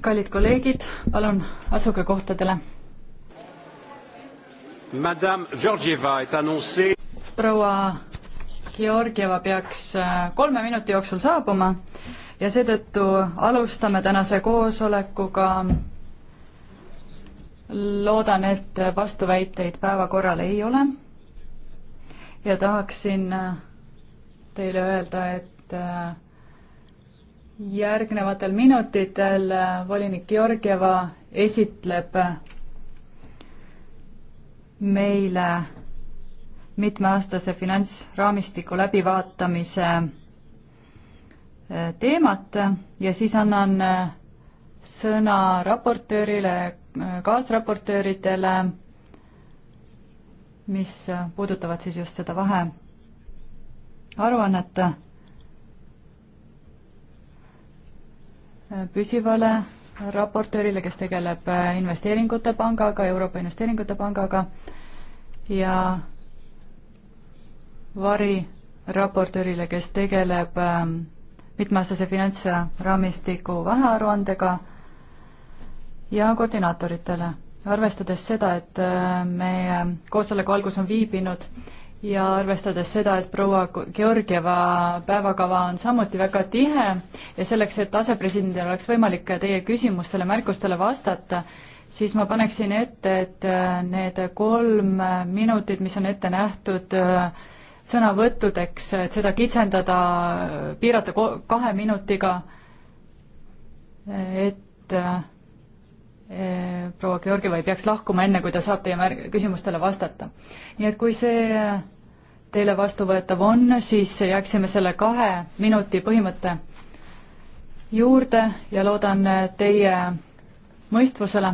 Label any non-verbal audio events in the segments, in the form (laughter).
kallid kolleegid, palun asuge kohtadele. proua Georgieva peaks äh, kolme minuti jooksul saabuma ja seetõttu alustame tänase koosolekuga. loodan, et vastuväiteid päevakorrale ei ole. ja tahaksin äh, teile öelda, et äh, järgnevatel minutitel äh, volinik Georgieva esitleb äh, meile mitmeaastase finantsraamistiku läbivaatamise äh, teemat ja siis annan sõna raportöörile, kaasraportööridele, mis puudutavad siis just seda vahearuannet püsivale raportöörile, kes tegeleb äh, investeeringute pangaga, Euroopa Investeeringute Pangaga ja variraportöörile, kes tegeleb ähm, mitmeaastase finantsraamistiku vahearuandega ja koordinaatoritele. arvestades seda, et äh, meie koosoleku algus on viibinud ja arvestades seda, et proua Georgieva päevakava on samuti väga tihe ja selleks, et asepresidendil oleks võimalik teie küsimustele, märkustele vastata, siis ma paneksin ette, et äh, need kolm minutit, mis on ette nähtud äh, sõnavõttudeks, et seda kitsendada, äh, piirata kahe minutiga, et Eh, proua Georgieva ei peaks lahkuma enne, kui ta saab teie märg-, küsimustele vastata. nii et kui see eh, teile vastuvõetav on, siis jääksime selle kahe minuti põhimõtte juurde ja loodan eh, teie mõistvusele.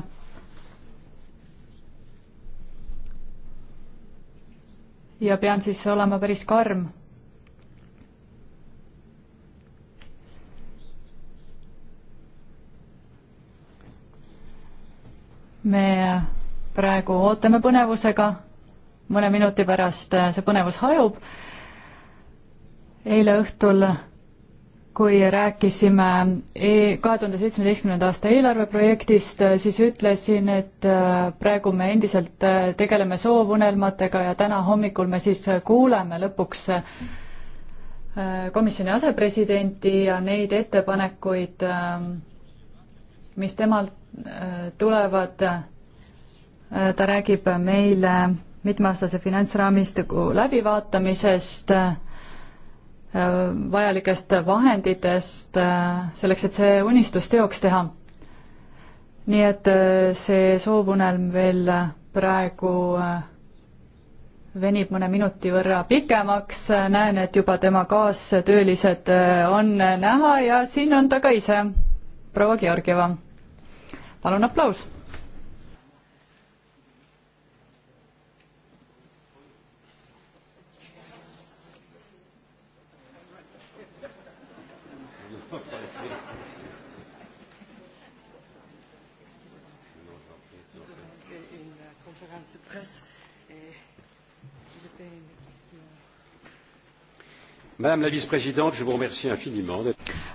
ja pean siis olema päris karm me praegu ootame põnevusega, mõne minuti pärast äh, see põnevus hajub. eile õhtul, kui rääkisime e-, kahe tuhande seitsmeteistkümnenda aasta eelarveprojektist, äh, siis ütlesin, et äh, praegu me endiselt tegeleme soovunelmatega ja täna hommikul me siis kuuleme lõpuks komisjoni asepresidenti ja neid ettepanekuid äh, mis temalt äh, tulevad. Äh, ta räägib meile mitmeaastase finantsraamistiku läbivaatamisest, äh, vajalikest vahenditest selleks, et see unistus teoks teha. nii et see soovunelm veel praegu venib mõne minuti võrra pikemaks, näen, et juba tema kaastöölised on näha ja siin on ta ka ise, proua Georgieva palun aplaus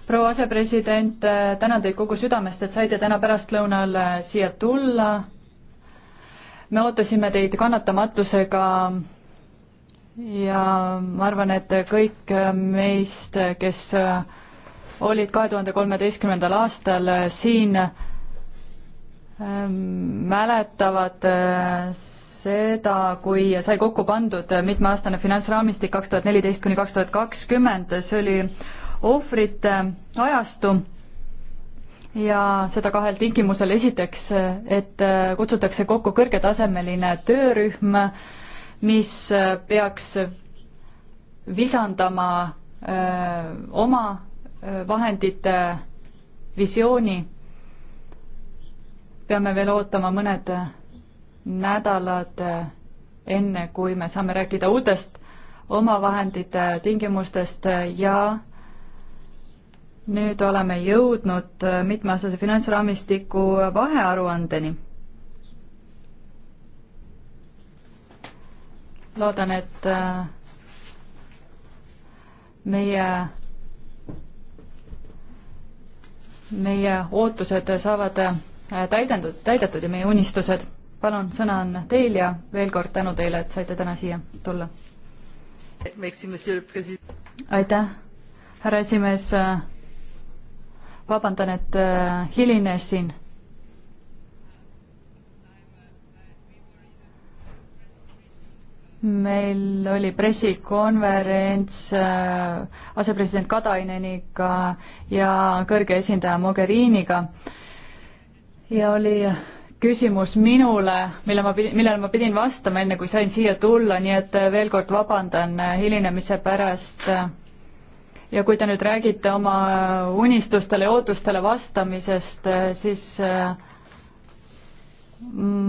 proua asepresident, tänan teid kogu südamest, et saite täna pärastlõunal siia tulla. me ootasime teid kannatamatusega ja ma arvan, et kõik meist, kes olid kahe tuhande kolmeteistkümnendal aastal siin, mäletavad seda, kui sai kokku pandud mitmeaastane finantsraamistik kaks tuhat neliteist kuni kaks tuhat kakskümmend, see oli ohvrite ajastu ja seda kahel tingimusel, esiteks, et kutsutakse kokku kõrgetasemeline töörühm, mis peaks visandama öö, oma vahendite visiooni peame veel ootama mõned nädalad enne, kui me saame rääkida uutest omavahendite tingimustest ja nüüd oleme jõudnud mitmeaastase finantsraamistiku vahearuandeni. loodan, et äh, meie, meie ootused saavad äh, täidendud, täidetud ja meie unistused palun, sõna on teil ja veel kord tänu teile, et saite täna siia tulla. aitäh, härra esimees. vabandan, et äh, hilinesin. meil oli pressikonverents äh, asepresident Kataineniga ja kõrge esindaja Mogheriniga ja oli küsimus minule, mille ma pidin, millele ma pidin vastama, enne kui sain siia tulla, nii et äh, veel kord vabandan äh, hilinemise pärast. ja kui te nüüd räägite oma äh, unistustele ja ootustele vastamisest, siis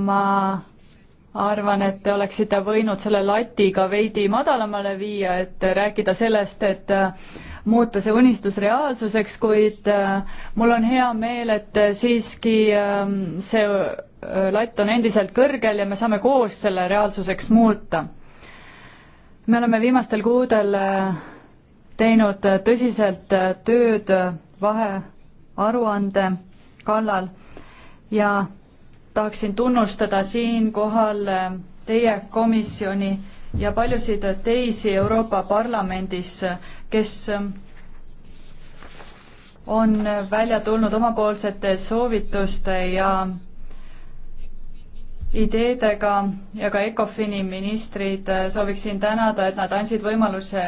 ma arvan, et te oleksite võinud selle lati ka veidi madalamale viia, et rääkida sellest, et muuta see unistus reaalsuseks, kuid äh, mul on hea meel, et äh, siiski ähm, see äh, latt on endiselt kõrgel ja me saame koos selle reaalsuseks muuta. me oleme viimastel kuudel teinud tõsiselt tööd vahearuande kallal ja tahaksin tunnustada siinkohal teie komisjoni ja paljusid teisi Euroopa Parlamendis, kes on välja tulnud omapoolsete soovituste ja ideedega ja ka ECOFIN-i ministrid sooviksin tänada, et nad andsid võimaluse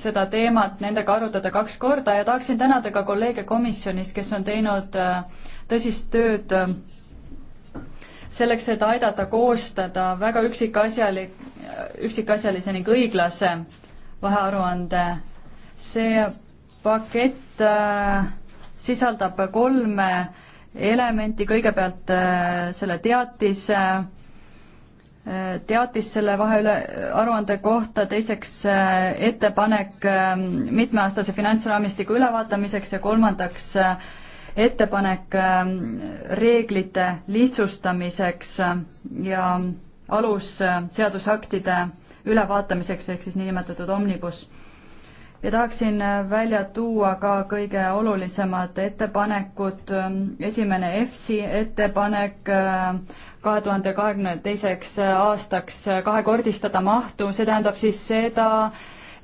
seda teemat nendega arutada kaks korda ja tahaksin tänada ka kolleege komisjonis, kes on teinud äh, tõsist tööd selleks, et aidata koostada väga üksikasjalik, üksikasjalise ning õiglase vahearuande. see pakett äh, sisaldab kolme elementi, kõigepealt äh, selle teatise, äh, teatis selle vahe üle, aruande kohta, teiseks ettepanek mitmeaastase finantsraamistiku ülevaatamiseks ja kolmandaks äh, ettepanek ähm, reeglite lihtsustamiseks ähm, ja alusseadusaktide ähm, ülevaatamiseks ehk siis niinimetatud omnibus. ja tahaksin äh, välja tuua ka kõige olulisemad ettepanekud. esimene EFSI ettepanek kahe tuhande kahekümne teiseks aastaks äh, kahekordistada mahtu, see tähendab siis seda,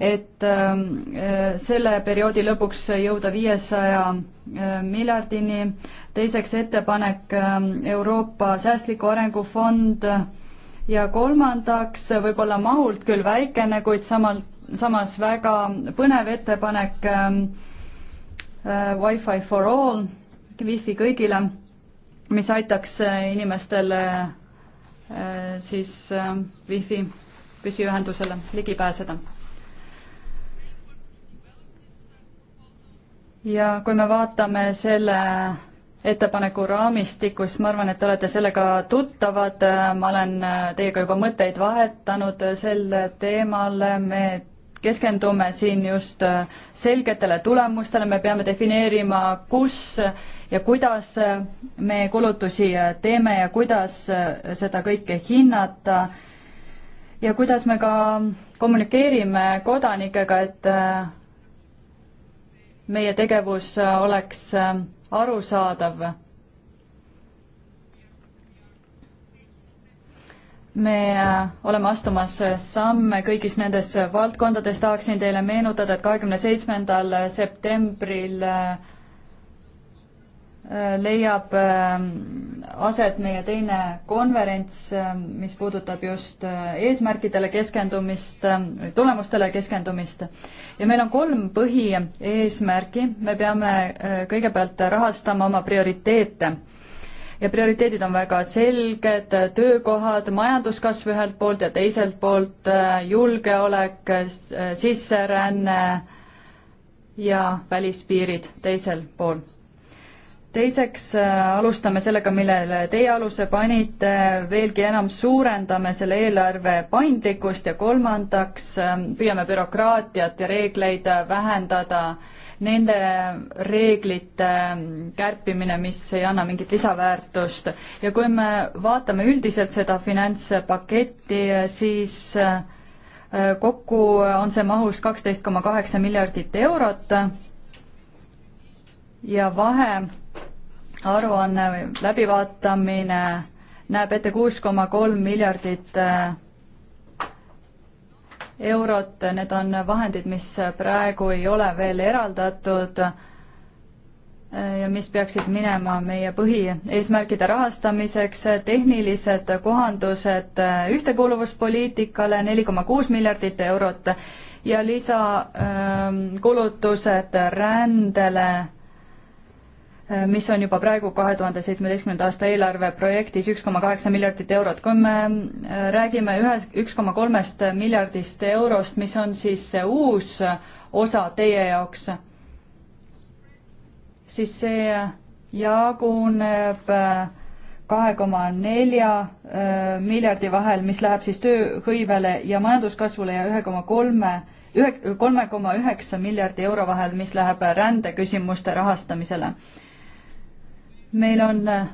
et ähm, äh, selle perioodi lõpuks jõuda viiesaja äh, miljardini. teiseks ettepanek ähm, Euroopa Säästliku Arengu Fond ja kolmandaks võib-olla mahult küll väikene, kuid samal, samas väga põnev ettepanek ähm, äh, Wi-Fi for all, wifi kõigile, mis aitaks äh, inimestel äh, siis äh, wifi püsiühendusele ligi pääseda ja kui me vaatame selle ettepaneku raamistikku, siis ma arvan, et te olete sellega tuttavad, ma olen teiega juba mõtteid vahetanud sel teemal, me keskendume siin just selgetele tulemustele, me peame defineerima, kus ja kuidas me kulutusi teeme ja kuidas seda kõike hinnata ja kuidas me ka kommunikeerime kodanikega, et meie tegevus äh, oleks äh, arusaadav. me äh, oleme astumas samme kõigis nendes valdkondades, tahaksin teile meenutada, et kahekümne seitsmendal septembril leiab aset meie teine konverents, mis puudutab just eesmärkidele keskendumist, tulemustele keskendumist ja meil on kolm põhieesmärki, me peame äh, kõigepealt rahastama oma prioriteete. ja prioriteedid on väga selged, töökohad, majanduskasv ühelt poolt ja teiselt poolt äh, julgeolek, sisseränne ja välispiirid teisel pool teiseks äh, alustame sellega, millele teie aluse panite, veelgi enam suurendame selle eelarve paindlikkust ja kolmandaks äh, püüame bürokraatiat ja reegleid äh, vähendada, nende reeglite kärpimine, mis ei anna mingit lisaväärtust. ja kui me vaatame üldiselt seda finantspaketti, siis kokku on see mahus kaksteist koma kaheksa miljardit eurot ja vahe aruanne või läbivaatamine näeb ette kuus koma kolm miljardit äh, eurot, need on vahendid, mis praegu ei ole veel eraldatud äh, ja mis peaksid minema meie põhieesmärkide rahastamiseks, tehnilised kohandused äh, ühtekuuluvuspoliitikale neli koma kuus miljardit eurot ja lisakulutused rändele Äh, mis on juba praegu kahe tuhande seitsmeteistkümnenda aasta eelarve projektis üks koma kaheksa miljardit eurot. kui me äh, räägime ühe, üks koma kolmest miljardist eurost, mis on siis see uus osa teie jaoks, siis see jaguneb äh, kahe koma nelja miljardi vahel, mis läheb siis tööhõivele ja majanduskasvule ja ühe koma kolme ühe, kolme koma üheksa miljardi euro vahel, mis läheb rändeküsimuste rahastamisele meil on äh,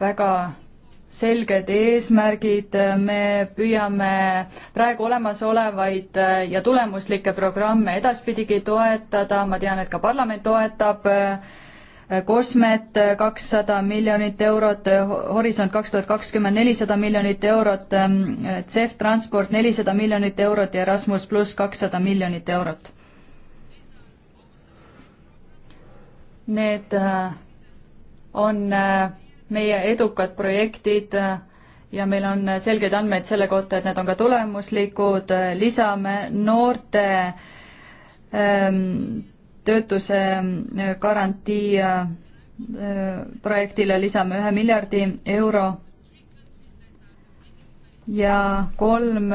väga selged eesmärgid, äh, me püüame praegu olemasolevaid äh, ja tulemuslikke programme edaspidigi toetada, ma tean, et ka parlament toetab Kosmet kakssada miljonit eurot, Horisont kaks tuhat kakskümmend nelisada miljonit eurot, ähm, CEF Transport nelisada miljonit eurot ja Erasmus pluss kakssada miljonit eurot. Need on äh, meie edukad projektid äh, ja meil on äh, selgeid andmeid selle kohta, et need on ka tulemuslikud, lisame noorte ähm, töötuse garantii projektile lisame ühe miljardi euro ja kolm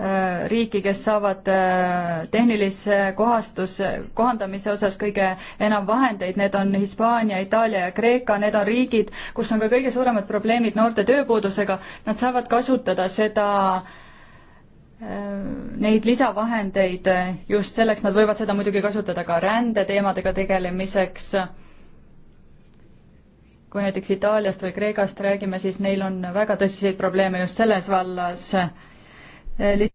Äh, riiki, kes saavad äh, tehnilise kohastus, kohandamise osas kõige enam vahendeid, need on Hispaania, Itaalia ja Kreeka, need on riigid, kus on ka kõige suuremad probleemid noorte tööpuudusega, nad saavad kasutada seda äh, Neid lisavahendeid just selleks, nad võivad seda muidugi kasutada ka rändeteemadega tegelemiseks. kui näiteks Itaaliast või Kreekast räägime, siis neil on väga tõsiseid probleeme just selles vallas teid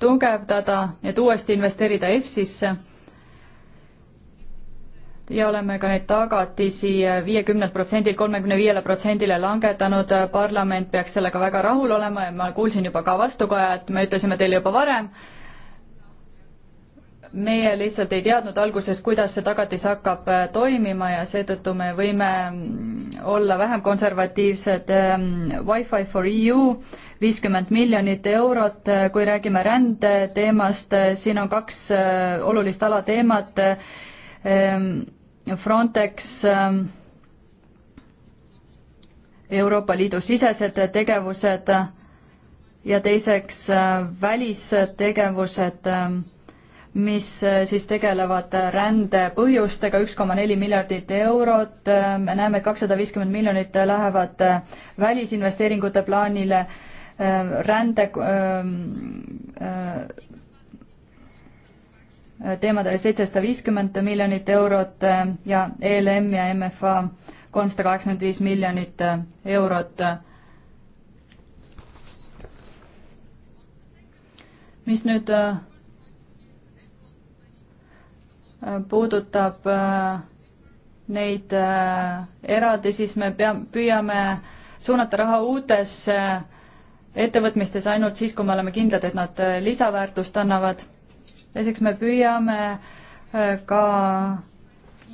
tugevdada, et uuesti investeerida EFSisse ja oleme ka neid tagatisi viiekümnelt protsendilt kolmekümne viiele protsendile langetanud, parlament peaks sellega väga rahul olema ja ma kuulsin juba ka vastukoja, et me ütlesime teile juba varem, meie lihtsalt ei teadnud alguses, kuidas see tagatis hakkab äh, toimima ja seetõttu me võime mm, olla vähem konservatiivsed ähm, Wi-Fi for EU, viiskümmend miljonit eurot, äh, kui räägime rände teemast, äh, siin on kaks olulist alateemat, Ehm, Frontex ehm, Euroopa Liidu sisesed tegevused ja teiseks ehm, välistegevused, mis eh, siis tegelevad rände põhjustega, üks koma neli miljardit eurot, me näeme, et kakssada viiskümmend miljonit lähevad eh, välisinvesteeringute plaanile, rände eh, teemadele seitsesada viiskümmend miljonit eurot äh, ja ELM ja MFA kolmsada kaheksakümmend viis miljonit äh, eurot. mis nüüd äh, puudutab neid eraldi, siis me pea, püüame suunata raha uutesse ettevõtmistes ainult siis, kui me oleme kindlad, et nad lisaväärtust annavad teiseks me püüame äh, ka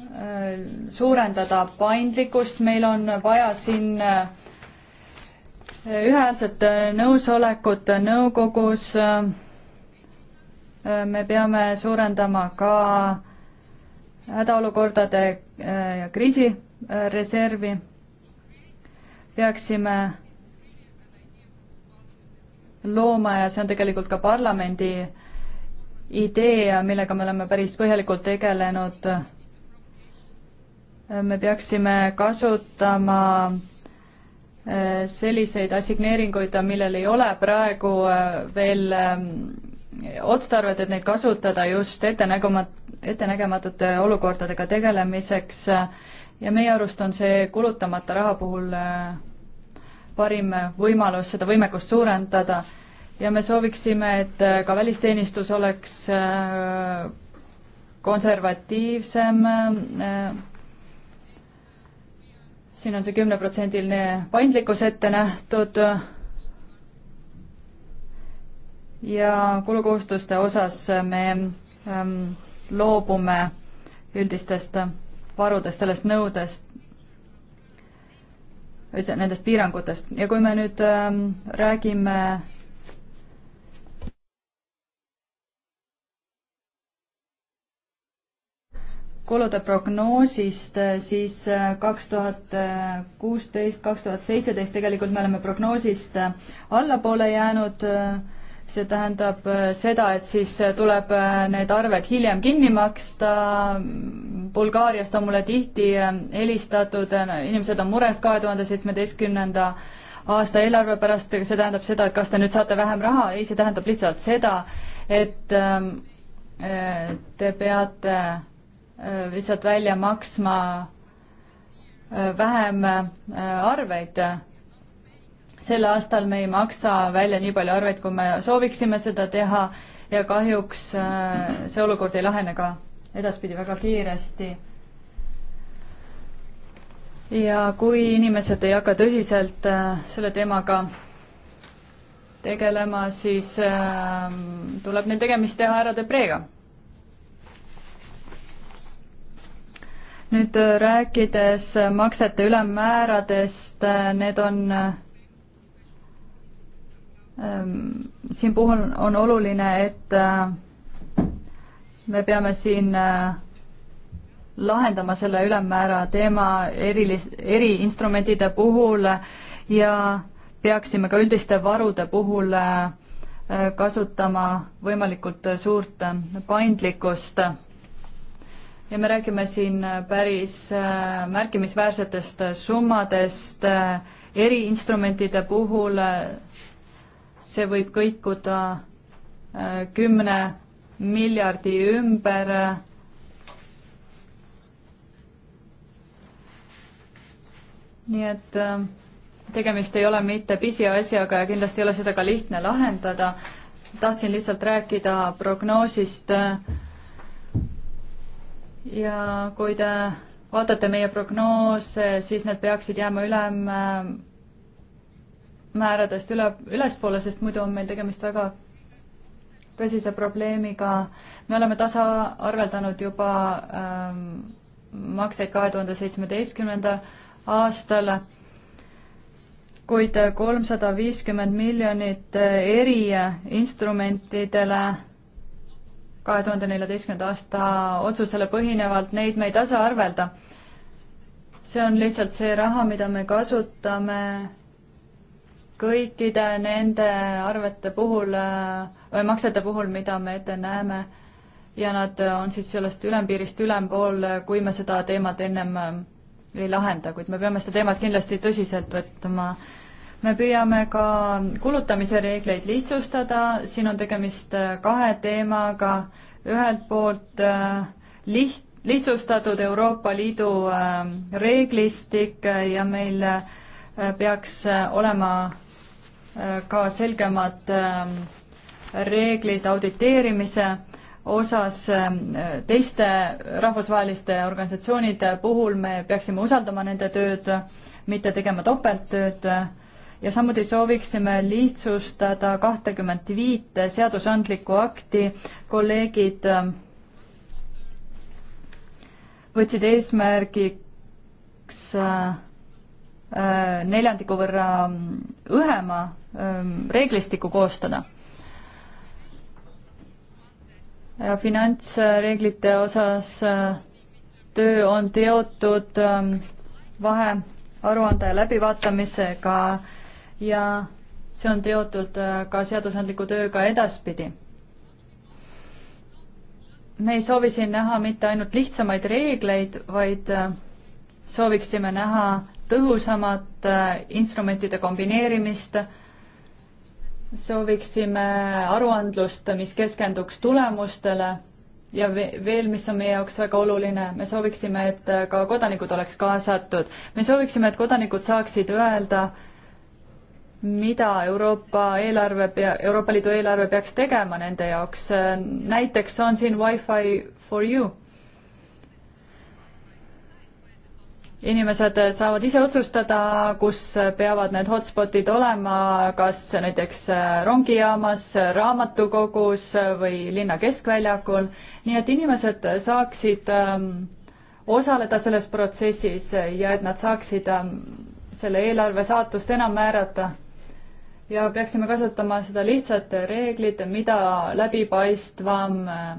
äh, suurendada paindlikkust, meil on vaja siin äh, ühehäälset nõusolekut nõukogus. me peame suurendama ka hädaolukordade ja kriisireservi. peaksime looma ja see on tegelikult ka parlamendi idee, millega me oleme päris põhjalikult tegelenud. me peaksime kasutama äh, selliseid assigneeringuid, millel ei ole praegu äh, veel ähm, otstarvet, et neid kasutada just ettenägemat-, ettenägematute olukordadega tegelemiseks ja meie arust on see kulutamata raha puhul äh, parim võimalus seda võimekust suurendada ja me sooviksime, et äh, ka välisteenistus oleks äh, konservatiivsem. Äh, siin on see kümneprotsendiline paindlikkus ette nähtud. ja kulukohustuste osas me ähm, loobume üldistest varudest, sellest nõudest, nendest piirangutest ja kui me nüüd ähm, räägime kulude prognoosist, eh, siis eh, kaks tuhat kuusteist, kaks tuhat seitseteist tegelikult me oleme prognoosist eh, allapoole jäänud. see tähendab seda, et siis tuleb need arved hiljem kinni maksta. Mm, Bulgaariast on mulle tihti helistatud, inimesed on mures kahe tuhande seitsmeteistkümnenda aasta eelarve pärast, see tähendab seda, et kas te nüüd saate vähem raha, ei, see tähendab lihtsalt seda, et te peate Äh, lihtsalt välja maksma äh, vähem äh, arveid. sel aastal me ei maksa välja nii palju arveid, kui me sooviksime seda teha ja kahjuks see olukord ei lahene ka edaspidi väga kiiresti. ja kui inimesed ei hakka tõsiselt selle teemaga tegelema, siis ähm, tuleb neil tegemist teha ära depreega nüüd äh, rääkides äh, maksete ülemmääradest, äh, need on ähm, siin puhul on oluline, et me peame siin lahendama selle ülemmäära teema erilis-, eriinstrumentide puhul ja peaksime ka üldiste varude puhul kasutama võimalikult suurt paindlikkust ja me räägime siin äh, päris äh, märkimisväärsetest äh, summadest eriinstrumentide puhul. see võib kõikuda kümne miljardi ümber. nii et tegemist ei ole mitte pisiasjaga ja kindlasti ei ole seda ka lihtne lahendada. tahtsin lihtsalt rääkida prognoosist äh, ja kui te vaatate meie prognoose, siis need peaksid jääma ülemmääradest äh, üle, ülespoole, sest muidu on meil tegemist väga tõsise probleemiga. me oleme tasaarveldanud juba ähm, makseid kahe tuhande seitsmeteistkümnenda aastal, kuid kolmsada viiskümmend miljonit äh, eriinstrumentidele kahe tuhande neljateistkümnenda aasta otsusele põhinevalt, neid me ei tasaarvelda. see on lihtsalt see raha, mida me kasutame kõikide nende arvete puhul äh, või maksete puhul, mida me ette näeme ja nad on siis sellest ülempiirist ülempool, kui me seda teemat ennem äh, ei lahenda, kuid me peame seda teemat kindlasti tõsiselt võtma me püüame ka kulutamise reegleid lihtsustada, siin on tegemist äh, kahe teemaga, ühelt poolt äh, liht-, lihtsustatud Euroopa Liidu äh, reeglistik ja meil peaks olema ka selgemad reeglid auditeerimise osas teiste rahvusvaheliste organisatsioonide puhul me peaksime usaldama nende tööd, mitte tegema topelttööd ja samuti sooviksime lihtsustada kahtekümmet viite seadusandlikku akti. kolleegid ähm, võtsid eesmärgiks äh, äh, neljandiku võrra mm, õhema ähm, reeglistiku koostada finantsreeglite osas äh, töö on teotud ähm, vahearuande läbivaatamisega ja see on teotud äh, ka seadusandliku tööga edaspidi. me ei soovi siin näha mitte ainult lihtsamaid reegleid, vaid äh, sooviksime näha tõhusamat äh, instrumentide kombineerimist, sooviksime aruandlust, mis keskenduks tulemustele ja veel, mis on meie jaoks väga oluline, me sooviksime, et ka kodanikud oleks kaasatud. me sooviksime, et kodanikud saaksid öelda, mida Euroopa eelarve pea, Euroopa Liidu eelarve peaks tegema nende jaoks. näiteks on siin Wi-Fi for you. inimesed saavad ise otsustada, kus peavad need hotspotid olema, kas näiteks rongijaamas, raamatukogus või linna keskväljakul, nii et inimesed saaksid ähm, osaleda selles protsessis ja et nad saaksid ähm, selle eelarve saatust enam määrata ja peaksime kasutama seda lihtsat reeglit, mida läbipaistvam äh,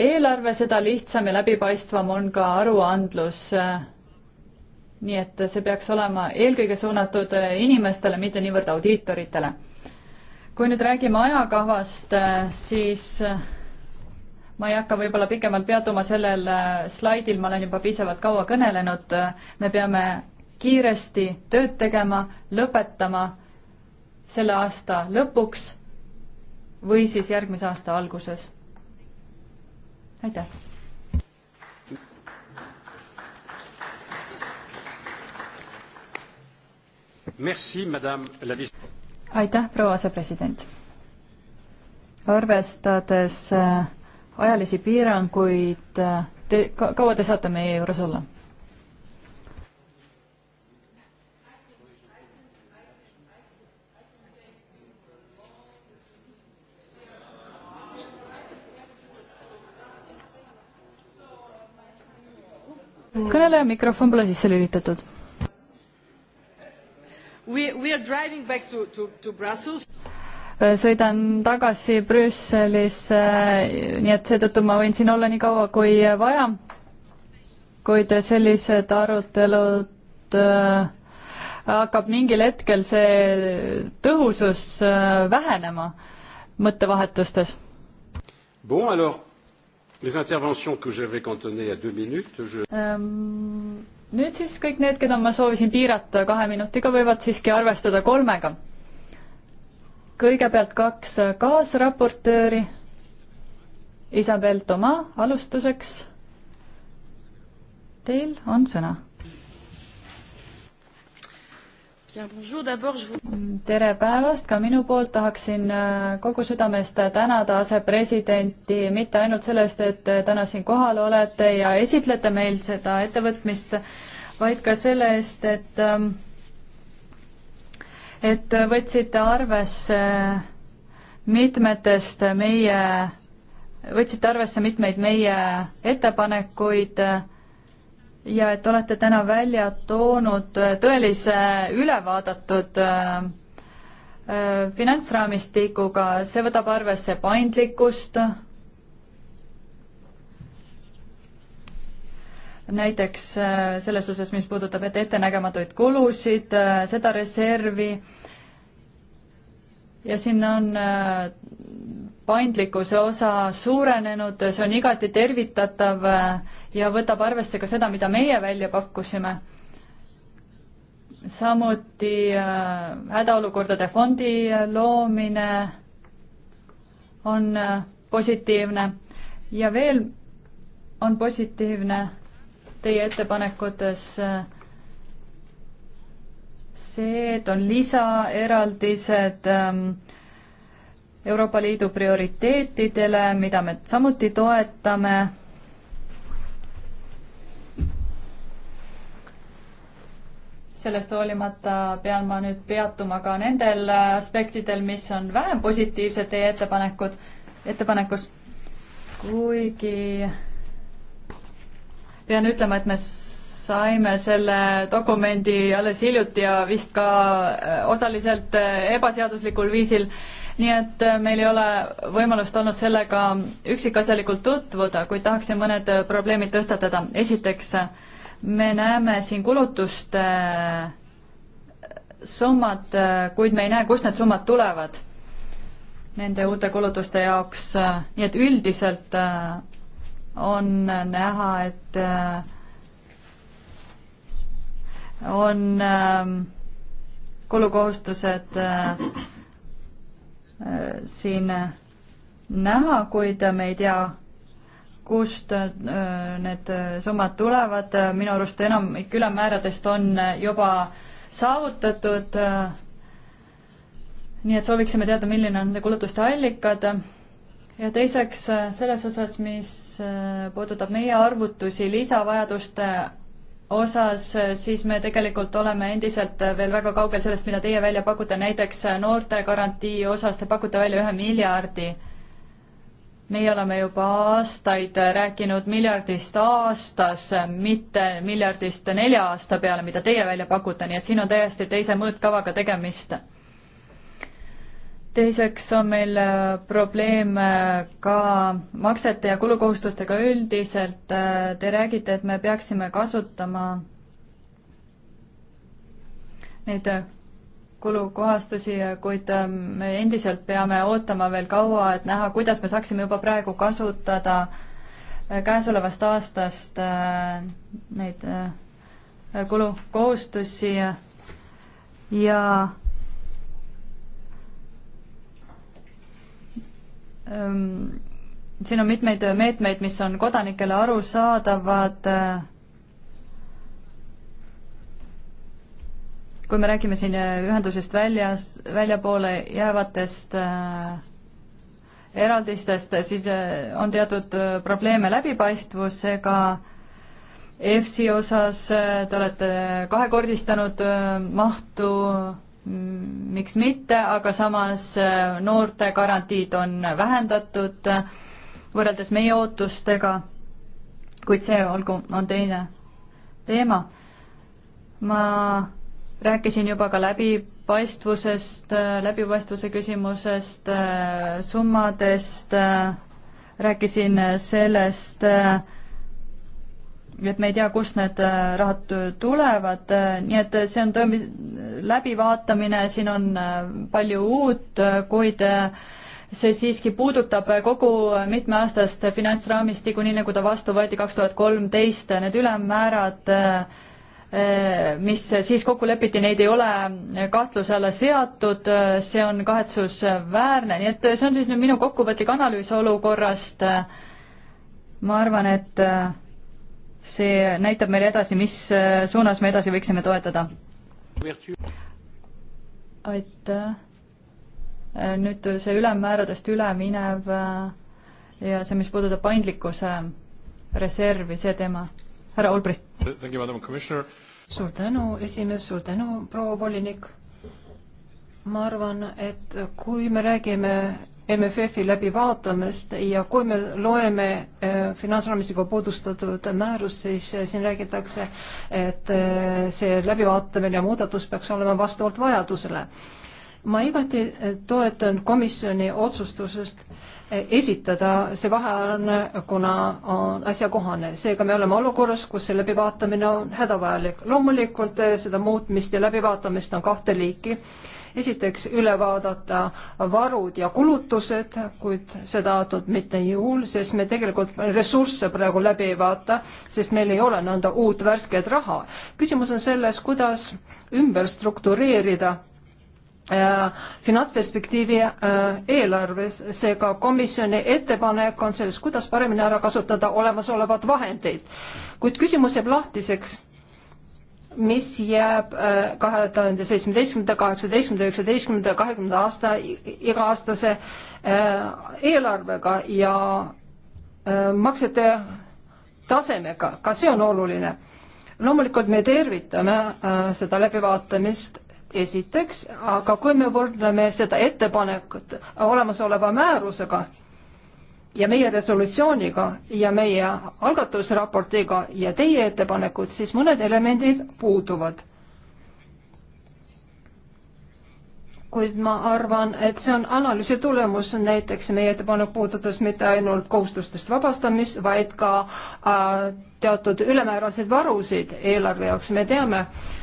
eelarve, seda lihtsam ja läbipaistvam on ka aruandlus. nii et see peaks olema eelkõige suunatud inimestele, mitte niivõrd audiitoritele. kui nüüd räägime ajakavast, siis ma ei hakka võib-olla pikemalt peatuma sellel äh, slaidil, ma olen juba piisavalt kaua kõnelenud, me peame kiiresti tööd tegema, lõpetama selle aasta lõpuks või siis järgmise aasta alguses. aitäh! aitäh, proua asepresident! arvestades äh, ajalisi piiranguid, äh, te, kaua te saate meie juures olla? kõneleja mikrofon pole sisse lülitatud. sõidan tagasi Brüsselisse, nii et seetõttu ma võin siin olla nii kaua kui vaja, kuid sellised arutelud äh, hakkab mingil hetkel see tõhusus äh, vähenema mõttevahetustes. Bon alors Les interventions que j'avais cantonnées à deux minutes, je... Ähm, nüüd siis kõik need, keda ma soovisin piirata kahe minutiga, võivad siiski arvestada kolmega. kõigepealt kaks kaasraportööri. Isabel Toma alustuseks. Teil on sõna tere päevast, ka minu poolt tahaksin äh, kogu südamest tänada asepresidenti mitte ainult sellest, et äh, täna siin kohal olete ja esitlete meil seda ettevõtmist, vaid ka selle eest, et ähm, et võtsite arvesse äh, mitmetest meie, võtsite arvesse mitmeid meie ettepanekuid ja et olete täna välja toonud äh, tõelise ülevaadatud äh, äh, finantsraamistikuga, see võtab arvesse paindlikkust, näiteks selles osas, mis puudutab et ettenägematuid kulusid, seda reservi ja sinna on paindlikkuse osa suurenenud, see on igati tervitatav äh, ja võtab arvesse ka seda, mida meie välja pakkusime. samuti äh, hädaolukordade fondi äh, loomine on positiivne ja veel on positiivne teie ettepanekutes see, et on lisaeraldised ähm, Euroopa Liidu prioriteetidele, mida me samuti toetame. sellest hoolimata pean ma nüüd peatuma ka nendel aspektidel, mis on vähem positiivsed teie ettepanekud, ettepanekus. kuigi pean ütlema, et me saime selle dokumendi alles hiljuti ja vist ka äh, osaliselt äh, ebaseaduslikul viisil, nii et äh, meil ei ole võimalust olnud sellega üksikasjalikult tutvuda, kuid tahaksin mõned probleemid tõstatada. esiteks, me näeme siin kulutuste summad, kuid me ei näe, kust need summad tulevad nende uute kulutuste jaoks, nii et üldiselt on näha, et on ähm, kulukohustused äh, äh, siin näha, kuid me ei tea, kust äh, need summad tulevad, minu arust enamik ülemmääradest on juba saavutatud. nii et sooviksime teada, milline on nende kulutuste allikad. ja teiseks selles osas, mis puudutab meie arvutusi lisavajaduste osas, siis me tegelikult oleme endiselt veel väga kaugel sellest, mida teie välja pakute, näiteks noortegarantii osas te pakute välja ühe miljardi. meie oleme juba aastaid rääkinud miljardist aastas, mitte miljardist nelja aasta peale, mida teie välja pakute, nii et siin on täiesti teise mõõtkavaga tegemist teiseks on meil äh, probleeme äh, ka maksete ja kulukohustustega üldiselt. Äh, te räägite, et me peaksime kasutama neid kulukohastusi, kuid me endiselt peame ootama veel kaua, et näha, kuidas me saaksime juba praegu kasutada käesolevast aastast neid kulukohustusi ja siin on mitmeid meetmeid, mis on kodanikele arusaadavad. kui me räägime siin ühendusest väljas, väljapoole jäävatest äh, eraldistest, siis äh, on teatud äh, probleeme läbipaistvusega EFSi osas te olete kahekordistanud mahtu miks mitte, aga samas äh, noorte garantiid on vähendatud äh, võrreldes meie ootustega. kuid see olgu, on teine teema. ma rääkisin juba ka läbipaistvusest, äh, läbipaistvuse küsimusest, summadest, rääkisin sellest äh, et me ei tea, kust need äh, rahad tulevad, äh, nii et äh, see on tõmbi-, läbivaatamine, siin on palju uut, kuid see siiski puudutab kogu mitmeaastast finantsraamistikku, nii nagu ta vastu võeti kaks tuhat kolmteist, need ülemmäärad, mis siis kokku lepiti, neid ei ole kahtluse alla seatud, see on kahetsusväärne, nii et see on siis nüüd minu kokkuvõtlik analüüs olukorrast. ma arvan, et see näitab meile edasi, mis äh, suunas me edasi võiksime toetada. aitäh. Äh, nüüd see ülemmääradest üleminev äh, ja see, mis puudutab paindlikkuse reservi, see teema. härra Olbrit. suur tänu, esimees, suur tänu, proua volinik. ma arvan, et kui me räägime MFF-i läbivaatamist ja kui me loeme äh, finantsraamistiku puudustatud määrust, siis äh, siin räägitakse, et äh, see läbivaatamine ja muudatus peaks olema vastavalt vajadusele. ma igati toetan komisjoni otsustusest esitada see vahearuanne, kuna on asjakohane. seega me oleme olukorras, kus see läbivaatamine on hädavajalik. loomulikult seda muutmist ja läbivaatamist on kahte liiki esiteks üle vaadata varud ja kulutused, kuid seda antud mitte juhul, sest me tegelikult ressursse praegu läbi ei vaata, sest meil ei ole nõnda uut värsket raha. küsimus on selles, kuidas ümber struktureerida äh, finantsperspektiivi äh, eelarves, seega komisjoni ettepanek on selles, kuidas paremini ära kasutada olemasolevad vahendeid. kuid küsimus jääb lahtiseks mis jääb äh, kahe tuhande seitsmeteistkümnenda, kaheksateistkümnenda, üheksateistkümnenda, kahekümnenda aasta iga-aastase äh, eelarvega ja äh, maksete tasemega, ka see on oluline. loomulikult me tervitame seda läbivaatamist esiteks, aga kui me võrdleme seda ettepanekut olemasoleva määrusega, ja meie resolutsiooniga ja meie algatusraportiga ja teie ettepanekud, siis mõned elemendid puuduvad. kuid ma arvan, et see on analüüsi tulemus, näiteks meie ettepanek puudutas mitte ainult kohustustest vabastamist, vaid ka äh, teatud ülemääraseid varusid eelarve jaoks. me teame,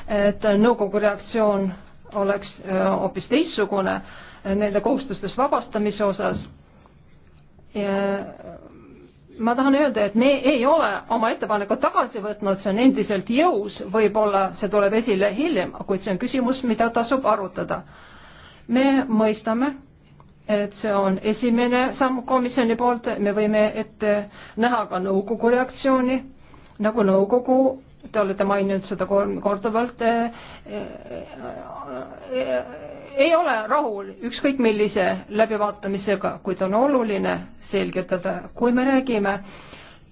et nõukogu reaktsioon oleks äh, hoopis äh, teistsugune nende kohustustest vabastamise osas Äh, ma tahan öelda, et me ei ole oma ettepanekut tagasi võtnud, see on endiselt jõus, võib-olla see tuleb esile hiljem, kuid see on küsimus, mida tasub arutada. me mõistame, et see on esimene samm komisjoni poolt, me võime ette äh, näha ka nõukogu reaktsiooni, nagu nõukogu te olete maininud seda kolm korduvalt eh, eh, eh, ei ole rahul ükskõik millise läbivaatamisega, kuid on oluline selgitada, kui me räägime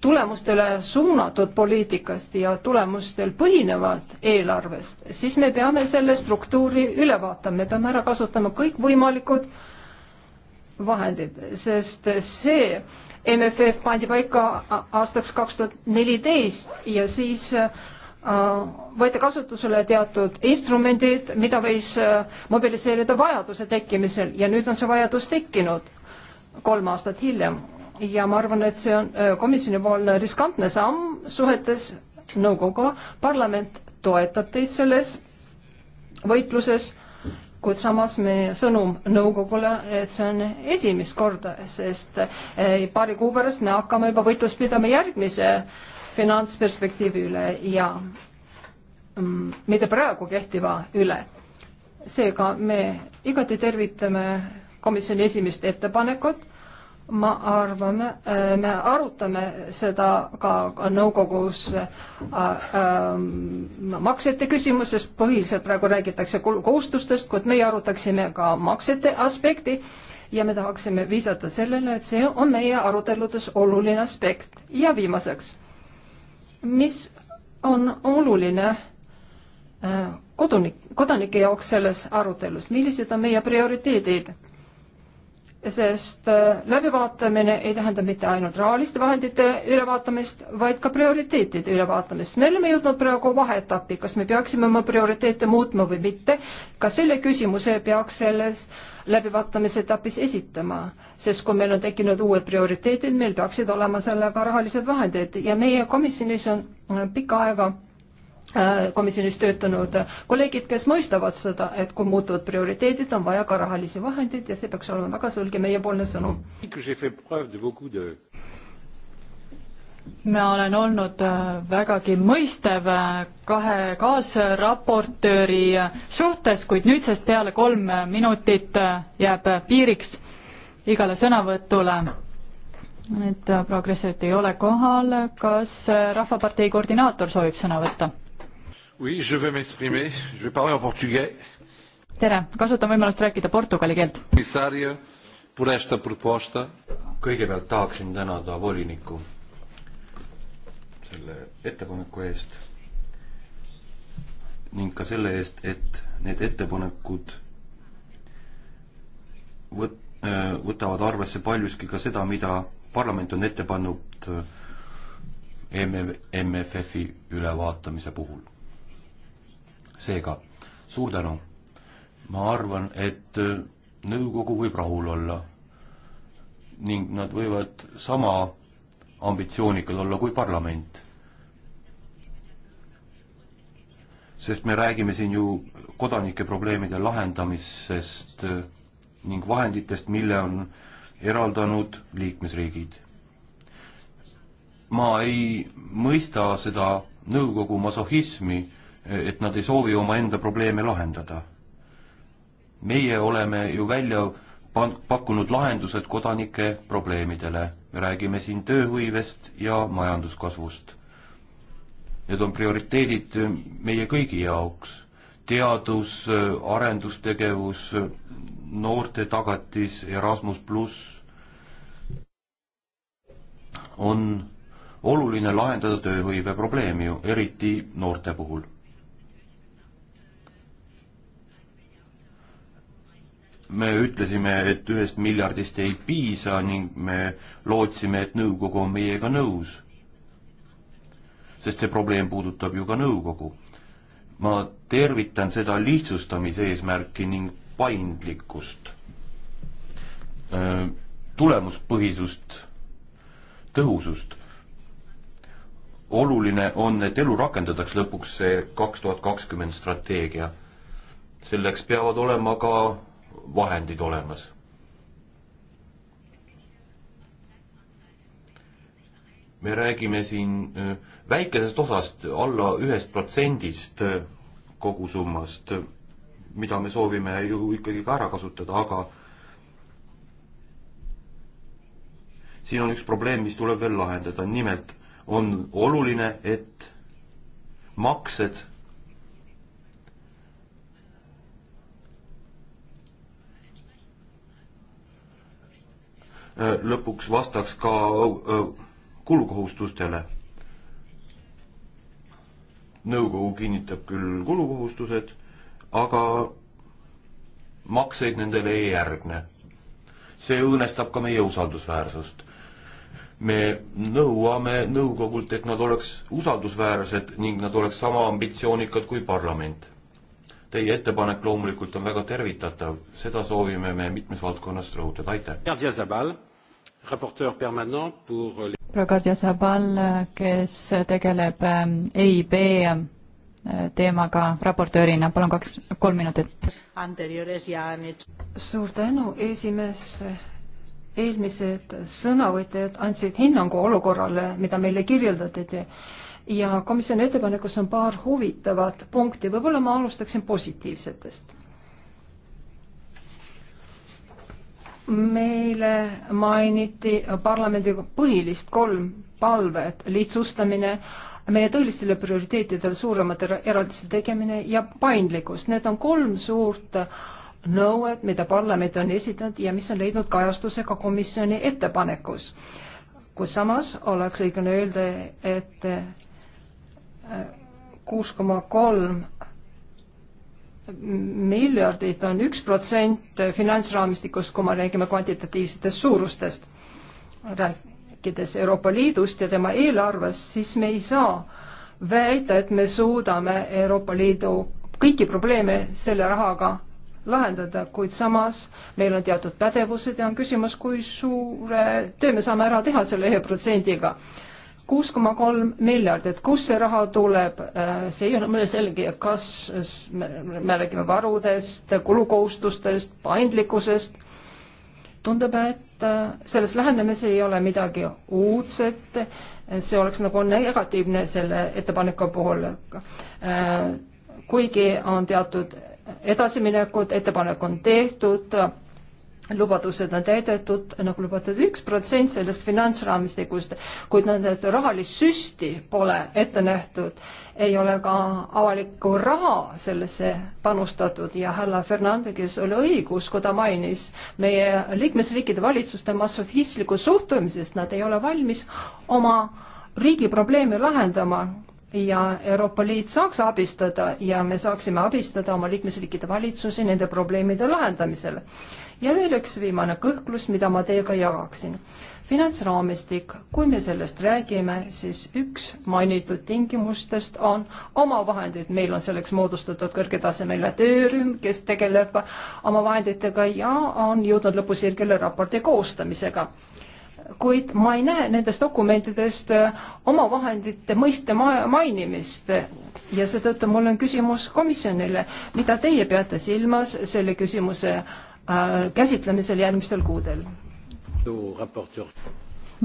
tulemustele suunatud poliitikast ja tulemustel põhinevat eelarvest, siis me peame selle struktuuri üle vaatama, me peame ära kasutama kõik võimalikud vahendid, sest see MFF pandi paika aastaks kaks tuhat neliteist ja siis äh, Äh, võeti kasutusele teatud instrumendid, mida võis äh, mobiliseerida vajaduse tekkimisel ja nüüd on see vajadus tekkinud kolm aastat hiljem. ja ma arvan, et see on äh, komisjonipoolne riskantne samm suhetes nõukoguga, parlament toetab teid selles võitluses, kuid samas meie sõnum nõukogule, et see on esimest korda, sest paari kuu pärast me hakkame juba võitlust pidama järgmise äh, finantsperspektiivi üle ja mm, mitte praegu kehtiva üle. seega me igati tervitame komisjoni esimest ettepanekut. ma arvan, äh, me arutame seda ka nõukogus äh, äh, maksete küsimuses, põhiliselt praegu räägitakse kohustustest, kuid meie arutaksime ka maksete aspekti ja me tahaksime viisata sellele, et see on meie aruteludes oluline aspekt. ja viimaseks mis on oluline äh, kodunik, kodanike jaoks selles arutelus, millised on meie prioriteedid? sest äh, läbivaatamine ei tähenda mitte ainult rahaliste vahendite ülevaatamist, vaid ka prioriteetide ülevaatamist. me oleme jõudnud praegu vaheetappi, kas me peaksime oma prioriteete muutma või mitte, ka selle küsimuse peaks selles äh, läbivaatamise etapis esitama, sest kui meil on tekkinud uued prioriteedid, meil peaksid olema sellega rahalised vahendid ja meie komisjonis on äh, pikka aega äh, komisjonis töötanud kolleegid, kes mõistavad seda, et kui muutuvad prioriteedid, on vaja ka rahalisi vahendeid ja see peaks olema väga selge meiepoolne sõnum ma olen olnud äh, vägagi mõistev äh, kahe kaasraportööri äh, suhtes, kuid nüüdsest peale kolm minutit jääb piiriks igale sõnavõtule. nüüd progressiivt ei ole kohal, kas Rahvapartei koordinaator soovib sõna võtta? tere, kasutan võimalust rääkida portugali keelt. kõigepealt tahaksin tänada volinikku selle ettepaneku eest ning ka selle eest, et need ettepanekud võt-, äh, võtavad arvesse paljuski ka seda, mida parlament on ette pannud MM-, äh, MFF-i ülevaatamise puhul. seega, suur tänu! ma arvan, et äh, nõukogu võib rahul olla ning nad võivad sama ambitsioonikad olla kui parlament. sest me räägime siin ju kodanike probleemide lahendamisest ning vahenditest, mille on eraldanud liikmesriigid. ma ei mõista seda nõukogu masohhismi, et nad ei soovi omaenda probleeme lahendada. meie oleme ju välja pan-, pakkunud lahendused kodanike probleemidele. me räägime siin tööhõivest ja majanduskasvust. Need on prioriteedid meie kõigi jaoks. teadus, arendustegevus, noorte tagatis, Erasmus pluss on oluline lahendada tööhõive probleemi ju, eriti noorte puhul me ütlesime, et ühest miljardist ei piisa ning me lootsime, et nõukogu on meiega nõus. sest see probleem puudutab ju ka nõukogu. ma tervitan seda lihtsustamise eesmärki ning paindlikkust, tulemuspõhisust, tõhusust. oluline on, et elu rakendataks lõpuks see kaks tuhat kakskümmend strateegia. selleks peavad olema ka vahendid olemas. me räägime siin äh, väikesest osast alla ühest protsendist äh, kogusummast, äh, mida me soovime ju ikkagi ka ära kasutada, aga siin on üks probleem, mis tuleb veel lahendada, nimelt on oluline, et maksed Äh, lõpuks vastaks ka äh, kulukohustustele. nõukogu kinnitab küll kulukohustused, aga makseid nendele ei järgne. see õõnestab ka meie usaldusväärsust. me nõuame nõukogult, et nad oleks usaldusväärsed ning nad oleks sama ambitsioonikad kui parlament. Teie ettepanek loomulikult on väga tervitatav, seda soovime me mitmes valdkonnas rõhutada, aitäh. Prokardia Sabal, kes tegeleb ähm, EIB äh, teemaga raportöörina, palun kaks, kolm minutit. suur tänu, esimees. eelmised sõnavõtjad andsid hinnangu olukorrale, mida meile kirjeldati ja komisjoni ettepanekus on paar huvitavat punkti, võib-olla ma alustaksin positiivsetest meile mainiti parlamendi põhilist kolm palvet, lihtsustamine, meie tõelistele prioriteetidele suuremate eraldiste tegemine ja paindlikkus. Need on kolm suurt nõuet, mida parlament on esitanud ja mis on leidnud kajastuse ka komisjoni ettepanekus, kus samas oleks õiglane öelda, et äh, kuus koma kolm miljardit on üks protsent finantsraamistikust, kui me räägime kvantitatiivsetest suurustest. rääkides Euroopa Liidust ja tema eelarvest, siis me ei saa väita, et me suudame Euroopa Liidu kõiki probleeme selle rahaga lahendada, kuid samas meil on teatud pädevused ja on küsimus, kui suure töö me saame ära teha selle ühe protsendiga kuus koma kolm miljardit, kust see raha tuleb, äh, see ei ole mulle selge, kas me, me räägime varudest, kulukohustustest, paindlikkusest. tundub, et äh, selles lähenemises ei ole midagi uudset, see oleks nagu negatiivne selle ettepaneku puhul. Äh, kuigi on teatud edasiminekud, ettepanek on tehtud lubadused on täidetud nagu lubatud üks protsent sellest finantsraamistikust, kuid nende rahalist süsti pole ette nähtud, ei ole ka avalikku raha sellesse panustatud ja härra Fernandekis oli õigus, kui ta mainis meie liikmesriikide valitsuste massovistlikku suhtumisest, nad ei ole valmis oma riigi probleeme lahendama ja Euroopa Liit saaks abistada ja me saaksime abistada oma liikmesriikide valitsusi nende probleemide lahendamisel. ja veel üks viimane kõhklus, mida ma teiega jagaksin. finantsraamistik, kui me sellest räägime, siis üks mainitud tingimustest on omavahendid, meil on selleks moodustatud kõrgetasemeline töörühm, kes tegeleb omavahenditega ja on jõudnud lõpusirgele raporti koostamisega kuid ma ei näe nendest dokumentidest äh, omavahendite mõiste ma mainimist ja seetõttu mul on küsimus komisjonile, mida teie peate silmas selle küsimuse äh, käsitlemisel järgmistel kuudel?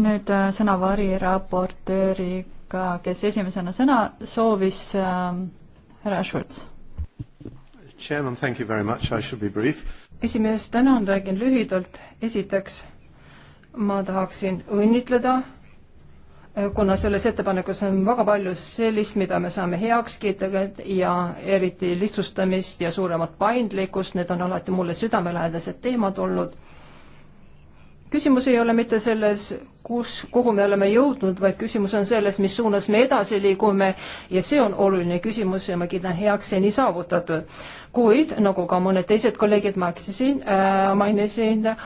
nüüd äh, sõna variraportööriga, kes esimesena sõna soovis äh,, härra Schultz. esimees, tänan, räägin lühidalt, esiteks ma tahaksin õnnitleda, eh, kuna selles ettepanekus on väga palju sellist, mida me saame heaks kiita ja eriti lihtsustamist ja suuremat paindlikkust, need on alati mulle südamelähedased teemad olnud küsimus ei ole mitte selles, kus, kuhu me oleme jõudnud, vaid küsimus on selles, mis suunas me edasi liigume ja see on oluline küsimus ja ma kiidan heaks seni saavutatud. kuid nagu ka mõned teised kolleegid mainisin äh,, mainisin äh,,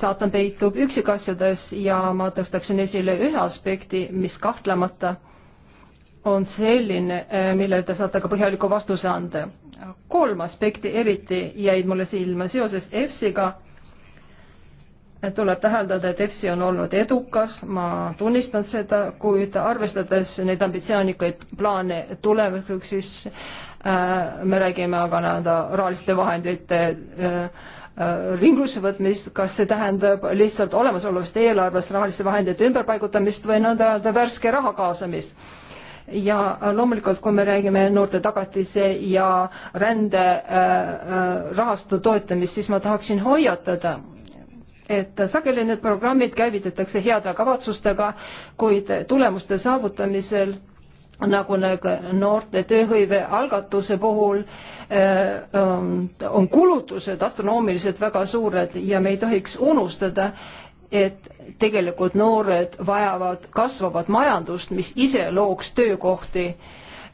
saatan peitub üksikasjades ja ma tõstaksin esile ühe aspekti, mis kahtlemata on selline, äh, millele te saate ka põhjaliku vastuse anda. kolm aspekti eriti jäid mulle silma seoses EFSiga tuleb täheldada, et EFSI on olnud edukas, ma tunnistan seda, kuid arvestades neid ambitsioonikaid plaane tulevikuks, siis äh, me räägime aga nii-öelda rahaliste vahendite äh, äh, ringlusse võtmist, kas see tähendab lihtsalt olemasolevast eelarvest rahaliste vahendite ümberpaigutamist või nõnda öelda värske raha kaasamist ja loomulikult, kui me räägime noorte tagatise ja rände äh, äh, rahastu toetamist, siis ma tahaksin hoiatada et sageli need programmid käivitatakse heade kavatsustega, kuid tulemuste saavutamisel nagu, nagu noorte tööhõive algatuse puhul eh, on kulutused astronoomiliselt väga suured ja me ei tohiks unustada, et tegelikult noored vajavad kasvavat majandust, mis ise looks töökohti.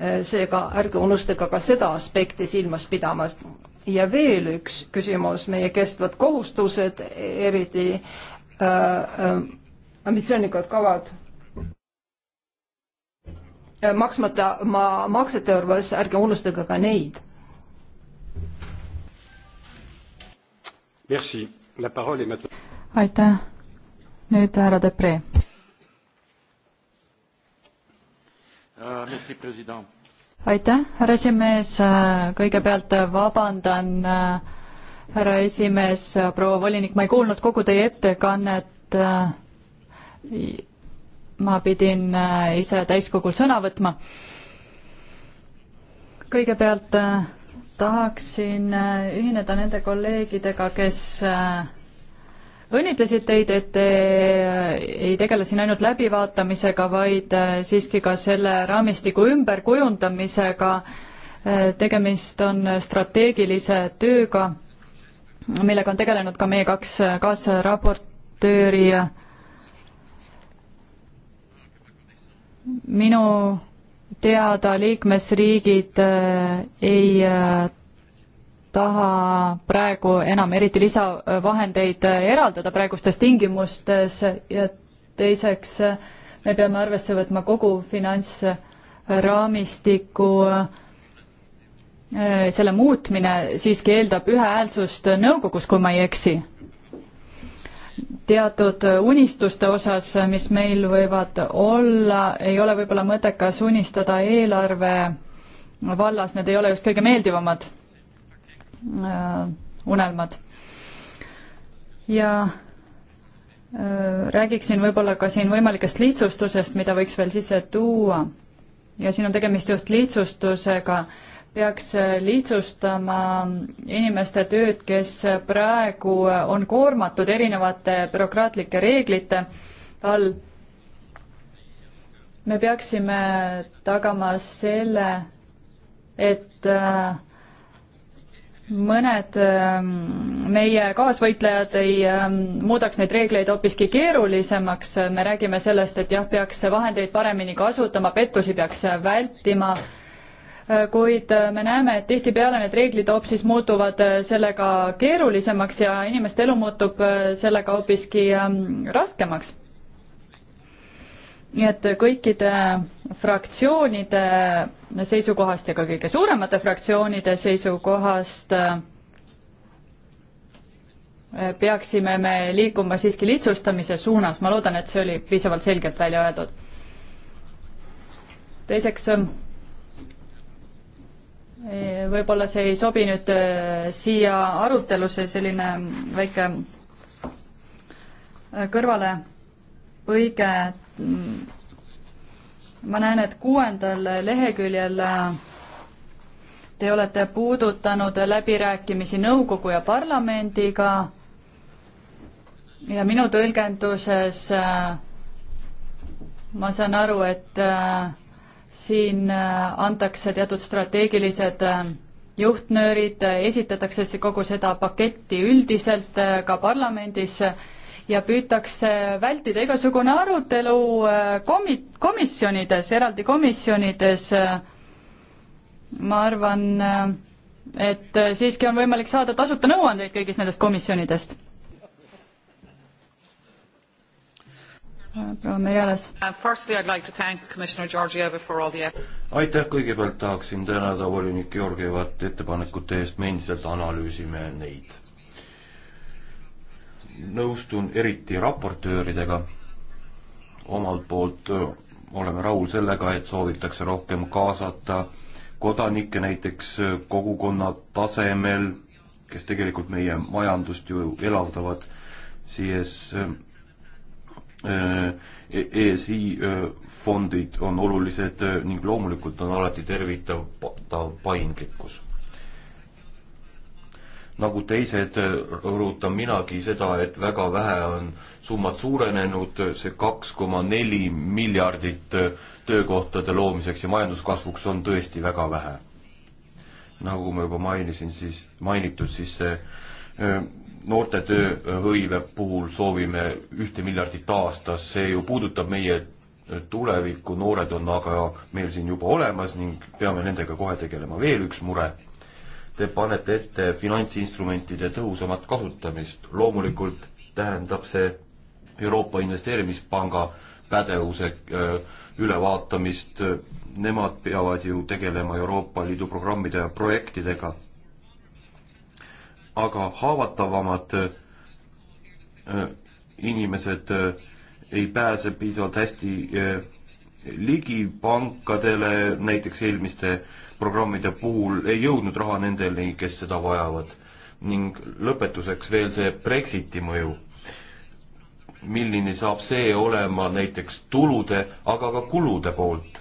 Eh, seega ärge unustage ka seda aspekti silmas pidamast ja veel üks küsimus, meie kestvad kohustused, eriti äh, äh, ambitsioonikad kavad äh,. maksmata ma maksete arves, ärge unustage ka neid. aitäh, nüüd härra Depree uh,. Merci, president aitäh, härra esimees, kõigepealt vabandan, härra esimees, proua volinik, ma ei kuulnud kogu teie ettekannet. ma pidin ise täiskogul sõna võtma. kõigepealt tahaksin ühineda nende kolleegidega, kes õnnitlesid teid, et te äh, ei tegele siin ainult läbivaatamisega, vaid äh, siiski ka selle raamistiku ümberkujundamisega. Äh, tegemist on strateegilise tööga, millega on tegelenud ka meie kaks kaasraportööri. minu teada liikmesriigid ei taha praegu enam eriti lisavahendeid äh, eraldada praegustes tingimustes ja teiseks äh, me peame arvesse võtma kogu finantsraamistiku äh, selle muutmine siiski eeldab ühehäälsust nõukogus, kui ma ei eksi. teatud unistuste osas, mis meil võivad olla, ei ole võib-olla mõttekas unistada eelarve vallas, need ei ole just kõige meeldivamad Äh, unelmad. ja äh, räägiksin võib-olla ka siin võimalikest lihtsustusest, mida võiks veel sisse tuua. ja siin on tegemist just lihtsustusega, peaks äh, lihtsustama inimeste tööd, kes praegu on koormatud erinevate bürokraatlike reeglite all. me peaksime tagama selle, et äh, mõned ähm, meie kaasvõitlejad ei ähm, muudaks neid reegleid hoopiski keerulisemaks, me räägime sellest, et jah, peaks vahendeid paremini kasutama, pettusi peaks vältima, äh, kuid äh, me näeme, et tihtipeale need reeglid hoopis muutuvad äh, sellega keerulisemaks ja inimeste elu muutub sellega hoopiski ähm, raskemaks nii et kõikide fraktsioonide seisukohast ja ka kõige suuremate fraktsioonide seisukohast äh, peaksime me liikuma siiski lihtsustamise suunas, ma loodan, et see oli piisavalt selgelt välja öeldud. teiseks, äh, võib-olla see ei sobi nüüd äh, siia arutelusse, selline väike kõrvale õige, ma näen, et kuuendal leheküljel te olete puudutanud läbirääkimisi nõukogu ja parlamendiga ja minu tõlgenduses ma saan aru, et siin antakse teatud strateegilised juhtnöörid, esitatakse see kogu seda paketti üldiselt ka parlamendis ja püütakse vältida igasugune arutelu äh, komi-, komisjonides, eraldi komisjonides. ma arvan, äh, et äh, siiski on võimalik saada tasuta nõuandeid kõigist nendest komisjonidest. proua Merjalas. E- aitäh, kõigepealt tahaksin tänada volinik Georgievat ettepanekute eest, me endiselt analüüsime neid nõustun eriti raportööridega, omalt poolt äh, oleme rahul sellega, et soovitakse rohkem kaasata kodanikke näiteks äh, kogukonna tasemel, kes tegelikult meie majandust ju elavdavad, siis äh, ESI e fondid on olulised ning loomulikult on alati tervitatav paindlikkus nagu teised, äh, rõhutan minagi seda, et väga vähe on summad suurenenud, see kaks koma neli miljardit äh, töökohtade loomiseks ja majanduskasvuks on tõesti väga vähe. nagu ma juba mainisin, siis, mainitud, siis see äh, noorte tööhõive puhul soovime ühte miljardit aastas, see ju puudutab meie tulevikku, noored on aga meil siin juba olemas ning peame nendega kohe tegelema. veel üks mure te panete ette finantsinstrumentide tõhusamat kasutamist. loomulikult tähendab see Euroopa Investeerimispanga pädevuse äh, ülevaatamist, nemad peavad ju tegelema Euroopa Liidu programmide ja projektidega. aga haavatavamad äh, inimesed äh, ei pääse piisavalt hästi ligipankadele näiteks eelmiste programmide puhul ei jõudnud raha nendeni, kes seda vajavad. ning lõpetuseks veel see Brexiti mõju. milline saab see olema näiteks tulude, aga ka kulude poolt?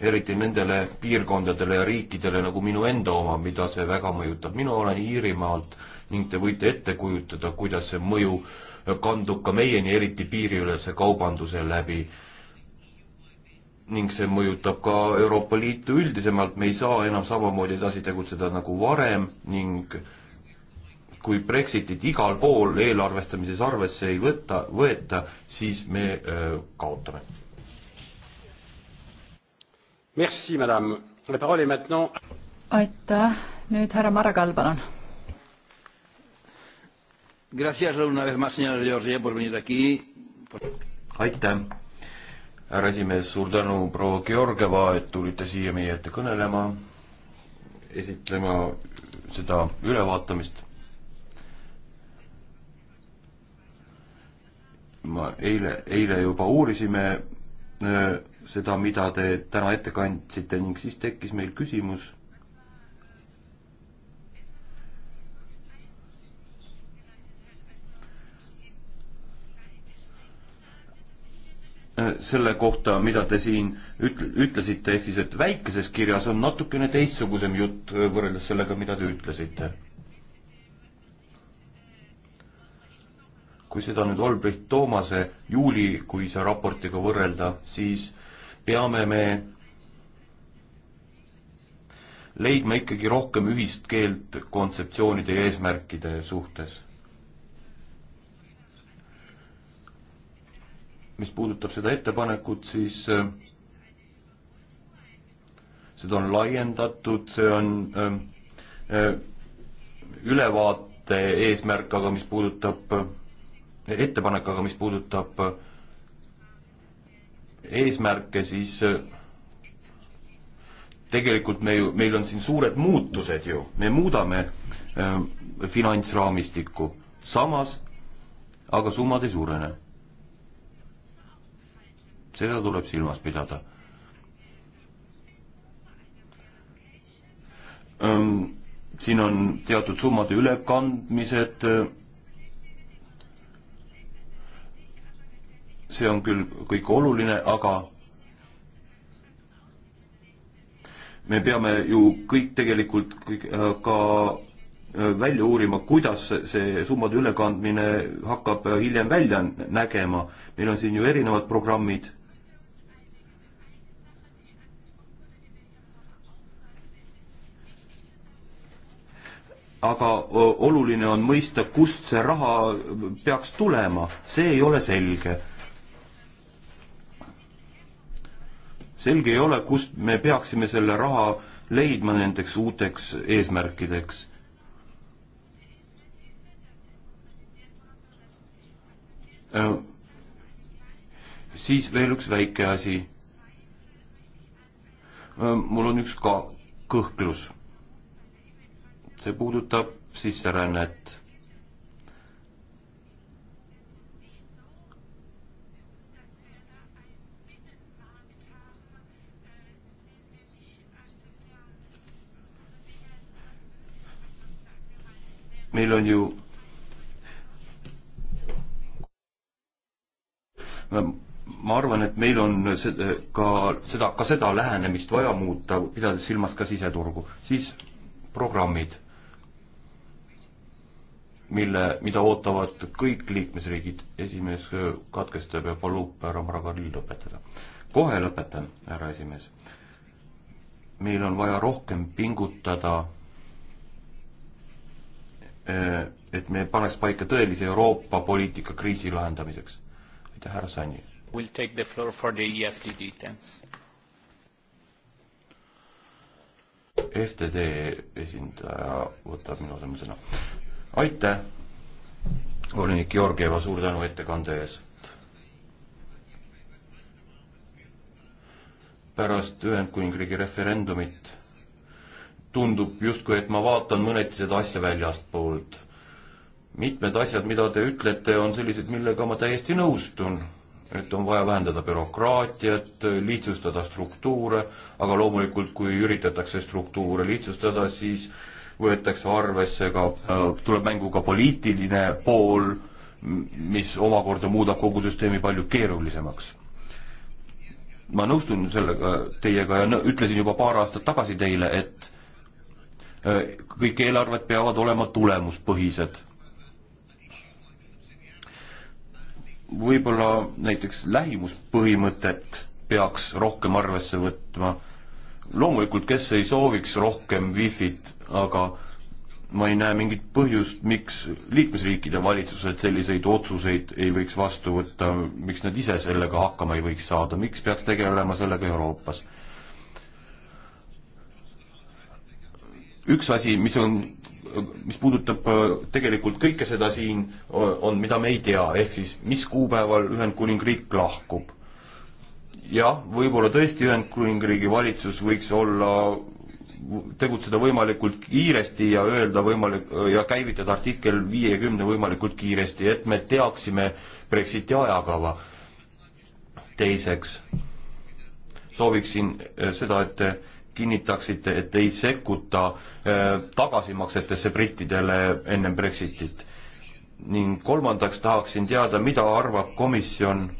eriti nendele piirkondadele ja riikidele nagu minu enda oma, mida see väga mõjutab. mina olen Iirimaalt ning te võite ette kujutada, kuidas see mõju kandub ka meieni, eriti piiriülese kaubanduse läbi äh, ning see mõjutab ka Euroopa Liitu üldisemalt, me ei saa enam samamoodi edasi tegutseda nagu varem ning kui Brexitit igal pool eelarvestamises arvesse ei võta, võeta, siis me öö, äh, kaotame. Merci, madame. La parole est maintenant. aitäh, nüüd härra Maragall, palun. Gracias una vez más, señor Georgie, por venir aquí. aitäh härra esimees, suur tänu, proua Georgieva, et tulite siia meie ette kõnelema, esitlema seda ülevaatamist. ma eile, eile juba uurisime äh, seda, mida te täna ette kandsite ning siis tekkis meil küsimus Äh, selle kohta, mida te siin ütle, ütlesite, ehk siis, et väikeses kirjas on natukene teistsugusem jutt äh, võrreldes sellega, mida te ütlesite. kui seda nüüd Olbrich Toomase juulikuise raportiga võrrelda, siis peame me leidma ikkagi rohkem ühist keelt kontseptsioonide ja eesmärkide suhtes mis puudutab seda ettepanekut, siis äh, seda on laiendatud, see on äh, äh, ülevaate eesmärk, aga mis puudutab, ettepanek, aga mis puudutab eesmärke, siis tegelikult me ju, meil on siin suured muutused ju, me muudame finantsraamistikku, samas aga summad ei suurene seda tuleb silmas pidada. siin on teatud summade ülekandmised. see on küll kõik oluline, aga me peame ju kõik tegelikult kõik, äh, ka äh, välja uurima, kuidas see summade ülekandmine hakkab äh, hiljem välja nägema. meil on siin ju erinevad programmid aga oluline on mõista, kust see raha peaks tulema, see ei ole selge. selge ei ole, kust me peaksime selle raha leidma nendeks uuteks eesmärkideks. siis veel üks väike asi. mul on üks ka kõhklus see puudutab sisserännet. meil on ju ma arvan, et meil on seda, ka seda, ka seda lähenemist vaja muuta, pidades silmas ka siseturgu, siis programmid mille, mida ootavad kõik liikmesriigid. esimees katkestab ja palub härra Maragaril lõpetada. kohe lõpetan, härra esimees. meil on vaja rohkem pingutada, eh, et me paneks paika tõelise Euroopa poliitika kriisi lahendamiseks. aitäh, härra Sanni. We'll take the floor for the EFTD, thanks. FTD esindaja võtab minu asemel sõna aitäh, volinik Georgieva, suur tänu ettekande eest. pärast Ühendkuningriigi referendumit tundub justkui, et ma vaatan mõneti seda asja väljastpoolt. mitmed asjad, mida te ütlete, on sellised, millega ma täiesti nõustun et on vaja vähendada bürokraatiat, lihtsustada struktuure, aga loomulikult, kui üritatakse struktuure lihtsustada, siis võetakse arvesse ka, äh, tuleb mängu ka poliitiline pool, mis omakorda muudab kogu süsteemi palju keerulisemaks. ma nõustun sellega teiega ja ütlesin juba paar aastat tagasi teile, et äh, kõik eelarved peavad olema tulemuspõhised võib-olla näiteks lähimuspõhimõtet peaks rohkem arvesse võtma. loomulikult, kes ei sooviks rohkem wifi't, aga ma ei näe mingit põhjust, miks liikmesriikide valitsused selliseid otsuseid ei võiks vastu võtta, miks nad ise sellega hakkama ei võiks saada, miks peaks tegelema sellega Euroopas? üks asi, mis on, mis puudutab äh, tegelikult kõike seda siin, äh, on, mida me ei tea, ehk siis mis kuupäeval Ühendkuningriik lahkub jah, võib-olla tõesti Ühendkuningriigi valitsus võiks olla tegutseda võimalikult kiiresti ja öelda võimalik ja käivitada artikkel viiekümne võimalikult kiiresti, et me teaksime Brexiti ajakava. teiseks sooviksin äh, seda, et te kinnitaksite, et ei sekkuta äh, tagasimaksetesse brittidele ennem Brexitit. ning kolmandaks tahaksin teada, mida arvab komisjon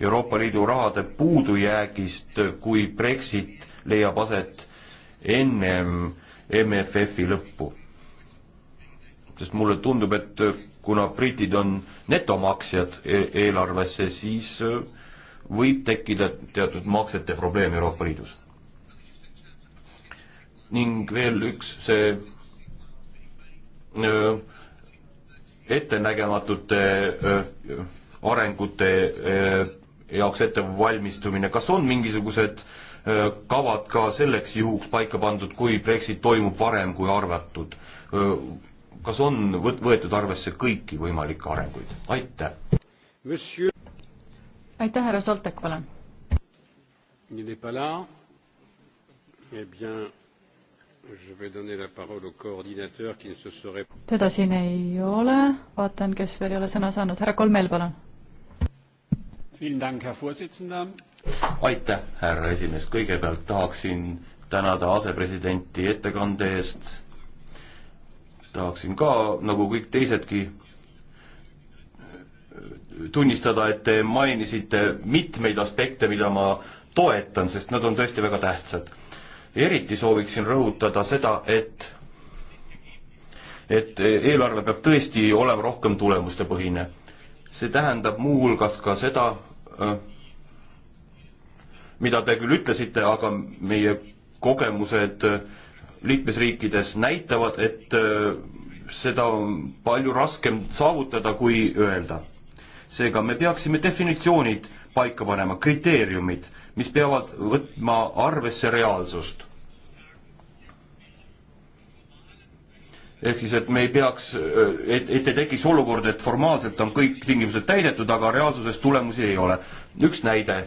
Euroopa Liidu rahade puudujäägist, kui Brexit leiab aset ennem MFF-i lõppu. sest mulle tundub, et kuna britid on netomaksjad e-, eelarvesse, siis äh, võib tekkida teatud maksete probleem Euroopa Liidus. ning veel üks, see öö, äh, ettenägematute öö, äh, arengute öö, jaoks ettevalmistumine, kas on mingisugused öö, kavad ka selleks juhuks paika pandud, kui Brexit toimub varem kui arvatud? kas on võt-, võetud arvesse kõiki võimalikke arenguid? aitäh! aitäh, härra Soltek, palun! Eh teda siin ei ole, vaatan, kes veel ei ole sõna saanud, härra Kolmel, palun! aitäh, härra esimees, kõigepealt tahaksin tänada asepresidenti ettekande eest, tahaksin ka, nagu kõik teisedki, tunnistada, et te mainisite mitmeid aspekte, mida ma toetan, sest nad on tõesti väga tähtsad. eriti sooviksin rõhutada seda, et et eelarve peab tõesti olema rohkem tulemustepõhine. see tähendab muuhulgas ka seda, äh, mida te küll ütlesite, aga meie kogemused liikmesriikides näitavad, et äh, seda on palju raskem saavutada, kui öelda. seega me peaksime definitsioonid paika panema, kriteeriumid, mis peavad võtma arvesse reaalsust. ehk siis, et me ei peaks, äh, et, et ei tekiks olukord, et formaalselt on kõik tingimused täidetud, aga reaalsuses tulemusi ei ole. üks näide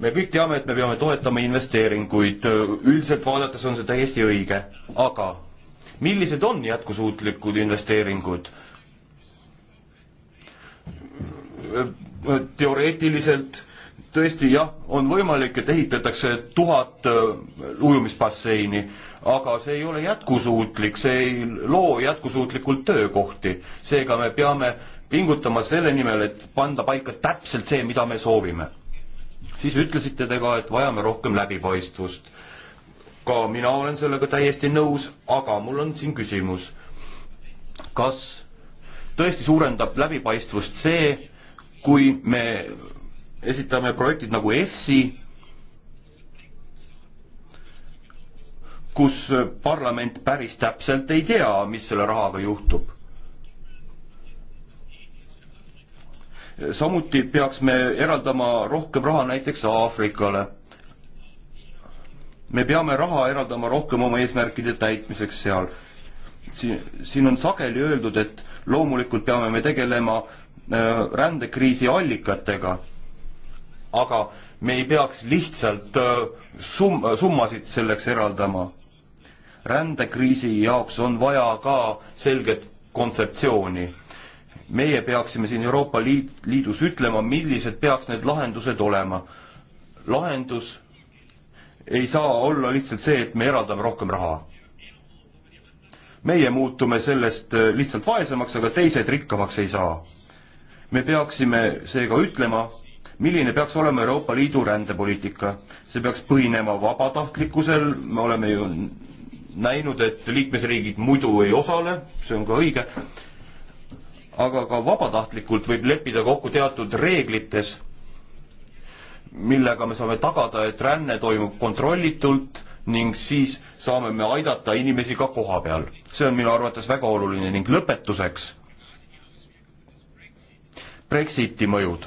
me kõik teame, et me peame toetama investeeringuid, üldiselt vaadates on see täiesti õige, aga millised on jätkusuutlikud investeeringud? teoreetiliselt tõesti jah, on võimalik, et ehitatakse tuhat äh, ujubasseini, aga see ei ole jätkusuutlik, see ei loo jätkusuutlikult töökohti. seega me peame pingutama selle nimel, et panna paika täpselt see, mida me soovime siis ütlesite te ka, et vajame rohkem läbipaistvust. ka mina olen sellega täiesti nõus, aga mul on siin küsimus. kas tõesti suurendab läbipaistvust see, kui me esitame projektid nagu EFSI, kus parlament päris täpselt ei tea, mis selle rahaga juhtub. samuti peaks me eraldama rohkem raha näiteks Aafrikale. me peame raha eraldama rohkem oma eesmärkide täitmiseks seal. siin, siin on sageli öeldud, et loomulikult peame me tegelema äh, rändekriisi allikatega, aga me ei peaks lihtsalt äh, sum-, summasid selleks eraldama. rändekriisi jaoks on vaja ka selget kontseptsiooni meie peaksime siin Euroopa Liit, Liidus ütlema, millised peaks need lahendused olema. lahendus ei saa olla lihtsalt see, et me eraldame rohkem raha. meie muutume sellest äh, lihtsalt vaesemaks, aga teised rikkamaks ei saa. me peaksime seega ütlema, milline peaks olema Euroopa Liidu rändepoliitika. see peaks põhinema vabatahtlikkusel, me oleme ju näinud, et liikmesriigid muidu ei osale, see on ka õige, aga ka vabatahtlikult võib leppida kokku teatud reeglites, millega me saame tagada, et ränne toimub kontrollitult ning siis saame me aidata inimesi ka koha peal. see on minu arvates väga oluline ning lõpetuseks Brexiti mõjud.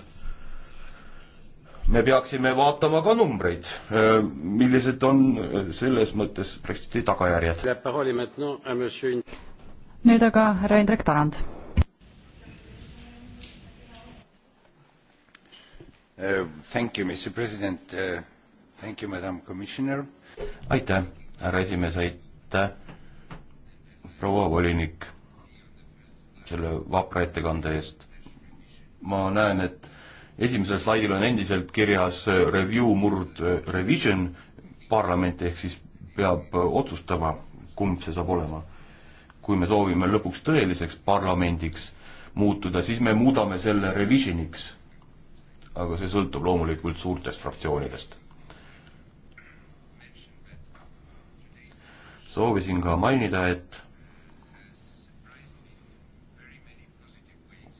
me peaksime vaatama ka numbreid, äh, millised on äh, selles mõttes Brexiti tagajärjed. nüüd aga härra Indrek Tarand Uh, you, uh, you, aitäh, härra esimees, aitäh, proua volinik, selle vapra ettekande eest. ma näen, et esimesel slaidil on endiselt kirjas äh, review murd äh, revision, parlament ehk siis peab äh, otsustama, kumb see saab olema. kui me soovime lõpuks tõeliseks parlamendiks muutuda, siis me muudame selle revision'iks aga see sõltub loomulikult suurtest fraktsioonidest. soovisin ka mainida, et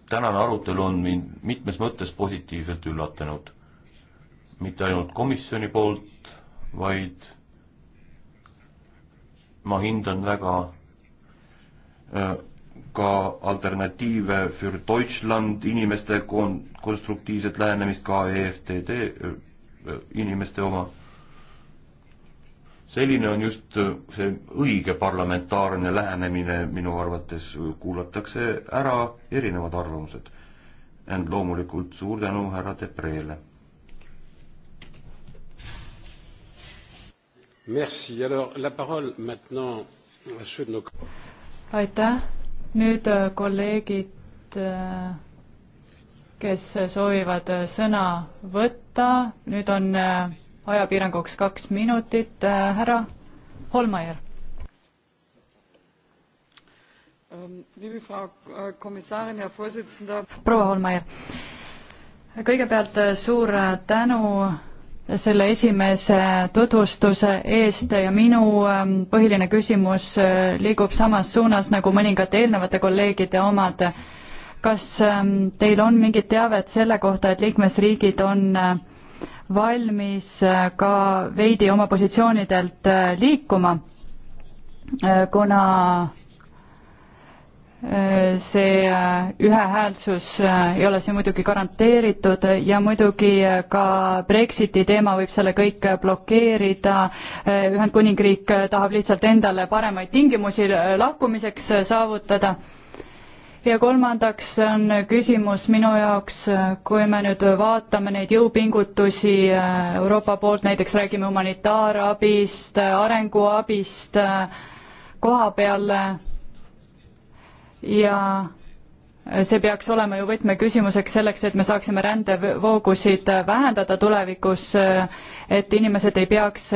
tänane arutelu on mind mitmes mõttes positiivselt üllatanud. mitte ainult komisjoni poolt, vaid ma hindan väga äh, ka alternatiive für Deutschland inimeste kon-, konstruktiivset lähenemist, ka EFTD äh, äh, inimeste oma. selline on just äh, see õige parlamentaarne lähenemine minu arvates, kuulatakse ära erinevad arvamused. ent loomulikult suur tänu härra Depreele. Merci, alors la parole maintenant à ceux de nos aitäh nüüd äh, kolleegid, äh, kes soovivad äh, sõna võtta, nüüd on ajapiiranguks kaks minutit, härra Holmaier. Ähm, proua Holmaier, kõigepealt suur tänu selle esimese tutvustuse eest ja minu ähm, põhiline küsimus äh, liigub samas suunas nagu mõningate eelnevate kolleegide omad. kas ähm, teil on mingit teavet selle kohta, et liikmesriigid on äh, valmis äh, ka veidi oma positsioonidelt liikuma, kuna see äh, ühehäälsus äh, ei ole siin muidugi garanteeritud ja muidugi äh, ka Brexiti teema võib selle kõik blokeerida. Ühendkuningriik tahab lihtsalt endale paremaid tingimusi lahkumiseks saavutada. ja kolmandaks on küsimus minu jaoks, kui me nüüd vaatame neid jõupingutusi Euroopa poolt, näiteks räägime humanitaarabist, arenguabist koha peal ja see peaks olema ju võtmeküsimuseks selleks, et me saaksime rändevoogusid vähendada tulevikus, et inimesed ei peaks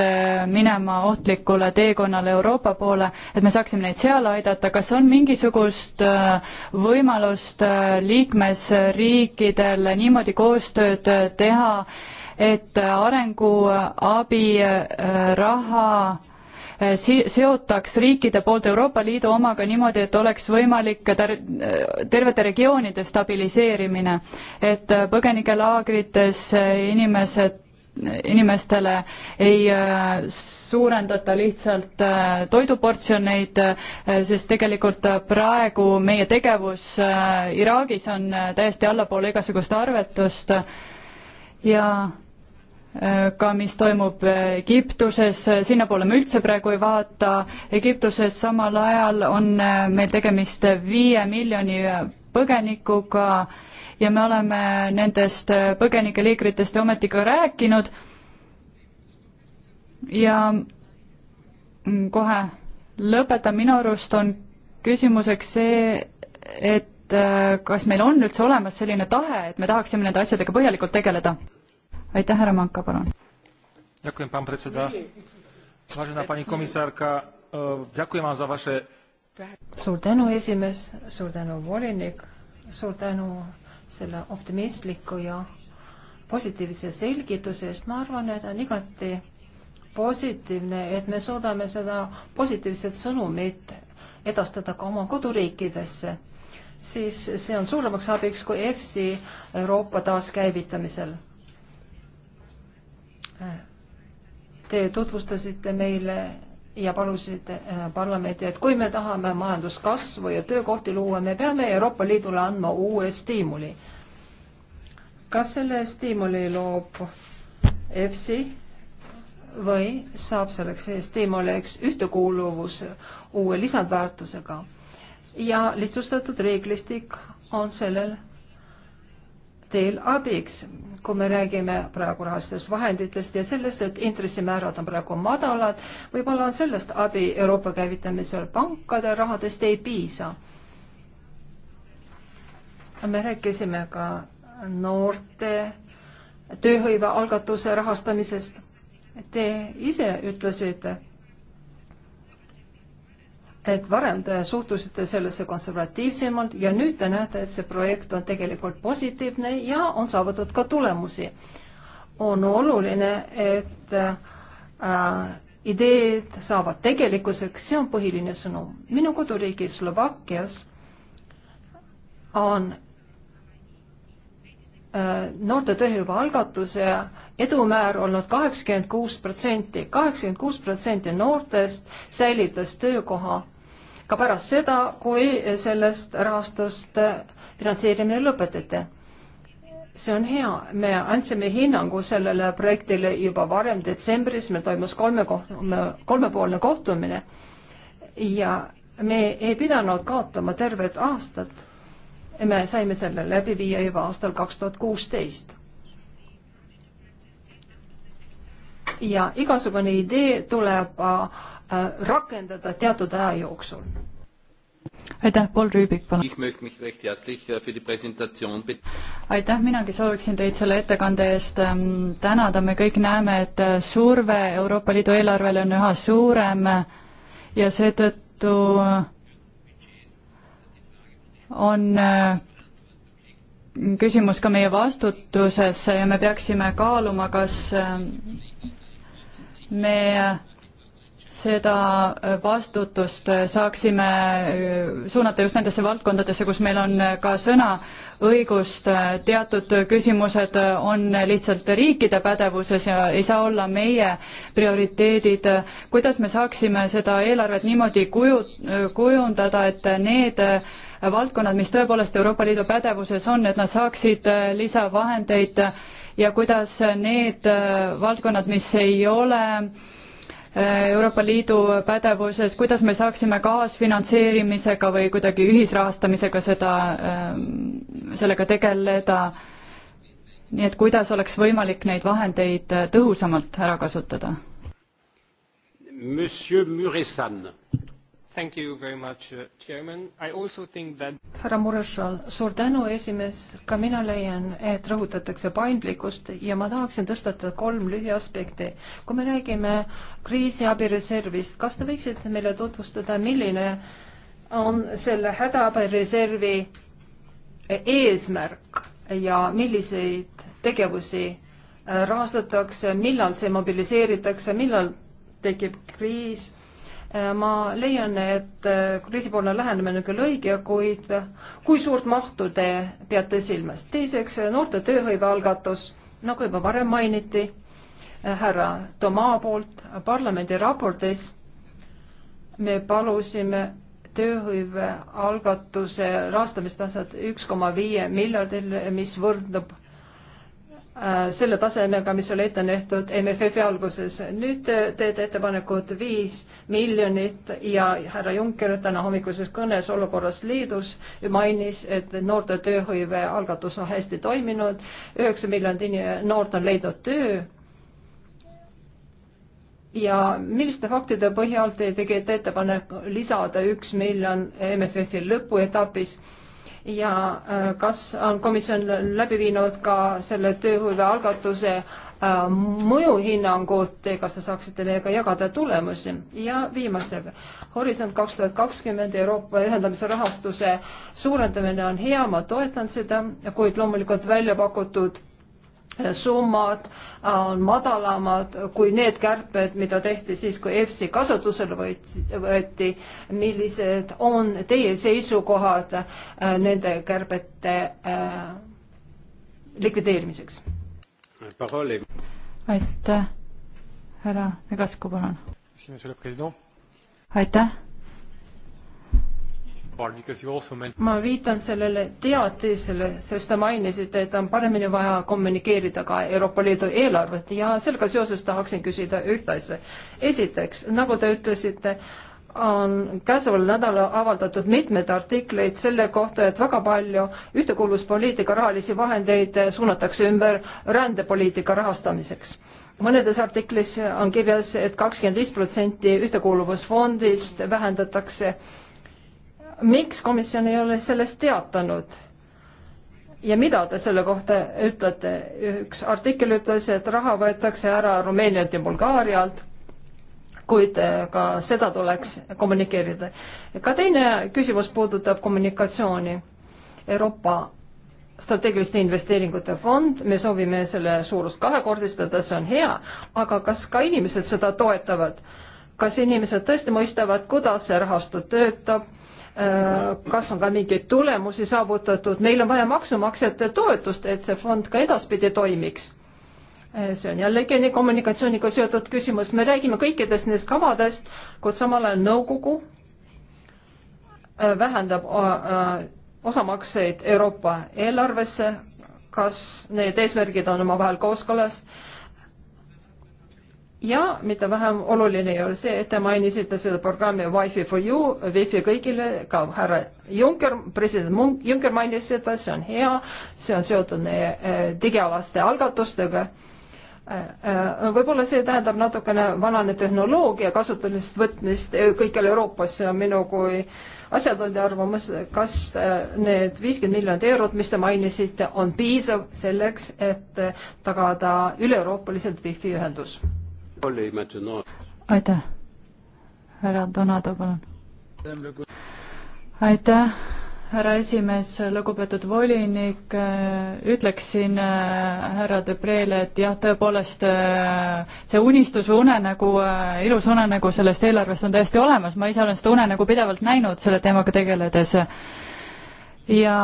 minema ohtlikule teekonnale Euroopa poole, et me saaksime neid seal aidata, kas on mingisugust võimalust liikmesriikidel niimoodi koostööd teha, et arenguabi raha Eh, si-, seotaks riikide poolt Euroopa Liidu omaga niimoodi, et oleks võimalik ter-, eh, tervete regioonide stabiliseerimine, et eh, põgenikelaagrites inimesed inimestele ei suurendata lihtsalt toiduportsjoneid, sest tegelikult praegu meie tegevus Iraagis on täiesti allapoole igasugust arvetust ja Äh, ka mis toimub Egiptuses, sinnapoole me üldse praegu ei vaata, Egiptuses samal ajal on äh, meil tegemist viie miljoni põgenikuga ja me oleme nendest äh, põgenikeliikritest ju ometi ka rääkinud ja mm, kohe lõpetan, minu arust on küsimuseks see, et kas meil on üldse olemas selline tahe, et me tahaksime nende asjadega põhjalikult tegeleda? aitäh, härra Manka, palun. E, suur tänu, esimees, suur tänu, volinik, suur tänu selle optimistliku ja positiivse selgituse eest, ma arvan, et on igati positiivne, et me suudame seda positiivset sõnumit edastada ka oma koduriikidesse, siis see on suuremaks abiks kui EFSI Euroopa taaskäivitamisel Te tutvustasite meile ja palusite äh, parlamendi, et kui me tahame majanduskasvu ja töökohti luua, me peame Euroopa Liidule andma uue stiimuli. kas selle stiimuli loob EFSI või saab selleks stiimuliks ühtekuuluvus uue lisandväärtusega ja lihtsustatud reeglistik on sellel teil abiks, kui me räägime praegu rahastest vahenditest ja sellest, et intressimäärad on praegu madalad, võib-olla on sellest abi Euroopa käivitamisel, pankade rahadest ei piisa. me rääkisime ka noorte tööhõive algatuse rahastamisest. Te ise ütlesite et varem te suhtusite sellesse konservatiivsemalt ja nüüd te näete, et see projekt on tegelikult positiivne ja on saavutatud ka tulemusi. on oluline, et äh, ideed saavad tegelikkuseks, see on põhiline sõnum. minu koduriigis Slovakkias on äh, noorte tööhõive algatuse edumäär olnud kaheksakümmend kuus protsenti, kaheksakümmend kuus protsenti noortest säilitas töökoha ka pärast seda, kui sellest rahastust äh, finantseerimine lõpetati. see on hea, me andsime hinnangu sellele projektile juba varem detsembris, meil toimus kolme koht-, kolmepoolne kohtumine ja me ei pidanud kaotama tervet aastat. me saime selle läbi viia juba aastal kaks tuhat kuusteist ja igasugune idee tuleb äh, Äh, rakendada teatud aja jooksul. aitäh, Paul Rüübik, palun. Äh, aitäh, minagi sooviksin teid selle ettekande eest ähm, tänada, me kõik näeme, et äh, surve Euroopa Liidu eelarvele on üha suurem ja seetõttu on küsimus ka meie vastutuses ja me peaksime kaaluma, kas ähm, me seda vastutust saaksime suunata just nendesse valdkondadesse, kus meil on ka sõnaõigust, teatud küsimused on lihtsalt riikide pädevuses ja ei saa olla meie prioriteedid. kuidas me saaksime seda eelarvet niimoodi kuju-, kujundada, et need valdkonnad, mis tõepoolest Euroopa Liidu pädevuses on, et nad saaksid lisavahendeid ja kuidas need valdkonnad, mis ei ole Euroopa Liidu pädevuses, kuidas me saaksime kaasfinantseerimisega või kuidagi ühisrahastamisega seda, ähm, sellega tegeleda, nii et kuidas oleks võimalik neid vahendeid tõhusamalt ära kasutada? Monsieur Muresan Thank you very much, uh, Chairman. I also think that härra Murešal, suur tänu, esimees. ka mina leian, et rõhutatakse paindlikkust ja ma tahaksin tõstatada kolm lühiaspekti. kui me räägime kriisiabireservist, kas te võiksite meile tutvustada, milline on selle hädaabireservi eesmärk ja milliseid tegevusi äh, rahastatakse, millal see mobiliseeritakse, millal tekib kriis ma leian, et äh, kriisipoolne lähenemine on küll õige, kuid kui suurt mahtu te peate silmas? teiseks, noorte tööhõive algatus, nagu juba varem mainiti äh, härra Toma poolt parlamendi raportis, me palusime tööhõive algatuse rahastamistaset üks koma viie miljardil, mis võrdub Äh, selle tasemega, mis oli ette nähtud MFF-i alguses. nüüd teete ettepanekud viis miljonit ja härra Juncker täna hommikuses kõnes olukorras liidus mainis, et noorte tööhõive algatus on hästi toiminud, üheksa miljonit noort on leidnud töö. ja milliste faktide põhjal te tegite ettepaneku lisada üks miljon MFF-i lõpuetapis? ja äh, kas on komisjon läbi viinud ka selle tööhõive algatuse äh, mõjuhinnangut, kas te saaksite meiega jagada tulemusi ja viimasega, Horisont kaks tuhat kakskümmend Euroopa ühendamise rahastuse suurendamine on hea, ma toetan seda, kuid loomulikult välja pakutud Eh, summad eh, on madalamad kui need kärped, mida tehti siis, kui EFSI kasutusele võeti, võeti. millised on teie seisukohad eh, nende kärbete likvideerimiseks? aitäh, härra Vegasku, palun. aitäh ma viitan sellele teatisele, sest te mainisite, et on paremini vaja kommunikeerida ka Euroopa Liidu eelarvet ja sellega seoses tahaksin küsida ühte asja. esiteks, nagu te ütlesite, on käesoleval nädalal avaldatud mitmeid artikleid selle kohta, et väga palju ühtekuuluvuspoliitika rahalisi vahendeid suunatakse ümber rändepoliitika rahastamiseks. mõnedes artiklis on kirjas et, et kakskümmend viis protsenti ühtekuuluvusfondist vähendatakse äh, miks komisjon ei ole sellest teatanud? ja mida te selle kohta ütlete? üks artikkel ütles, et raha võetakse ära Rumeenialt ja Bulgaarialt, kuid äh, ka seda tuleks kommunikeerida. ka teine küsimus puudutab kommunikatsiooni. Euroopa strateegiliste investeeringute fond, me soovime selle suurust kahekordistada, see on hea, aga kas ka inimesed seda toetavad? kas inimesed tõesti mõistavad, kuidas see rahastu töötab? Äh, kas on ka mingeid tulemusi saavutatud, meil on vaja maksumaksjate toetust, et see fond ka edaspidi toimiks. Äh, see on jällegi nii kommunikatsiooniga seotud küsimus, me räägime kõikidest nendest kavadest, kuid samal ajal nõukogu äh, vähendab osamakseid Euroopa eelarvesse, kas need eesmärgid on omavahel kooskõlas ja mitte vähem oluline ei ole see, et te mainisite seda programmi Wi-Fi for you, Wi-Fi kõigile, ka härra Juncker, president Juncker mainis seda, see on hea, see on seotud meie eh, digialaste algatustega. Eh, eh, võib-olla see tähendab natukene vanane tehnoloogia kasutamist, võtmist kõikjal Euroopas, see on minu kui asjatundja arvamus, kas need viiskümmend miljonit eurot, mis te mainisite, on piisav selleks, et tagada üle-euroopaliselt wifi ühendus? aitäh. härra Donato, palun. aitäh, härra esimees, lugupeetud volinik, ütleksin äh, härra Debrele, et jah, tõepoolest äh, see unistus või unenägu, äh, ilus unenägu sellest eelarvest on täiesti olemas, ma ise olen seda unenägu pidevalt näinud selle teemaga tegeledes ja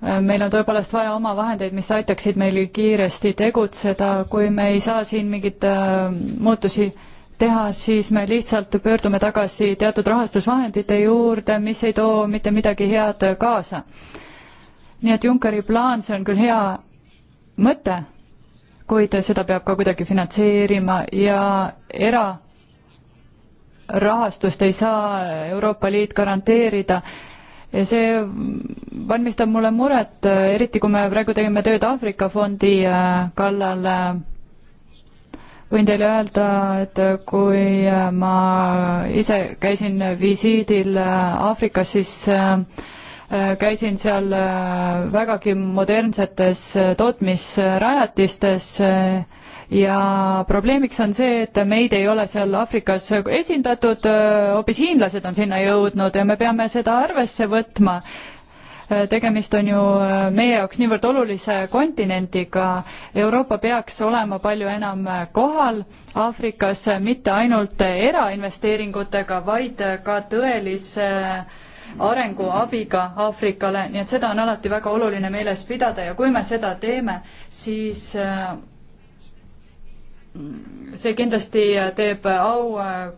meil on tõepoolest vaja oma vahendeid, mis aitaksid meil kiiresti tegutseda, kui me ei saa siin mingeid äh, muutusi teha, siis me lihtsalt pöördume tagasi teatud rahastusvahendite juurde, mis ei too mitte midagi head kaasa. nii et Junckeri plaan, see on küll hea mõte, kuid seda peab ka kuidagi finantseerima ja era rahastust ei saa Euroopa Liit garanteerida ja see valmistab mulle muret, äh, eriti kui me praegu tegime tööd Aafrika fondi äh, kallal. Äh, võin teile öelda, et kui ma ise käisin visiidil Aafrikas, siis Äh, käisin seal äh, vägagi modernsetes äh, tootmisrajatistes ja probleemiks on see, et meid ei ole seal Aafrikas esindatud, hoopis hiinlased on sinna jõudnud ja me peame seda arvesse võtma tegemist on ju meie jaoks niivõrd olulise kontinendiga, Euroopa peaks olema palju enam kohal Aafrikas, mitte ainult erainvesteeringutega, vaid ka tõelise arenguabiga Aafrikale, nii et seda on alati väga oluline meeles pidada ja kui me seda teeme, siis äh, see kindlasti teeb au äh,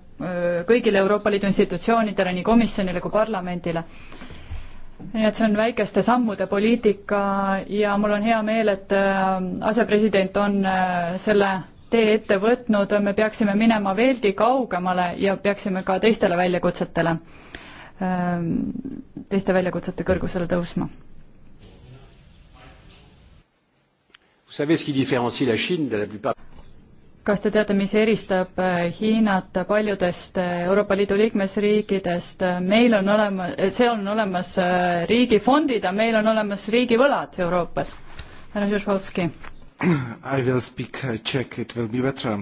kõigile Euroopa Liidu institutsioonidele, nii komisjonile kui parlamendile. nii et see on väikeste sammude poliitika ja mul on hea meel, et äh, asepresident on selle tee ette võtnud, me peaksime minema veelgi kaugemale ja peaksime ka teistele väljakutsetele Ehm, teiste väljakutsete kõrgusele tõusma. kas te teate, mis eristab äh, Hiinat paljudest äh, Euroopa Liidu liikmesriikidest? meil on olemas, seal on olemas äh, riigifondid ja meil on olemas riigivõlad Euroopas. härra Žužovski. I will speak uh, Czech, it will be better.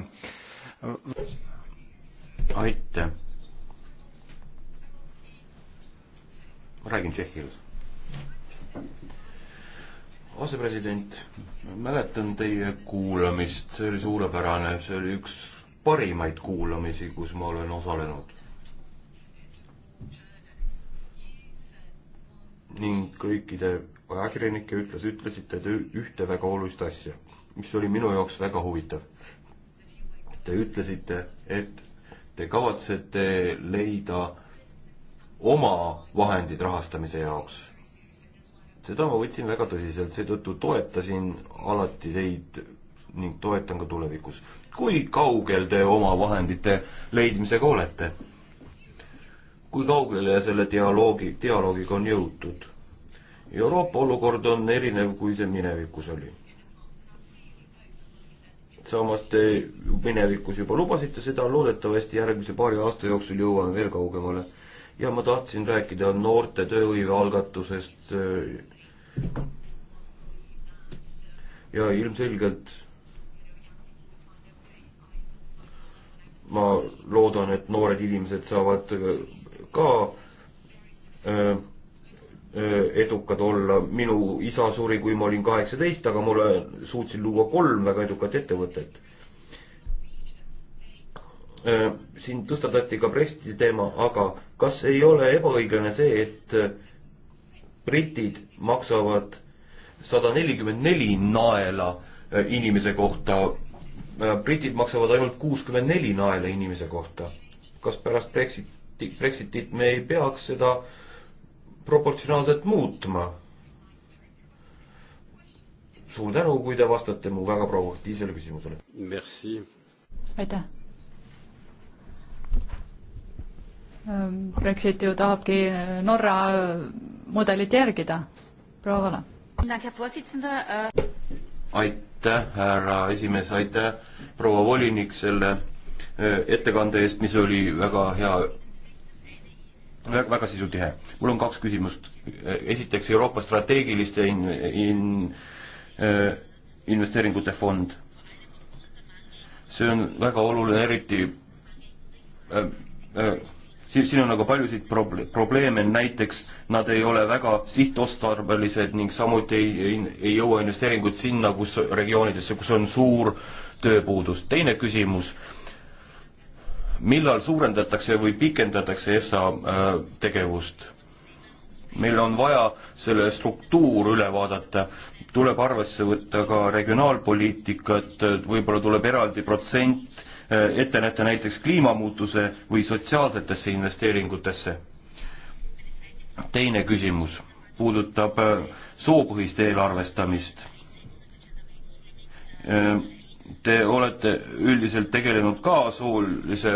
aitäh räägin tšehhi keeles. asepresident, mäletan teie kuulamist, see oli suurepärane, see oli üks parimaid kuulamisi, kus ma olen osalenud. ning kõikide ajakirjanike ütles, ütlesite te ühte väga olulist asja, mis oli minu jaoks väga huvitav. Te ütlesite, et te kavatsete leida oma vahendid rahastamise jaoks. seda ma võtsin väga tõsiselt, seetõttu toetasin alati teid ning toetan ka tulevikus. kui kaugel te oma vahendite leidmisega olete? kui kaugele selle dialoogi, dialoogiga on jõutud? Euroopa olukord on erinev, kui see minevikus oli. samas te minevikus juba lubasite seda, loodetavasti järgmise paari aasta jooksul jõuame veel kaugemale ja ma tahtsin rääkida noorte tööhõive algatusest. Äh, ja ilmselgelt ma loodan, et noored inimesed saavad äh, ka öö, äh, edukad olla. minu isa suri, kui ma olin kaheksateist, aga ma olen, suutsin luua kolm väga edukat ettevõtet. siin tõstatati ka Bresti teema, aga kas ei ole ebaõiglane see, et britid maksavad sada nelikümmend neli naela äh, inimese kohta, äh, britid maksavad ainult kuuskümmend neli naela inimese kohta. kas pärast Brexiti, Brexitit me ei peaks seda proportsionaalselt muutma? suur tänu, kui te vastate mu väga provokatiivsele küsimusele. aitäh Ähm, Brexit ju tahabki äh, Norra äh, mudelit järgida. proua Vala. Äh, aitäh, härra esimees, aitäh, proua volinik, selle ettekande eest, mis oli väga hea väga, väga sisutihe. mul on kaks küsimust. esiteks Euroopa strateegiliste in-, in-, investeeringute fond. see on väga oluline, eriti äh, äh, siin, siin on aga paljusid proble-, probleeme, näiteks nad ei ole väga sihtotstarbelised ning samuti ei, ei jõua investeeringud sinna, kus, regioonidesse, kus on suur tööpuudus. teine küsimus, millal suurendatakse või pikendatakse EFSA äh, tegevust? meil on vaja selle struktuur üle vaadata, tuleb arvesse võtta ka regionaalpoliitikat, võib-olla tuleb eraldi protsent äh, Äh, ette näete näiteks kliimamuutuse või sotsiaalsetesse investeeringutesse? teine küsimus puudutab äh, soopõhist eelarvestamist. Äh, te olete üldiselt tegelenud ka soolise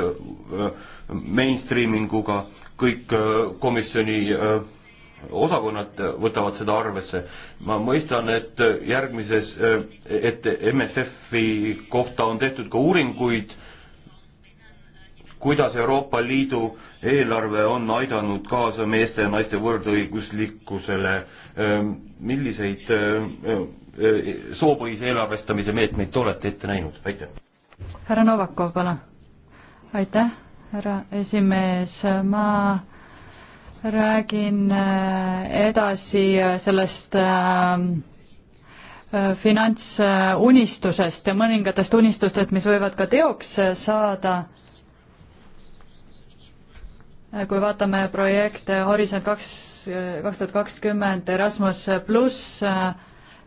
mainstream inguga, kõik komisjoni osakonnad võtavad seda arvesse. ma mõistan, et järgmises, et MFF-i kohta on tehtud ka uuringuid, kuidas Euroopa Liidu eelarve on aidanud kaasa meeste ja naiste võrdõiguslikkusele, milliseid soopõhise eelarvestamise meetmeid te olete ette näinud, aitäh! härra Novakov, palun! aitäh, härra esimees, ma räägin äh, edasi äh, sellest äh, finantsunistusest ja mõningatest unistustest, mis võivad ka teoks saada. kui vaatame projekte Horisont kaks, kaks tuhat kakskümmend, Erasmus pluss,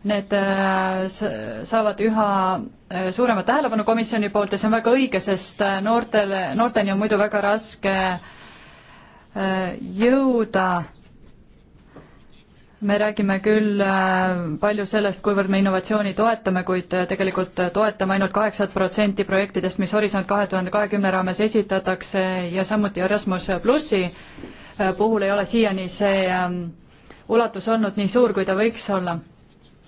need saavad üha suurema tähelepanu komisjoni poolt ja see on väga õige, sest noortele, noorteni on muidu väga raske äh, Äh, jõuda. me räägime küll äh, palju sellest, kuivõrd me innovatsiooni toetame, kuid äh, tegelikult toetame ainult kaheksat protsenti projektidest, mis Horisont kahe tuhande kahekümne raames esitatakse ja samuti Erasmus plussi puhul ei ole siiani see ähm, ulatus olnud nii suur, kui ta võiks olla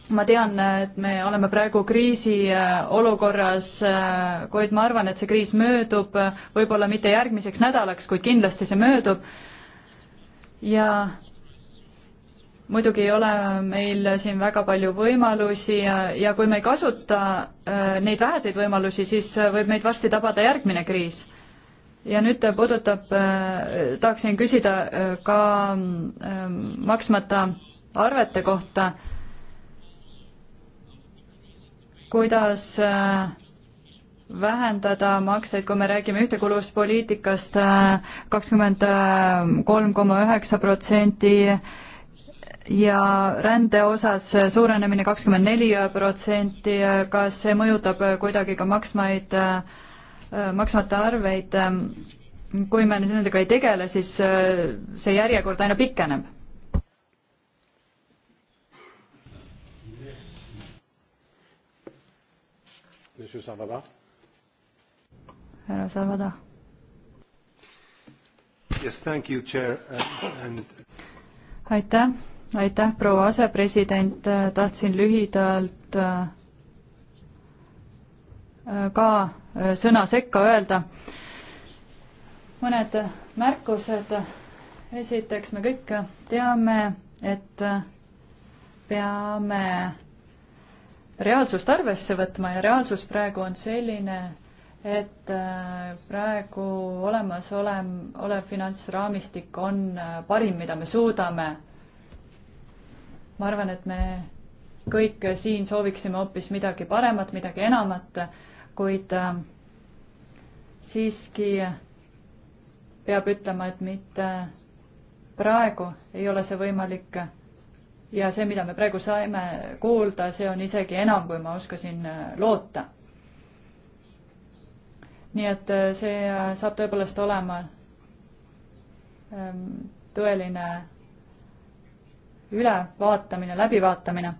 ma tean, et me oleme praegu kriisiolukorras, äh, äh, kuid ma arvan, et see kriis möödub, äh, võib-olla mitte järgmiseks nädalaks, kuid kindlasti see möödub. ja muidugi ei ole meil siin väga palju võimalusi ja, ja kui me ei kasuta neid väheseid võimalusi, siis võib meid varsti tabada järgmine kriis ja nüüd puudutab, tahaksin küsida ka mm, maksmata arvete kohta kuidas äh, vähendada makseid, kui me räägime ühtekuuluvuspoliitikast äh, kakskümmend äh, kolm koma üheksa protsenti ja rände osas suurenemine kakskümmend neli protsenti, kas see mõjutab kuidagi ka maksmaid, maksmata arveid? kui me nendega ei tegele, siis see järjekord aina pikeneb Monsieur Salvada. härra Salvada. Yes, thank you, chair and. aitäh, aitäh, proua asepresident, tahtsin lühidalt äh, ka äh, sõna sekka öelda. mõned märkused. esiteks me kõik teame, et peame reaalsust arvesse võtma ja reaalsus praegu on selline, et äh, praegu olemasolev, olev finantsraamistik on äh, parim, mida me suudame. ma arvan, et me kõik siin sooviksime hoopis midagi paremat, midagi enamat, kuid äh, siiski peab ütlema, et mitte praegu ei ole see võimalik ja see, mida me praegu saime kuulda, see on isegi enam, kui ma oskasin äh, loota. nii et äh, see äh, saab tõepoolest olema ähm, tõeline ülevaatamine, läbivaatamine.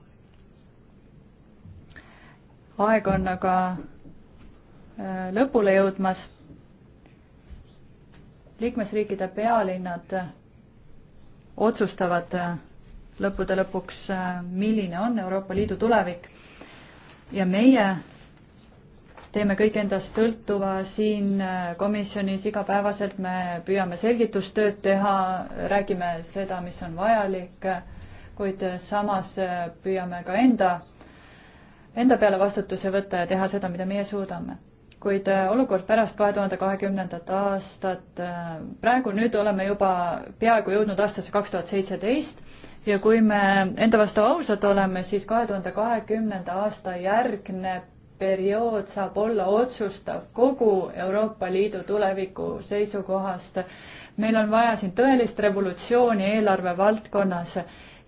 aeg on aga lõpule jõudmas. liikmesriikide pealinnad otsustavad lõppude lõpuks, äh, milline on Euroopa Liidu tulevik. ja meie teeme kõik endast sõltuva siin äh, komisjonis igapäevaselt, me püüame selgitustööd teha, räägime seda, mis on vajalik, äh, kuid samas püüame ka enda, enda peale vastutuse võtta ja teha seda, mida meie suudame. kuid olukord pärast kahe tuhande kahekümnendat aastat, praegu nüüd oleme juba peaaegu jõudnud aastasse kaks tuhat seitseteist ja kui me enda vastu ausad oleme, siis kahe tuhande kahekümnenda aasta järgne periood saab olla otsustav kogu Euroopa Liidu tuleviku seisukohast. meil on vaja siin tõelist revolutsiooni eelarve valdkonnas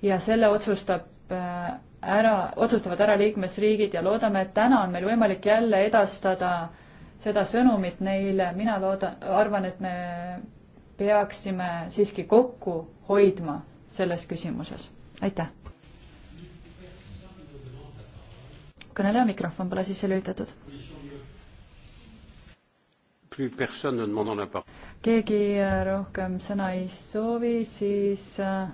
ja selle otsustab äh, ära, otsustavad ära liikmesriigid ja loodame, et täna on meil võimalik jälle edastada seda sõnumit neile, mina loodan, arvan, et me peaksime siiski kokku hoidma selles küsimuses. aitäh! kõneleja mikrofon pole sisse lülitatud. keegi äh, rohkem sõna ei soovi, siis äh,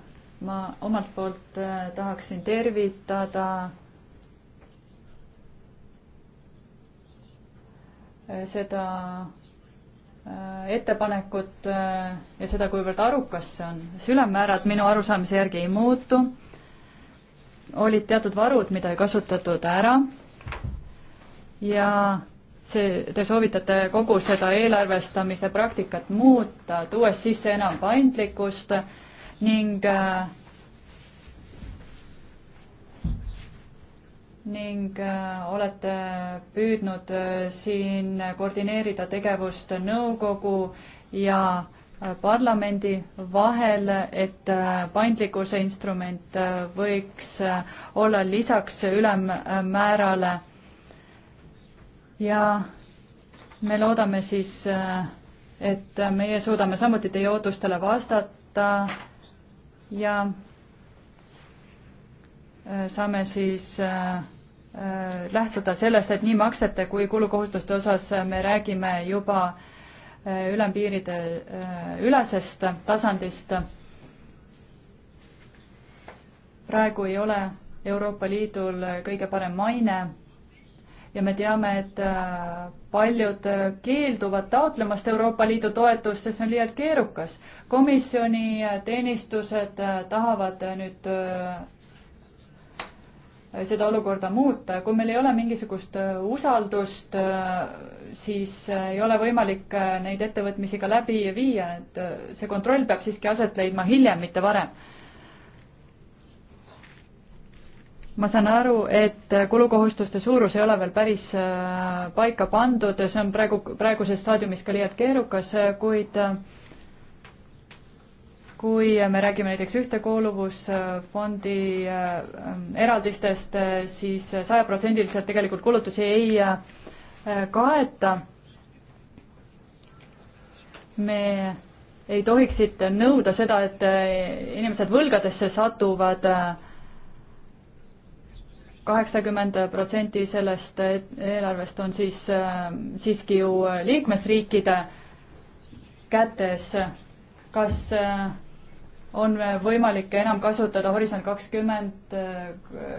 ma omalt poolt äh, tahaksin tervitada seda Äh, ettepanekut äh, ja seda, kuivõrd arukas see on. see ülemmäärad minu arusaamise järgi ei muutu, olid teatud varud, mida ei kasutatud ära ja see, te soovitate kogu seda eelarvestamise praktikat muuta, tuues sisse enam paindlikkust ning äh, ning äh, olete püüdnud äh, siin koordineerida tegevust nõukogu ja äh, parlamendi vahel, et paindlikkuse instrument võiks olla lisaks ülemmäärale. ja me loodame siis, et meie suudame samuti teie ootustele vastata ja saame siis äh, Äh, lähtuda sellest, et nii maksete kui kulukohustuste osas me räägime juba äh, ülempiiride äh, ülesest tasandist. praegu ei ole Euroopa Liidul kõige parem maine ja me teame, et paljud keelduvad taotlemast Euroopa Liidu toetust, sest see on liialt keerukas. komisjoni teenistused tahavad nüüd seda olukorda muuta. kui meil ei ole mingisugust äh, usaldust, äh, siis äh, ei ole võimalik neid ettevõtmisi ka läbi viia, et see kontroll peab siiski aset leidma hiljem, mitte varem. ma saan aru, et kulukohustuste suurus ei ole veel päris paika pandud, see on praegu, praeguses staadiumis ka liialt keerukas, kuid äh, kui me räägime näiteks ühtekuuluvusfondi äh, eraldistest siis, äh, siis sajaprotsendiliselt tegelikult kulutusi ei äh, kaeta. me ei tohiks siit nõuda seda, et inimesed võlgadesse satuvad kaheksakümmend protsenti sellest eelarvest on siis siiski ju liikmesriikide kätes. kas äh, on võimalik enam kasutada Horisont kakskümmend,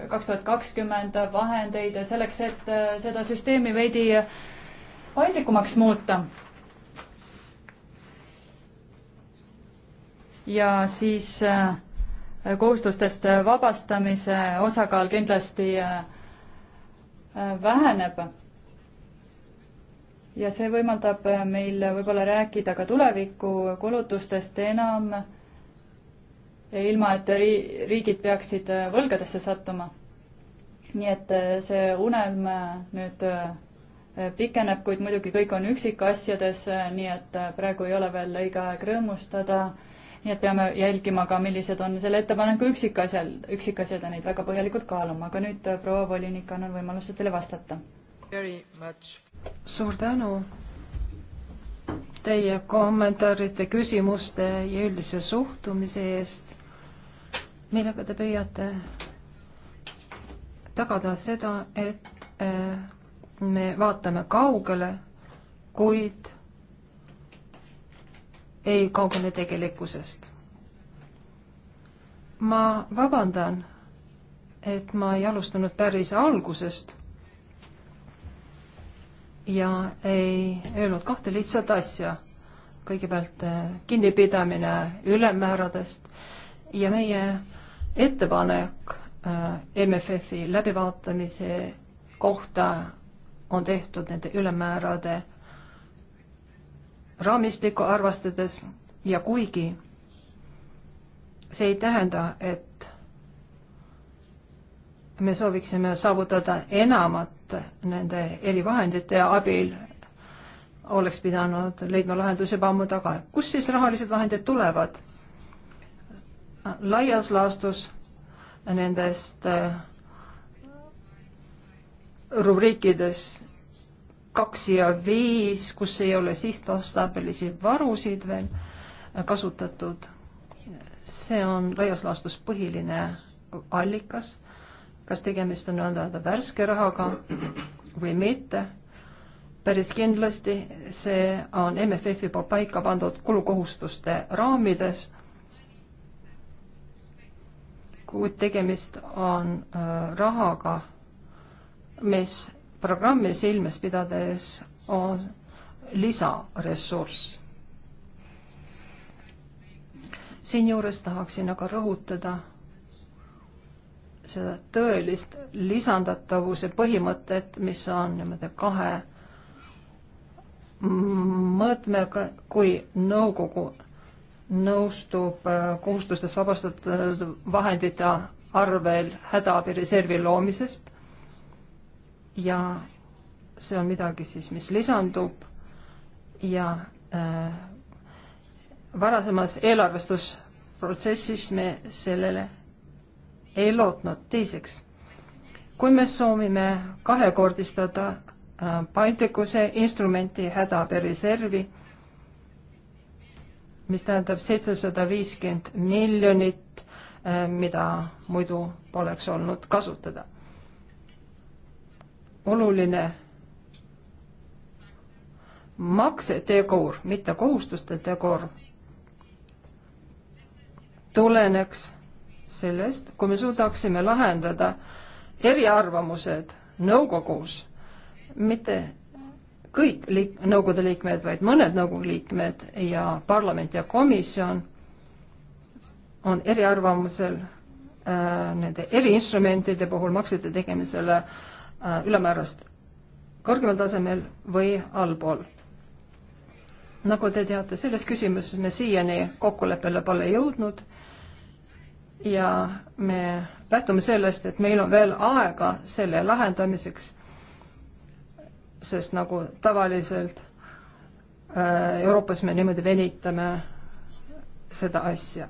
kaks tuhat kakskümmend vahendeid selleks, et äh, seda süsteemi veidi paindlikumaks muuta. ja siis äh, kohustustest vabastamise osakaal kindlasti äh, väheneb ja see võimaldab meil võib-olla rääkida ka tuleviku kulutustest enam ilma et ri-, riigid peaksid äh, võlgadesse sattuma. nii et äh, see unelm äh, nüüd pikeneb, kuid muidugi kõik on üksikasjades, nii et praegu ei ole veel õige aeg rõõmustada. nii et peame jälgima ka, millised on selle ettepaneku üksikasjal, üksikasjad ja neid väga põhjalikult kaaluma, aga nüüd proua volinik, annan võimaluse teile vastata. suur tänu teie kommentaaride, küsimuste ja üldise suhtumise eest millega te püüate tagada seda, et äh, me vaatame kaugele, kuid ei kaugele tegelikkusest. ma vabandan, et ma ei alustanud päris algusest ja ei öelnud kahte lihtsat asja. kõigepealt äh, kinnipidamine ülemmääradest ja meie ettepanek äh, MFF-i läbivaatamise kohta on tehtud nende ülemäärade raamistikku arvestades ja kuigi see ei tähenda, et me sooviksime saavutada enamat nende erivahendite abil, oleks pidanud leidma lahenduse juba ammu taga. kust siis rahalised vahendid tulevad? laias laastus nendest äh, rubriikides kaks ja viis, kus ei ole sihtotstarbelisi varusid veel äh, kasutatud. see on laias laastus põhiline allikas, kas tegemist on nii-öelda värske rahaga või mitte. päris kindlasti see on MFF-i poolt paika pandud kulukohustuste raamides kuid tegemist on äh, rahaga, mis programmi silmas pidades on lisaressurss. siinjuures tahaksin aga rõhutada seda tõelist lisandatavuse põhimõtet, mis on niimoodi kahe mõõtmega, kui nõukogu nõustub äh, kohustustest vabastatud vahendite arvel hädaabireservi loomisest ja see on midagi siis, mis lisandub ja äh, varasemas eelarvestusprotsessis me sellele ei lootnud. teiseks, kui me soovime kahekordistada äh, Baltikuse instrumenti hädaabireservi äh,, mis tähendab seitsesada viiskümmend miljonit, eh, mida muidu poleks olnud kasutada. oluline maksetegur, mitte kohustuste tegur, tuleneks sellest, kui me suudaksime lahendada eriarvamused nõukogus, mitte kõik liik-, nõukogude liikmed, vaid mõned nõukogu liikmed ja parlament ja komisjon on eriarvamusel äh, nende eriinstrumentide puhul maksete tegemisele äh, ülemäärast kõrgemal tasemel või allpool. nagu te teate, selles küsimuses me siiani kokkuleppele pole jõudnud ja me lähtume sellest, et meil on veel aega selle lahendamiseks sest nagu tavaliselt äh, Euroopas me niimoodi venitame seda asja.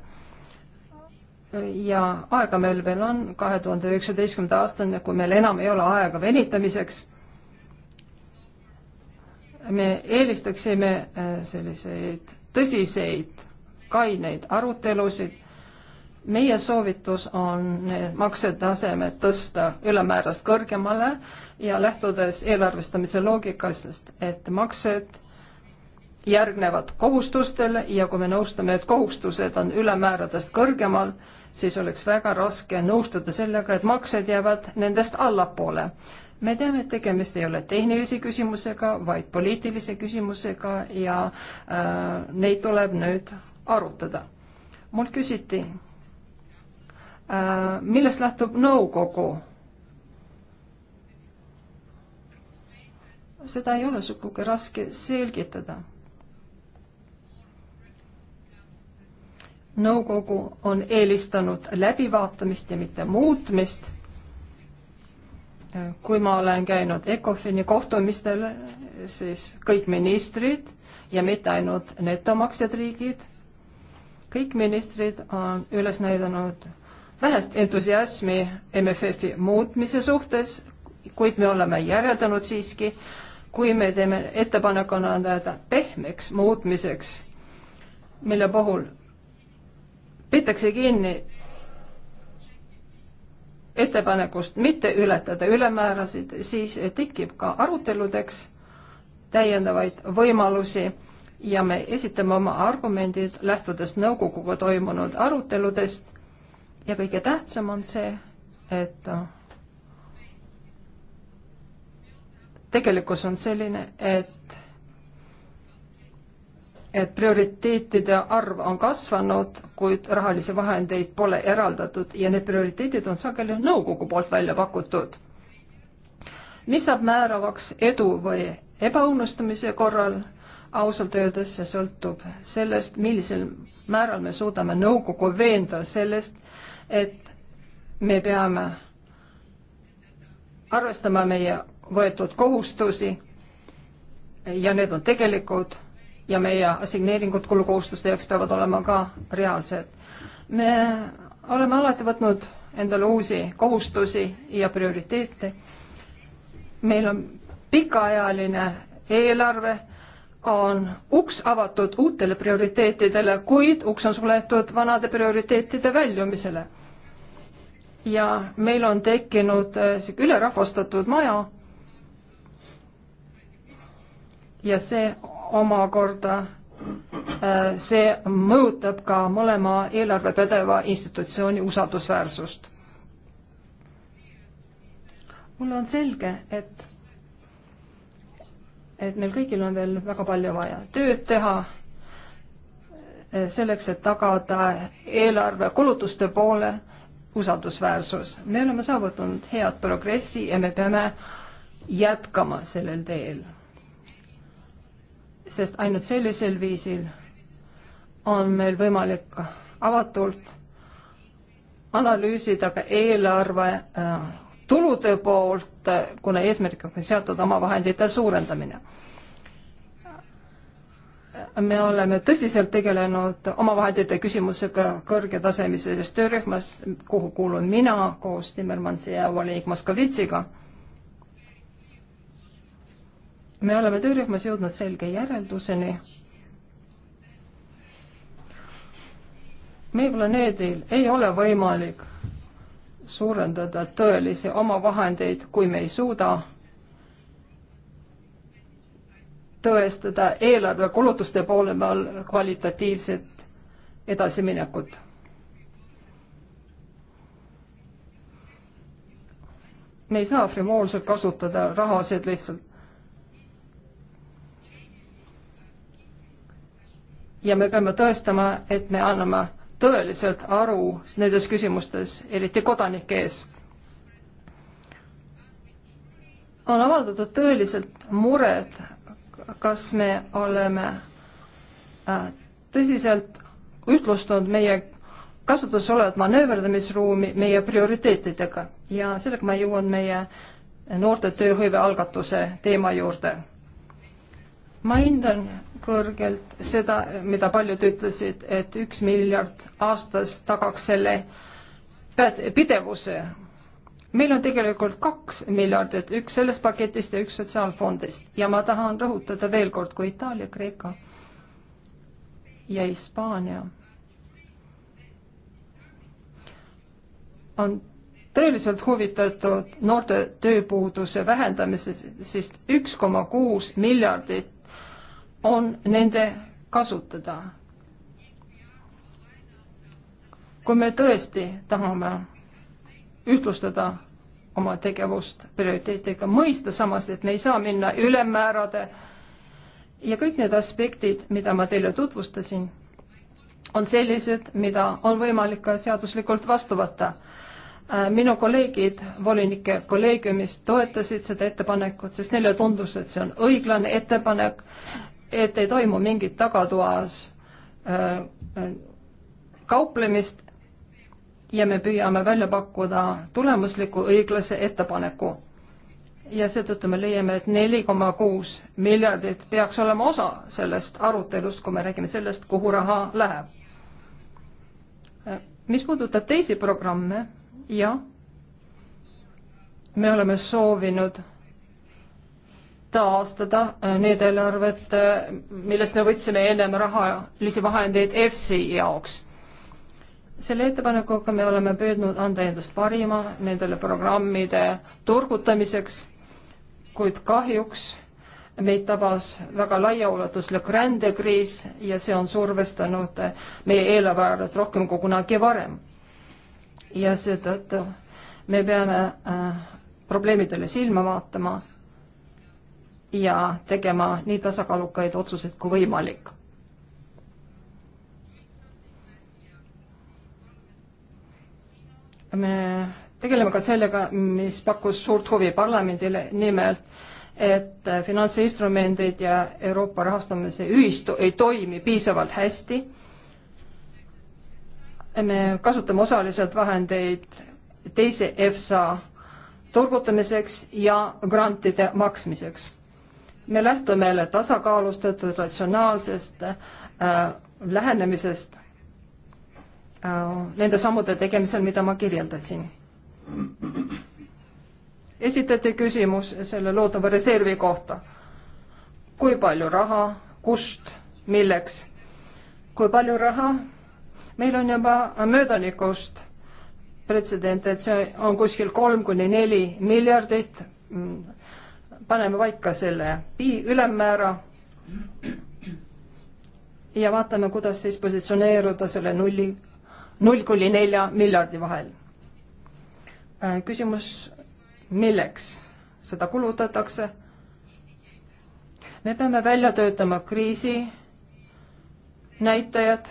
ja aega meil veel on kahe tuhande üheksateistkümnenda aastani, kui meil enam ei ole aega venitamiseks. me eelistaksime äh, selliseid tõsiseid kaineid arutelusid meie soovitus on maksetasemed tõsta ülemäärast kõrgemale ja lähtudes eelarvestamise loogikast, et maksed järgnevad kohustustele ja kui me nõustume, et kohustused on ülemmääradest kõrgemal, siis oleks väga raske nõustuda sellega, et maksed jäävad nendest allapoole. me teame, et tegemist ei ole tehnilise küsimusega, vaid poliitilise küsimusega ja äh, neid tuleb nüüd arutada. mul küsiti Äh, millest lähtub nõukogu? seda ei ole sugugi raske selgitada. nõukogu on eelistanud läbivaatamist ja mitte muutmist. Äh, kui ma olen käinud ECOFIN-i kohtumistel, siis kõik ministrid ja mitte ainult netomaksjad riigid, kõik ministrid on üles näidanud vähest entusiasmi MFF-i muutmise suhtes, kuid me oleme järeldanud siiski, kui me teeme ettepaneku nii-öelda pehmeks muutmiseks, mille puhul peetakse kinni ettepanekust mitte ületada ülemäärasid, siis tekib ka aruteludeks täiendavaid võimalusi ja me esitame oma argumendid lähtudes nõukoguga toimunud aruteludest ja kõige tähtsam on see, et tegelikkus on selline, et et prioriteetide arv on kasvanud, kuid rahalisi vahendeid pole eraldatud ja need prioriteedid on sageli nõukogu poolt välja pakutud. mis saab määravaks edu või ebaõnnestumise korral, ausalt öeldes see sõltub sellest, millisel määral me suudame nõukogu veenda sellest, et me peame arvestama meie võetud kohustusi ja need on tegelikud ja meie assigneeringud kulukohustuste jaoks peavad olema ka reaalsed. me oleme alati võtnud endale uusi kohustusi ja prioriteete. meil on pikaajaline eelarve, on uks avatud uutele prioriteetidele, kuid uks on suletud vanade prioriteetide väljumisele ja meil on tekkinud äh, sihuke ülerahvastatud maja. ja see omakorda, äh, see mõjutab ka mõlema eelarvepädeva institutsiooni usaldusväärsust. mulle on selge, et, et meil kõigil on veel väga palju vaja tööd teha äh, selleks, et tagada eelarve kulutuste poole usaldusväärsus. me oleme saavutanud head progressi ja me peame jätkama sellel teel. sest ainult sellisel viisil on meil võimalik avatult analüüsida ka eelarve äh, tulude poolt, äh, kuna eesmärk on seatud omavahendite suurendamine me oleme tõsiselt tegelenud omavahendite küsimusega kõrgetasemelises töörühmas, kuhu kuulun mina koos Timmermansi ja volinik Moskovitsiga. me oleme töörühmas jõudnud selge järelduseni. meie planeedil ei ole võimalik suurendada tõelisi omavahendeid, kui me ei suuda tõestada eelarve kulutuste poole peal kvalitatiivset edasiminekut. me ei saa frimoolselt kasutada rahasid lihtsalt. ja me peame tõestama, et me anname tõeliselt aru nendes küsimustes, eriti kodanike ees on avaldatud tõeliselt mured kas me oleme äh, tõsiselt ühtlustanud meie kasutuses olevat manööverdamisruumi meie prioriteetidega ja sellega ma jõuan meie noorte tööhõive algatuse teema juurde. ma hindan kõrgelt seda, mida paljud ütlesid, et üks miljard aastas tagaks selle pidevuse meil on tegelikult kaks miljardit, üks sellest paketist ja üks sotsiaalfondist ja ma tahan rõhutada veel kord, kui Itaalia, Kreeka ja Hispaania on tõeliselt huvitatud noorte tööpuuduse vähendamises, sest üks koma kuus miljardit on nende kasutada. kui me tõesti tahame ühtlustada oma tegevust prioriteetidega, mõista samas, et me ei saa minna ülemmäärade ja kõik need aspektid, mida ma teile tutvustasin, on sellised, mida on võimalik ka seaduslikult vastu võtta. Äh, minu kolleegid volinike kolleegiumist toetasid seda ettepanekut, sest neile tundus, et see on õiglane ettepanek, et ei toimu mingit tagatoas äh, äh, kauplemist ja me püüame välja pakkuda tulemusliku õiglase ettepaneku. ja seetõttu me leiame, et neli koma kuus miljardit peaks olema osa sellest arutelust, kui me räägime sellest, kuhu raha läheb. mis puudutab teisi programme, jah, me oleme soovinud taastada äh, need eelarved, äh, millest me võtsime ennem rahalisi vahendeid EFSI jaoks selle ettepanekuga me oleme püüdnud anda endast parima nendele programmide turgutamiseks, kuid kahjuks meid tabas väga laiaulatuslik rändekriis ja see on survestanud meie eelarvet rohkem kui kunagi varem. ja seetõttu me peame äh, probleemidele silma vaatama ja tegema nii tasakaalukaid otsuseid kui võimalik me tegeleme ka sellega, mis pakkus suurt huvi parlamendile, nimelt et finantsinstrumendid ja Euroopa rahastamise ühistu ei toimi piisavalt hästi. me kasutame osaliselt vahendeid teise EFSA turgutamiseks ja grantide maksmiseks. me lähtume jälle tasakaalustatud ratsionaalsest äh, lähenemisest Äh, nende sammude tegemisel, mida ma kirjeldasin. esitati küsimus selle loodava reservi kohta. kui palju raha, kust, milleks, kui palju raha? meil on juba möödanikust pretsedent, et see on kuskil kolm kuni neli miljardit. Mm, paneme paika selle pii ülemmäära ja vaatame, kuidas siis positsioneeruda selle nulli null kuni nelja miljardi vahel. Äh, küsimus, milleks seda kulutatakse? me peame välja töötama kriisi näitajad.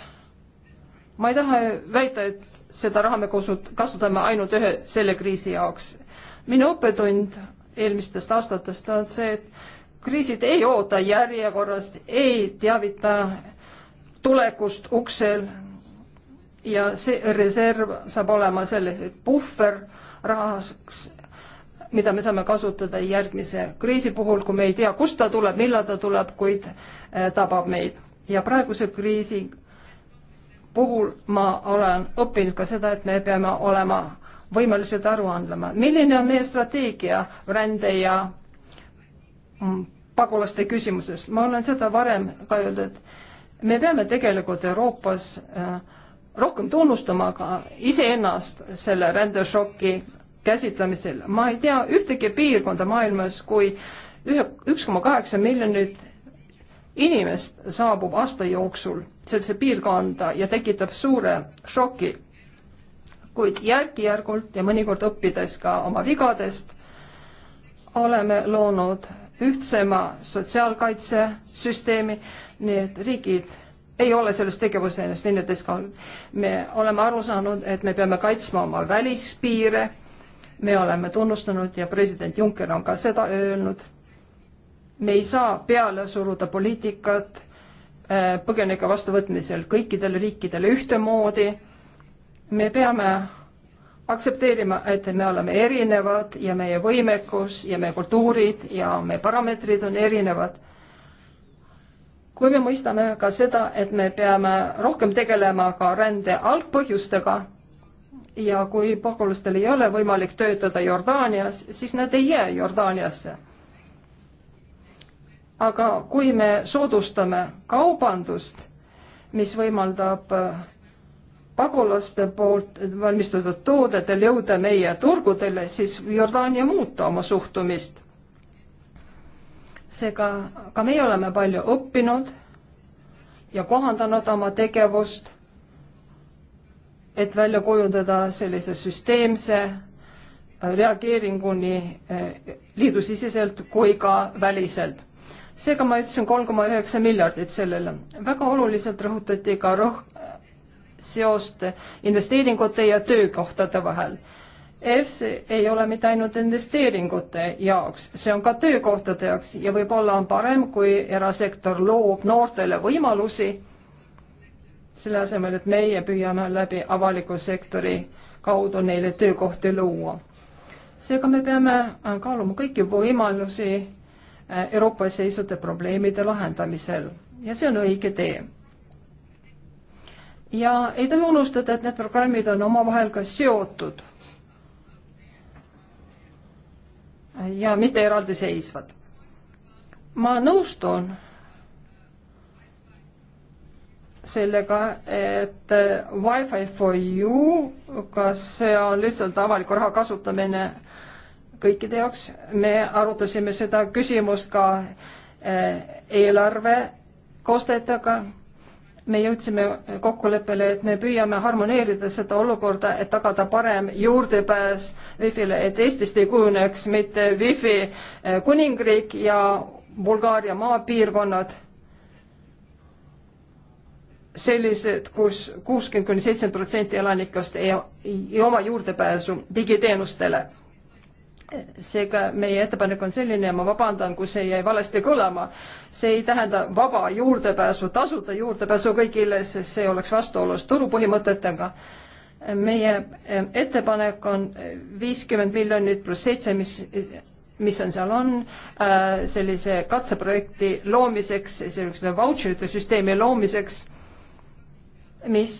ma ei taha väita, et seda raha me kasutame ainult ühe selle kriisi jaoks. minu õppetund eelmistest aastatest on see, et kriisid ei oota järjekorrast, ei teavita tulekust uksel, ja see reserv saab olema selles puhver rahaks, mida me saame kasutada järgmise kriisi puhul, kui me ei tea, kust ta tuleb, millal ta tuleb, kuid äh, tabab meid. ja praeguse kriisi puhul ma olen õppinud ka seda, et me peame olema võimelised aru andma, milline on meie strateegia rände ja mm, pagulaste küsimuses. ma olen seda varem ka öelnud, me peame tegelikult Euroopas äh, rohkem tunnustama ka iseennast selle rändešoki käsitlemisel. ma ei tea ühtegi piirkonda maailmas, kui ühe, üks koma kaheksa miljonit inimest saabub aasta jooksul sellesse piirkonda ja tekitab suure šoki. kuid järk-järgult ja mõnikord õppides ka oma vigadest, oleme loonud ühtsema sotsiaalkaitsesüsteemi, need riigid ei ole selles tegevuses ennast nendes ka, me oleme aru saanud, et me peame kaitsma oma välispiire, me oleme tunnustanud ja president Juncker on ka seda öelnud, me ei saa peale suruda poliitikat äh, põgenike vastuvõtmisel kõikidele riikidele ühtemoodi, me peame aktsepteerima, et me oleme erinevad ja meie võimekus ja meie kultuurid ja meie parameetrid on erinevad kui me mõistame ka seda, et me peame rohkem tegelema ka rände algpõhjustega ja kui pagulastel ei ole võimalik töötada Jordaanias, siis nad ei jää Jordaaniasse. aga kui me soodustame kaubandust, mis võimaldab pagulaste poolt valmistatud toodetel jõuda meie turgudele, siis Jordaania muuta oma suhtumist seega ka meie oleme palju õppinud ja kohandanud oma tegevust, et välja kujundada sellise süsteemse äh, reageeringuni äh, liidusiseselt kui ka väliselt. seega ma ütlesin kolm koma üheksa miljardit sellele. väga oluliselt rõhutati ka rõh-, seost investeeringute ja töökohtade vahel EFSI ei ole mitte ainult investeeringute jaoks, see on ka töökohtade jaoks ja võib-olla on parem, kui erasektor loob noortele võimalusi, selle asemel, et meie püüame läbi avaliku sektori kaudu neile töökohti luua. seega me peame kaaluma kõiki võimalusi eh, Euroopa seisude probleemide lahendamisel ja see on õige tee ja ei tohi unustada, et need programmid on omavahel ka seotud ja mitte eraldiseisvad. ma nõustun sellega, et Wi-Fi for you, kas see on lihtsalt avaliku raha kasutamine kõikide jaoks, me arutasime seda küsimust ka eh, eelarve koostajatega me jõudsime kokkuleppele, et me püüame harmoneerida seda olukorda, et tagada parem juurdepääs Wi-Fi-le, et Eestist ei kujuneks mitte Wi-Fi eh, kuningriik ja Bulgaaria maapiirkonnad sellised kus, kus kuuskümmend kuni seitsekümmend protsenti elanikest ei, ei oma juurdepääsu digiteenustele seega meie ettepanek on selline ja ma vabandan, kui see jäi valesti kõlama. see ei tähenda vaba juurdepääsu, tasuta juurdepääsu kõigile, sest see oleks vastuolus turupõhimõtetega. meie eh, ettepanek on eh, viiskümmend miljonit pluss seitse, mis mis on seal on, eh, sellise katseprojekti loomiseks, sellise vautšerite süsteemi loomiseks, mis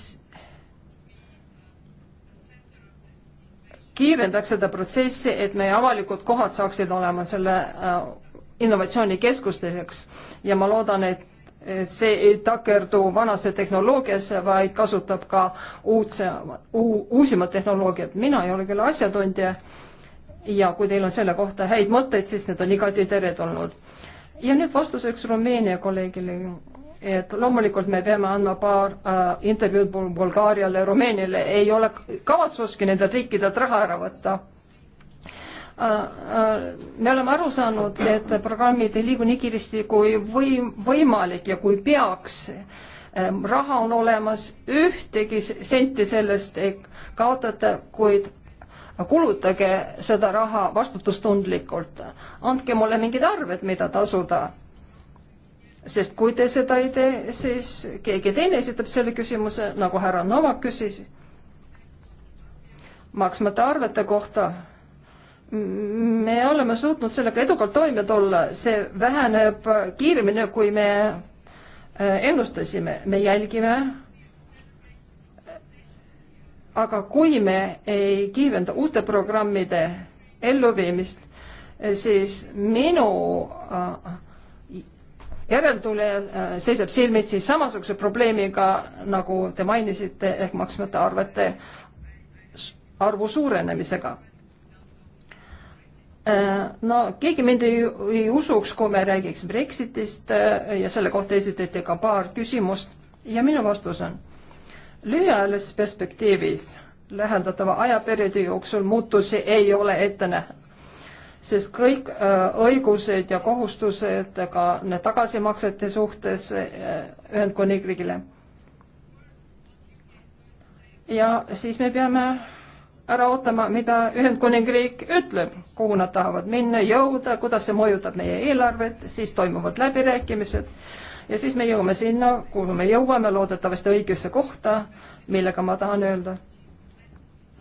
kiirendaks seda protsessi, et meie avalikud kohad saaksid olema selle äh, innovatsioonikeskusteks ja ma loodan, et see ei takerdu vanasse tehnoloogiasse, vaid kasutab ka uudse, uusimat tehnoloogiat. mina ei ole küll asjatundja ja kui teil on selle kohta häid mõtteid, siis need on igati teretulnud. ja nüüd vastuseks Rumeenia kolleegile et loomulikult me peame andma paar äh, intervjuud Bul Bulgaariale, Rumeeniale, ei ole kavatsuski nendelt riikidelt raha ära võtta äh, äh, me oleme aru saanud, et programmid ei liigu nii kiiresti kui võim-, võimalik ja kui peaks. Äh, raha on olemas, ühtegi senti sellest ei kaotata, kuid kulutage seda raha vastutustundlikult. andke mulle mingid arved, mida tasuda sest kui te seda ei tee, siis keegi teine esitab selle küsimuse, nagu härra Novak küsis, maksmata arvete kohta. me oleme suutnud sellega edukalt toime tulla, see väheneb kiiremini, kui me äh, ennustasime, me jälgime. aga kui me ei kiirenda uute programmide elluviimist, siis minu äh, järeltulija äh, seisab silmitsi samasuguse probleemiga, nagu te mainisite, ehk maksmata arvete arvu suurenemisega. Äh, no keegi mind ei, ei usuks, kui me räägiks Brexitist äh, ja selle kohta esitati ka paar küsimust ja minu vastus on, lühiajalises perspektiivis lähendatava ajaperioodi jooksul muutusi ei ole ette näha sest kõik äh, õigused ja kohustused ka need tagasimaksete suhtes äh, Ühendkuningriigile. ja siis me peame ära ootama, mida Ühendkuningriik ütleb, kuhu nad tahavad minna, jõuda, kuidas see mõjutab meie eelarvet, siis toimuvad läbirääkimised ja siis me jõuame sinna, kuhu me jõuame, loodetavasti õigesse kohta, millega ma tahan öelda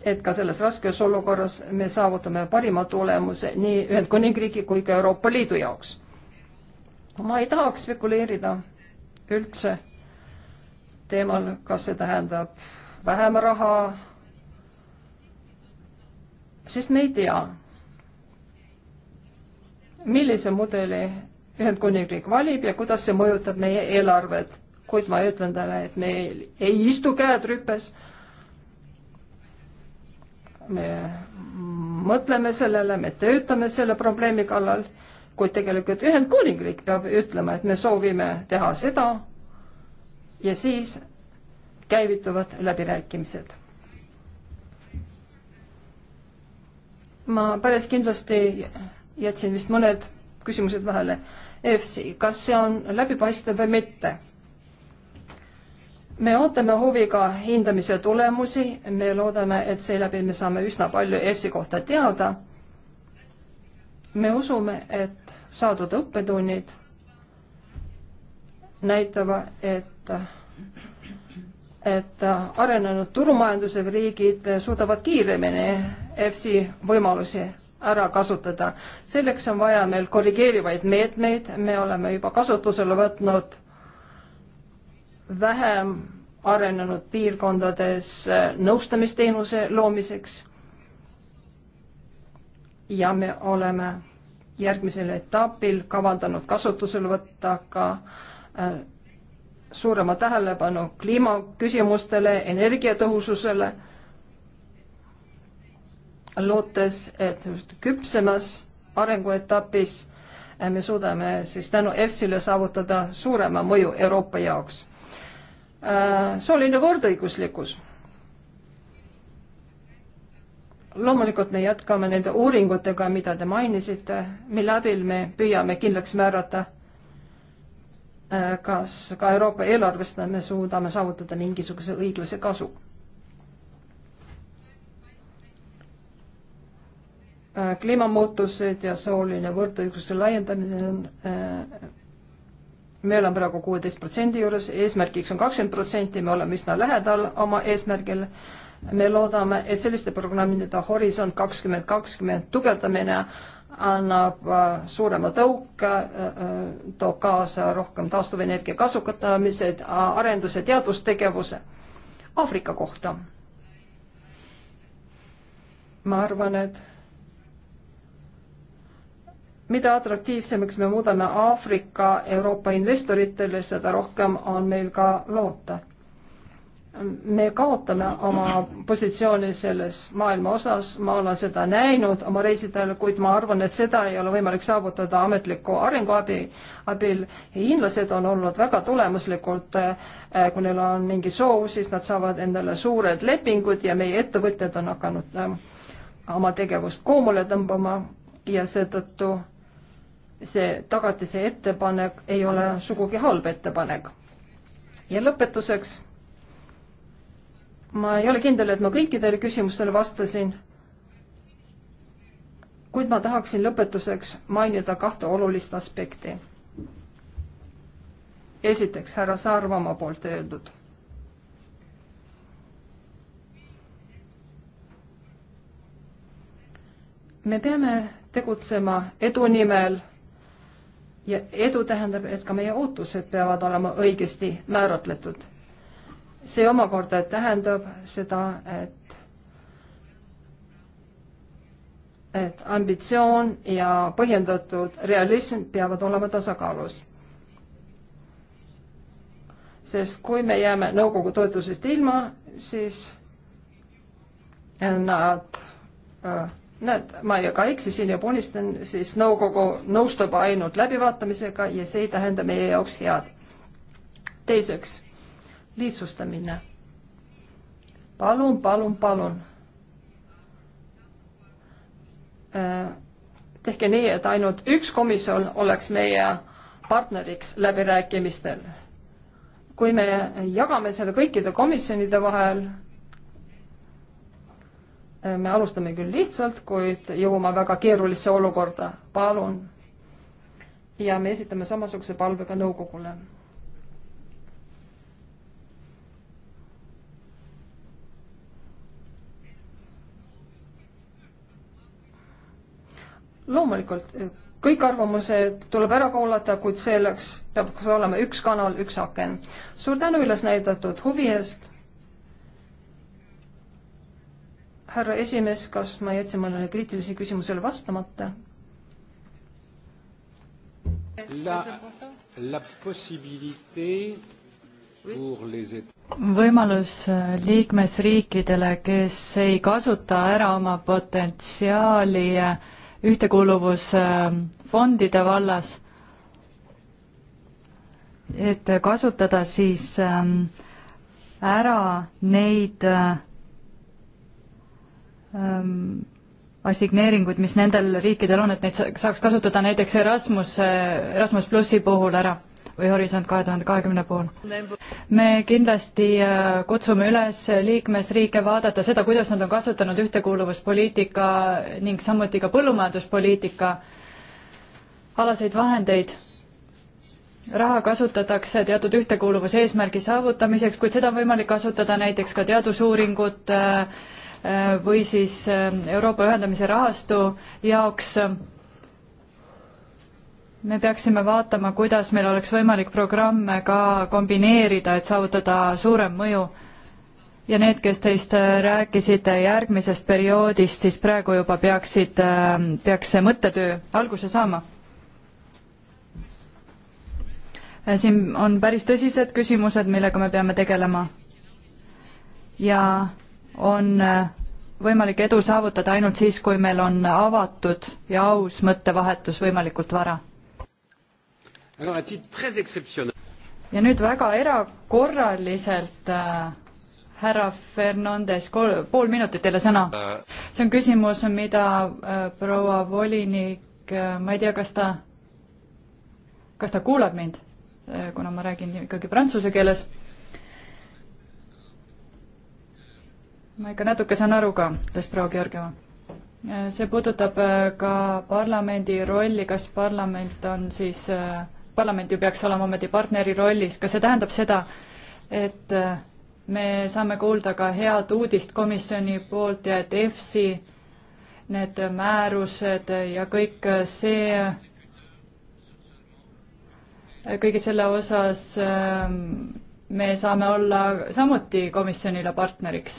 et ka selles raskes olukorras me saavutame parima tulemuse nii Ühendkuningriigi kui ka Euroopa Liidu jaoks. ma ei tahaks spekuleerida üldse teemal, kas see tähendab vähem raha, sest me ei tea, millise mudeli Ühendkuningriik valib ja kuidas see mõjutab meie eelarvet. kuid ma ütlen talle, et me ei istu käed rüpes me mõtleme sellele, me töötame selle probleemi kallal, kuid tegelikult Ühendkuningriik peab ütlema, et me soovime teha seda ja siis käivituvad läbirääkimised. ma päris kindlasti jätsin vist mõned küsimused vahele. EFC, kas see on läbipaistev või mitte? me ootame huviga hindamise tulemusi, me loodame, et seeläbi me saame üsna palju EFSi kohta teada. me usume, et saadud õppetunnid näitavad, et, et arenenud turumajandusega riigid suudavad kiiremini EFSi võimalusi ära kasutada. selleks on vaja meil korrigeerivaid meetmeid, me oleme juba kasutusele võtnud vähem arenenud piirkondades äh, nõustamisteenuse loomiseks. ja me oleme järgmisel etapil kavandanud kasutusele võtta ka äh, suurema tähelepanu kliimaküsimustele, energiatõhususele, lootes, et just küpsemas arenguetapis äh, me suudame siis tänu EFSile saavutada suurema mõju Euroopa jaoks Äh, sooline võrdõiguslikkus. loomulikult me jätkame nende uuringutega, mida te mainisite, mille abil me püüame kindlaks määrata, äh, kas ka Euroopa eelarvest me suudame saavutada mingisuguse õiglase kasu. Äh, kliimamuutused ja sooline võrdõiguse laiendamine on me oleme praegu kuueteist protsendi juures, eesmärgiks on kakskümmend protsenti, me oleme üsna lähedal oma eesmärgil. me loodame, et selliste programmide Horisont kakskümmend kakskümmend tugevdamine annab äh, suurema tõuke, äh, äh, toob kaasa rohkem taastuvenergia kasutamised, arenduse, teadustegevuse Aafrika kohta. ma arvan, et mida atraktiivsemaks me muudame Aafrika Euroopa investoritele, seda rohkem on meil ka loota. me kaotame oma positsiooni selles maailma osas, ma olen seda näinud oma reisidel, kuid ma arvan, et seda ei ole võimalik saavutada ametliku arenguabi abil. hiinlased on olnud väga tulemuslikult, eh, kui neil on mingi soov, siis nad saavad endale suured lepingud ja meie ettevõtjad on hakanud eh, oma tegevust koomale tõmbama ja seetõttu see tagatise ettepanek ei ole sugugi halb ettepanek. ja lõpetuseks, ma ei ole kindel, et ma kõikidele küsimustele vastasin, kuid ma tahaksin lõpetuseks mainida kahte olulist aspekti. esiteks härra Saarvamaa poolt öeldud me peame tegutsema edu nimel ja edu tähendab, et ka meie ootused peavad olema õigesti määratletud. see omakorda tähendab seda, et et ambitsioon ja põhjendatud realism peavad olema tasakaalus. sest kui me jääme nõukogu toetusest ilma, siis nad äh, näed, ma ei ka eksisin ja punistan, siis nõukogu nõustub ainult läbivaatamisega ja see ei tähenda meie jaoks head. teiseks, lihtsustamine. palun, palun, palun äh, tehke nii, et ainult üks komisjon oleks meie partneriks läbirääkimistel. kui me jagame selle kõikide komisjonide vahel, me alustame küll lihtsalt, kuid jõuame väga keerulisse olukorda. palun. ja me esitame samasuguse palve ka nõukogule. loomulikult kõik arvamused tuleb ära kuulata, kuid selleks peab olema üks kanal, üks aken. suur tänu üles näidatud huvi eest härra esimees, kas ma jätsin mõnele kriitilisele küsimusele vastamata? La, la possibilité võimalus äh, liikmesriikidele, kes ei kasuta ära oma potentsiaali äh, ühtekuuluvusfondide äh, vallas, et kasutada siis ähm, ära neid Ähm, assigneeringuid, mis nendel riikidel on, et neid saaks kasutada näiteks Erasmus, äh, Erasmus plussi puhul ära või Horisont kahe tuhande kahekümne pool. me kindlasti äh, kutsume üles liikmesriike vaadata seda, kuidas nad on kasutanud ühtekuuluvuspoliitika ning samuti ka põllumajanduspoliitika alaseid vahendeid. raha kasutatakse teatud ühtekuuluvuse eesmärgi saavutamiseks, kuid seda on võimalik kasutada näiteks ka teadusuuringute äh, Äh, või siis äh, Euroopa ühendamise rahastu jaoks me peaksime vaatama, kuidas meil oleks võimalik programme ka kombineerida, et saavutada suurem mõju. ja need, kes teist äh, rääkisid järgmisest perioodist, siis praegu juba peaksid, peaks see mõttetöö alguse saama. siin on päris tõsised küsimused, millega me peame tegelema. ja on äh, võimalik edu saavutada ainult siis, kui meil on avatud ja aus mõttevahetus võimalikult vara. ja nüüd väga erakorraliselt äh, härra Fernandes, kol-, pool minutit teile sõna. Äh. see on küsimus, mida äh, proua volinik äh,, ma ei tea, kas ta, kas ta kuulab mind, äh, kuna ma räägin ikkagi prantsuse keeles ma ikka natuke saan aru ka, ütles proua Georgieva. see puudutab äh, ka parlamendi rolli, kas parlament on siis, äh, parlament ju peaks olema ometi partneri rollis, kas see tähendab seda, et äh, me saame kuulda ka head uudist komisjoni poolt ja et EFSI need määrused ja kõik see, kõige selle osas ähm, me saame olla samuti komisjonile partneriks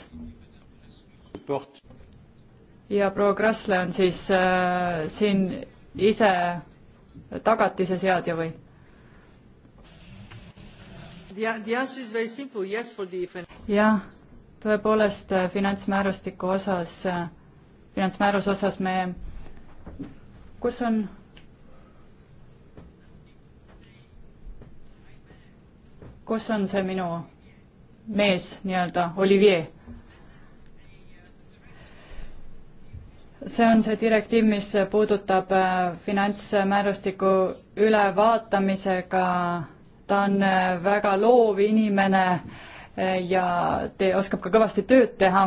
ja proua Krasle on siis äh, siin ise tagatise seadja või? jah, tõepoolest äh, finantsmäärustiku osas, äh, finantsmääruse osas me, kus on kus on see minu mees nii-öelda, Olivier? see on see direktiiv, mis puudutab äh, finantsmäärustiku ülevaatamisega, ta on äh, väga loov inimene äh, ja te, oskab ka kõvasti tööd teha.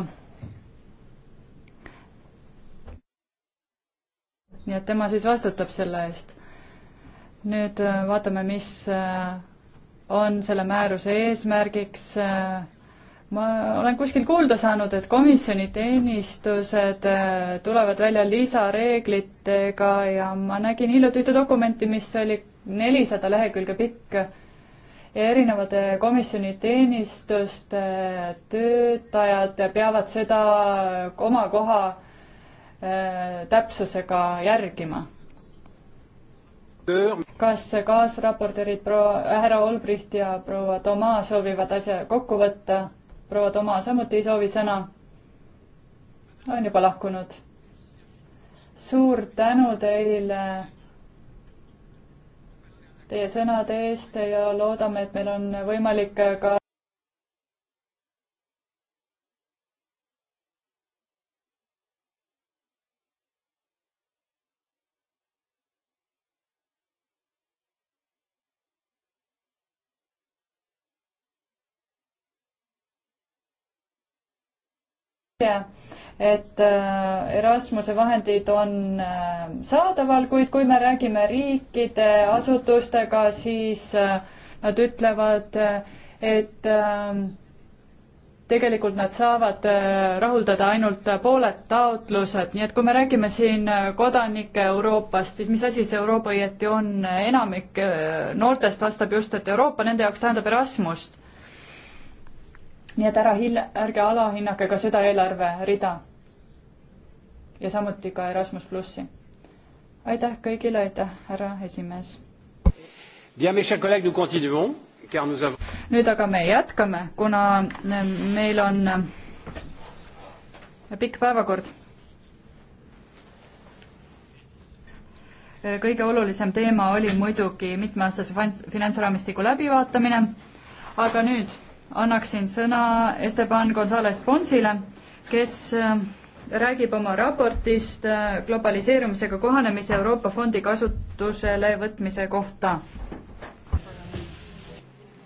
nii et tema siis vastutab selle eest. nüüd vaatame, mis on selle määruse eesmärgiks ma olen kuskil kuulda saanud, et komisjoni teenistused äh, tulevad välja lisareeglitega ja ma nägin hiljuti ühte dokumenti, mis oli nelisada lehekülge pikk ja erinevate komisjoni teenistuste töötajad peavad seda oma koha äh, täpsusega järgima. kas kaasraportöörid proua härra Olbricht ja proua Tomaa soovivad asja kokku võtta? proua Toma samuti ei soovi sõna. on juba lahkunud. suur tänu teile teie sõnade eest ja loodame, et meil on võimalik ka et äh, Erasmuse vahendid on äh, saadaval, kuid kui me räägime riikide asutustega, siis äh, nad ütlevad, et tegelikult nad saavad rahuldada ainult pooled taotlused, nii et kui me räägime siin kodanike Euroopast, siis mis asi see Euroopa õieti on, enamik noortest vastab just, et Euroopa nende jaoks tähendab Erasmust nii et ära hil-, ärge alahinnake ka seda eelarverida. ja samuti ka Erasmus plussi. aitäh kõigile, aitäh, härra esimees. nüüd aga me jätkame, kuna meil on pikk päevakord. kõige olulisem teema oli muidugi mitmeaastase finantsraamistiku läbivaatamine, aga nüüd annaksin sõna Esteban Gonzalez Ponsile, kes äh, räägib oma raportist äh, globaliseerumisega kohanemise Euroopa Fondi kasutusele võtmise kohta.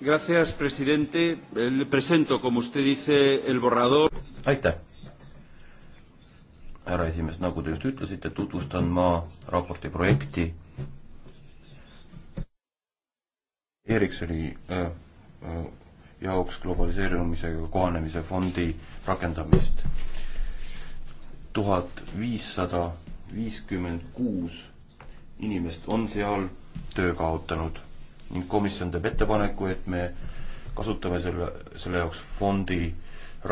Gracias, presidente. Le presento, como usted dice, el borrador. aitäh, härra esimees, nagu te just ütlesite, tutvustan ma raporti projekti. Ericssoni äh, äh, jaoks globaliseerumisega kohanemise fondi rakendamist. tuhat viissada viiskümmend kuus inimest on seal töö kaotanud ning komisjon teeb ettepaneku, et me kasutame selle, selle jaoks fondi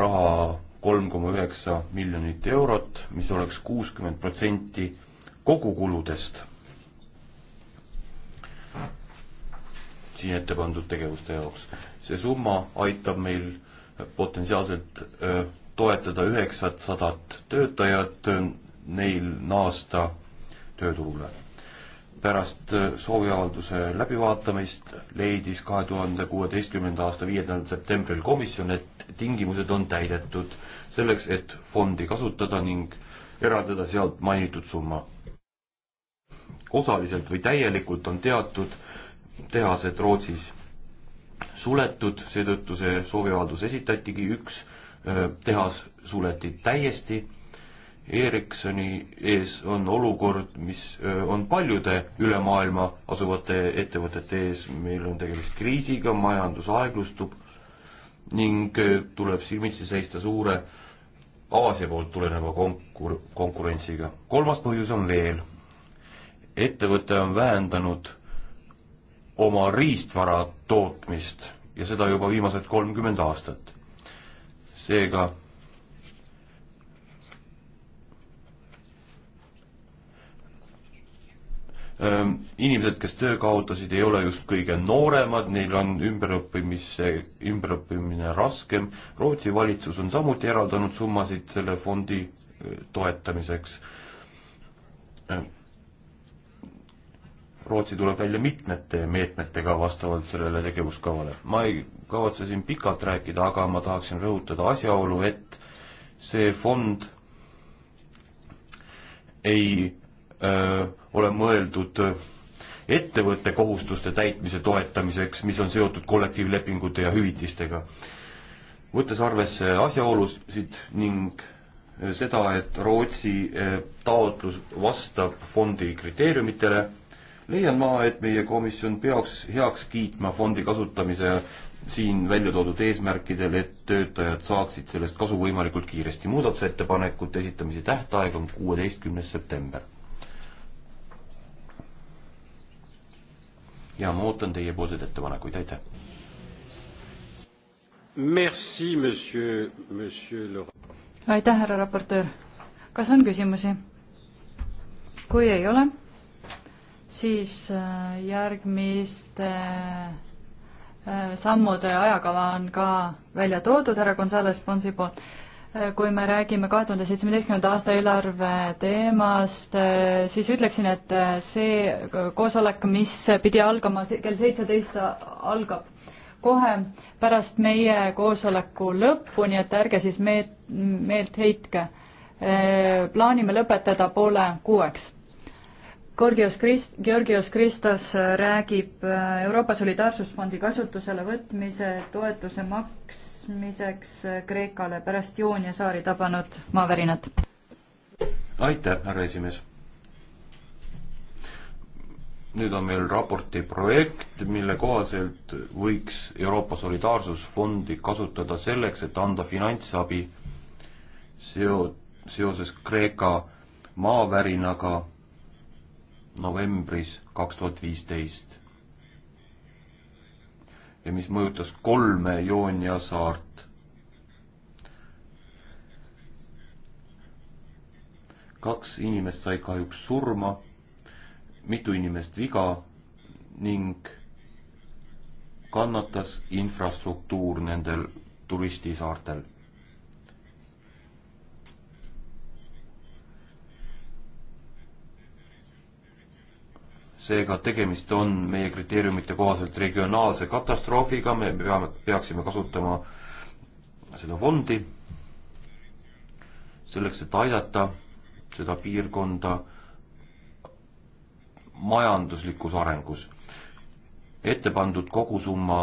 raha kolm koma üheksa miljonit eurot, mis oleks kuuskümmend protsenti kogukuludest siin ette pandud tegevuste jaoks see summa aitab meil potentsiaalselt toetada üheksasadat töötajat, neil naasta tööturule. pärast sooviavalduse läbivaatamist leidis kahe tuhande kuueteistkümnenda aasta viiendal septembril komisjon, et tingimused on täidetud selleks, et fondi kasutada ning eraldada sealt mainitud summa. osaliselt või täielikult on teatud tehased Rootsis suletud, seetõttu see sooviavaldus esitatigi, üks tehas suleti täiesti Ericssoni ees on olukord, mis on paljude üle maailma asuvate ettevõtete ees, meil on tegemist kriisiga, majandus aeglustub ning tuleb silmitsi seista suure Aasia poolt tuleneva konkur-, konkurentsiga. kolmas põhjus on veel. ettevõte on vähendanud oma riistvara tootmist ja seda juba viimased kolmkümmend aastat. seega ähm, inimesed, kes töö kaotasid, ei ole just kõige nooremad, neil on ümberõppimisse, ümberõppimine raskem. Rootsi valitsus on samuti eraldanud summasid selle fondi äh, toetamiseks. Ähm, Rootsi tuleb välja mitmete meetmetega vastavalt sellele tegevuskavale. ma ei kavatse siin pikalt rääkida, aga ma tahaksin rõhutada asjaolu, et see fond ei öö, äh, ole mõeldud ettevõtte kohustuste täitmise toetamiseks, mis on seotud kollektiivlepingute ja hüvitistega. võttes arvesse asjaolusid ning äh, seda, et Rootsi äh, taotlus vastab fondi kriteeriumitele leian ma, et meie komisjon peaks heaks kiitma fondi kasutamise siin välja toodud eesmärkidel, et töötajad saaksid sellest kasu võimalikult kiiresti. muudatusettepanekute esitamise tähtaeg on kuueteistkümnes september. ja ma ootan teiepoolseid ettepanekuid, aitäh! Merci, monsieur, monsieur le... aitäh, härra raportöör! kas on küsimusi? kui ei ole siis äh, järgmiste äh, sammude ajakava on ka välja toodud härra Gonzales Ponsi poolt. Äh, kui me räägime kahe tuhande seitsmeteistkümnenda aasta eelarve teemast, siis ütleksin, et see koosolek, mis pidi algama kell seitseteist, algab kohe pärast meie koosoleku lõppu, nii et ärge siis meelt, meelt heitke. plaanime lõpetada poole kuueks Georgios Krist-, Georgios Kristas äh, räägib äh, Euroopa Solidaarsusfondi kasutusele võtmise toetuse maksmiseks äh, Kreekale pärast Joonia saari tabanud maavärinat. aitäh, härra esimees. nüüd on meil raporti projekt, mille kohaselt võiks Euroopa Solidaarsusfondi kasutada selleks, et anda finantsabi seo-, seoses Kreeka maavärinaga novembris kaks tuhat viisteist ja mis mõjutas kolme Joonia saart. kaks inimest sai kahjuks surma, mitu inimest viga ning kannatas infrastruktuur nendel turistisaartel seega tegemist on meie kriteeriumite kohaselt regionaalse katastroofiga, me peame, peaksime kasutama seda fondi selleks, et aidata seda piirkonda majanduslikus arengus. ette pandud kogusumma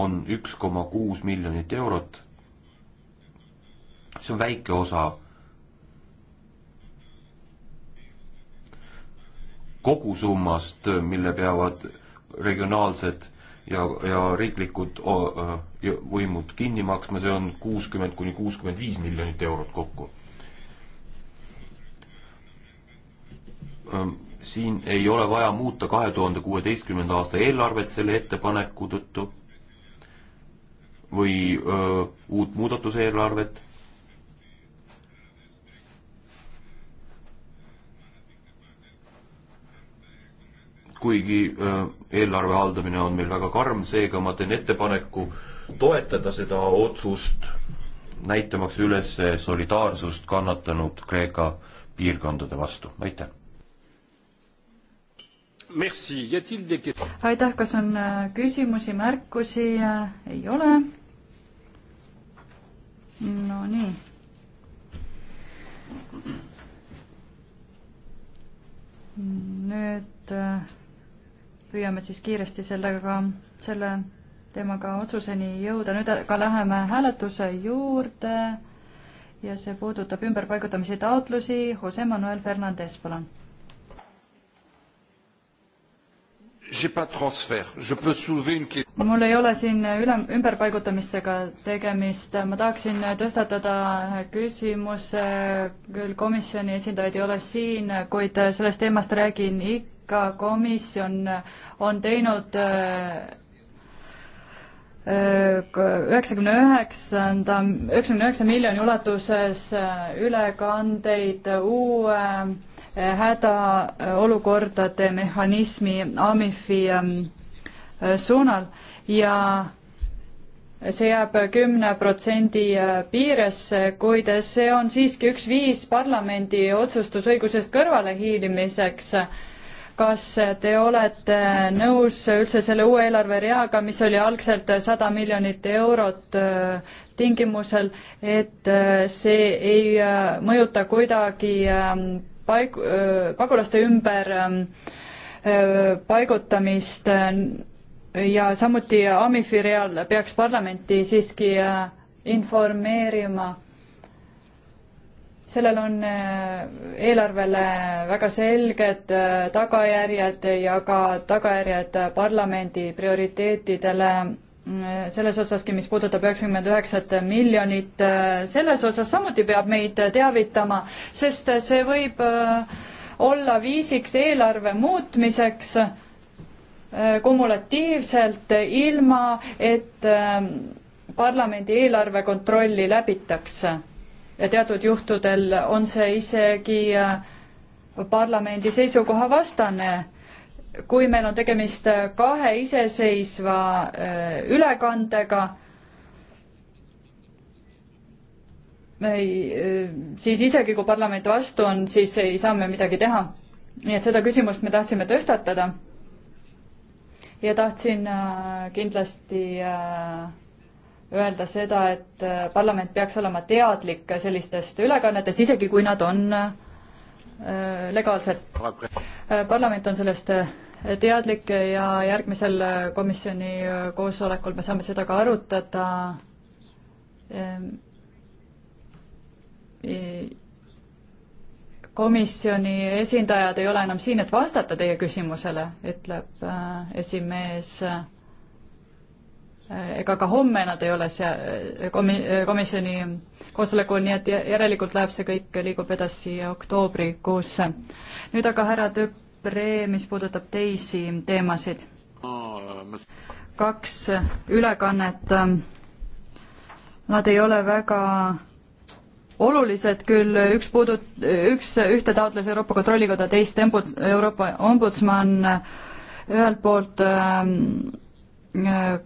on üks koma kuus miljonit eurot. see on väike osa kogusummast, mille peavad regionaalsed ja, ja riiklikud võimud kinni maksma, see on kuuskümmend kuni kuuskümmend viis miljonit eurot kokku. siin ei ole vaja muuta kahe tuhande kuueteistkümnenda aasta eelarvet selle ettepaneku tõttu või öö, uut muudatuseelarvet kuigi äh, eelarve haldamine on meil väga karm, seega ma teen ettepaneku toetada seda otsust, näitamaks üles solidaarsust kannatanud Kreeka piirkondade vastu, aitäh. aitäh, kas on äh, küsimusi, märkusi? Äh, ei ole. Nonii nüüd püüame siis kiiresti sellega, selle teemaga otsuseni jõuda. nüüd aga läheme hääletuse juurde ja see puudutab ümberpaigutamise taotlusi. Jose Manuel Fernandez, palun. mul ei ole siin üle, ümberpaigutamistega tegemist, ma tahaksin tõstatada küsimuse, küll komisjoni esindajaid ei ole siin, kuid sellest teemast räägin ikka ka komisjon on teinud äh, äh, üheksakümne üheksanda, üheksakümne üheksa miljoni ulatuses äh, ülekandeid uue hädaolukordade mehhanismi AMIF-i suunal ja see jääb kümne protsendi piiresse, kuid see on siiski üks viis parlamendi otsustusõigusest kõrvalehiilimiseks kas te olete nõus üldse selle uue eelarvereaga, mis oli algselt sada miljonit eurot äh, tingimusel, et äh, see ei äh, mõjuta kuidagi ähm, paig-, pagulaste ümber ähm, paigutamist ja samuti Amifi real peaks parlamenti siiski informeerima sellel on äh, eelarvele väga selged äh, tagajärjed ja ka tagajärjed parlamendi prioriteetidele mm, selles osaski, mis puudutab üheksakümmend üheksat miljonit, äh, selles osas samuti peab meid teavitama, sest see võib olla viisiks eelarve muutmiseks kumulatiivselt, ilma et parlamendi eelarve kontrolli läbitakse ja teatud juhtudel on see isegi äh, parlamendi seisukoha vastane kui meil on tegemist äh, kahe iseseisva äh, ülekandega, siis isegi kui parlament vastu on, siis ei saa me midagi teha. nii et seda küsimust me tahtsime tõstatada. ja tahtsin kindlasti öelda seda, et äh, parlament peaks olema teadlik sellistest ülekannetest, isegi kui nad on äh, legaalsed. Äh, parlament on sellest teadlik ja järgmisel komisjoni koosolekul me saame seda ka arutada. Ehm, komisjoni esindajad ei ole enam siin, et vastata teie küsimusele, ütleb esimees ega ka homme nad ei ole seal komi-, komisjoni koosolekul, nii et järelikult läheb see kõik, liigub edasi oktoobrikuusse. nüüd aga härra Töpre, mis puudutab teisi teemasid. kaks ülekannet, nad ei ole väga olulised küll, üks puudut-, üks, ühte taotles Euroopa Kontrollikoda, teist embud-, Euroopa Ombudsman, ühelt poolt ähm, äh,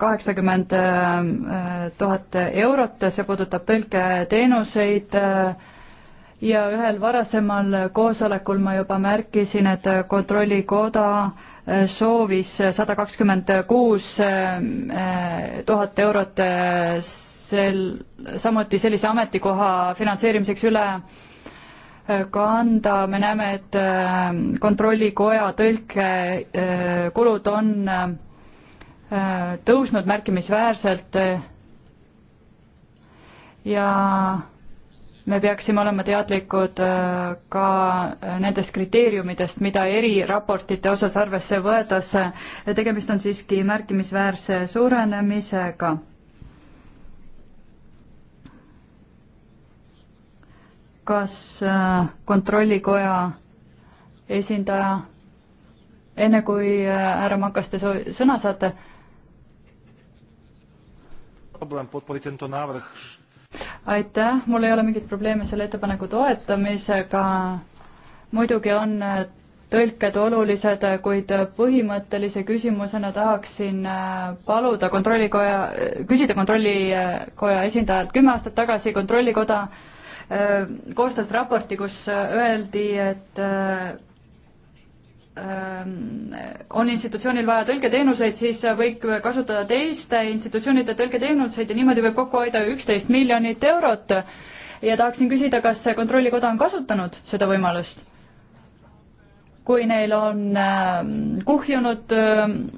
kaheksakümmend äh, tuhat eurot, see puudutab tõlketeenuseid äh, ja ühel varasemal koosolekul ma juba märkisin, et Kontrollikoda äh, soovis sada kakskümmend kuus tuhat eurot sel, samuti sellise ametikoha finantseerimiseks üle kanda, me näeme, et Kontrollikoja tõlkekulud on tõusnud märkimisväärselt ja me peaksime olema teadlikud äh, ka nendest kriteeriumidest, mida eriraportite osas arvesse võetakse. tegemist on siiski märkimisväärse suurenemisega. kas äh, kontrollikoja esindaja, enne kui äh, härra Makas, te sõna saate aitäh, mul ei ole mingit probleemi selle ettepaneku toetamisega. muidugi on äh, tõlked olulised, äh, kuid äh, põhimõttelise küsimusena tahaksin paluda kontrollikoja, küsida kontrollikoja esindajalt. kümme aastat tagasi kontrollikoda koostas raporti, kus öeldi, et Ehm, on institutsioonil vaja tõlketeenuseid, siis võib kasutada teiste institutsioonide tõlketeenuseid ja niimoodi võib kokku hoida üksteist miljonit eurot. ja tahaksin küsida, kas Kontrollikoda on kasutanud seda võimalust? kui neil on ehm, kuhjunud ehm,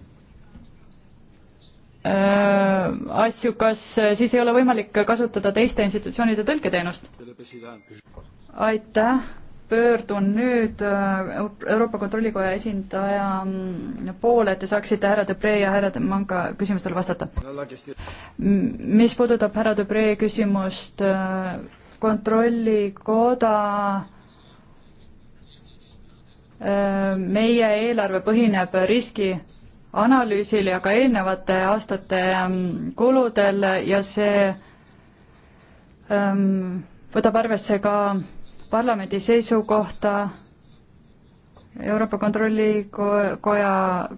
asju, kas eh, siis ei ole võimalik kasutada teiste institutsioonide tõlketeenust? aitäh pöördun nüüd äh, Euroopa Kontrollikoja esindaja mm, poole, et te saaksite härra Debre ja härra Manga küsimustele vastata. mis puudutab härra Debre küsimust, äh, kontrollikoda äh, meie eelarve põhineb riskianalüüsil ja ka eelnevate aastate ähm, kuludel ja see ähm, võtab arvesse ka parlamendi seisukohta Euroopa Kontrollikoja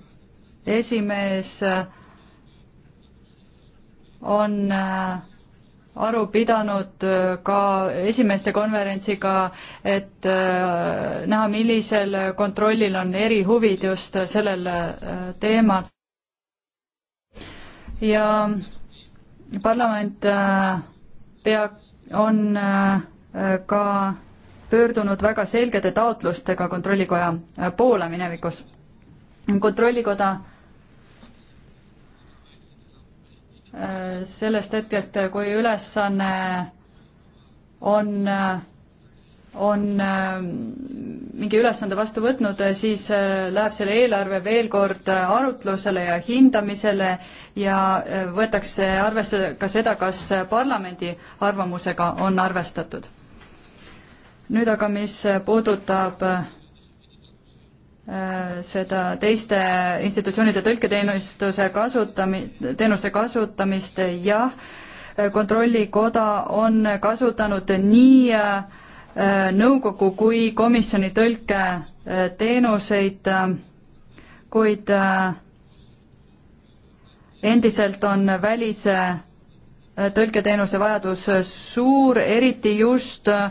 esimees on äh, aru pidanud äh, ka esimeeste konverentsiga, et äh, näha, millisel kontrollil on erihuvid just sellel teemal. ja parlament pea-, on ka pöördunud väga selgete taotlustega Kontrollikoja äh, poole minevikus. kontrollikoda äh, sellest hetkest, äh, kui ülesanne on, on mingi ülesande vastu võtnud, siis läheb selle eelarve veel kord arutlusele ja hindamisele ja võetakse arvesse ka seda, kas parlamendi arvamusega on arvestatud nüüd aga, mis puudutab äh, seda teiste institutsioonide tõlketeenistuse kasutami-, teenuse kasutamist, jah, kontrollikoda on kasutanud nii äh, nõukogu kui komisjoni tõlketeenuseid, äh, kuid endiselt on välise tõlketeenuse vajadus suur, eriti just äh,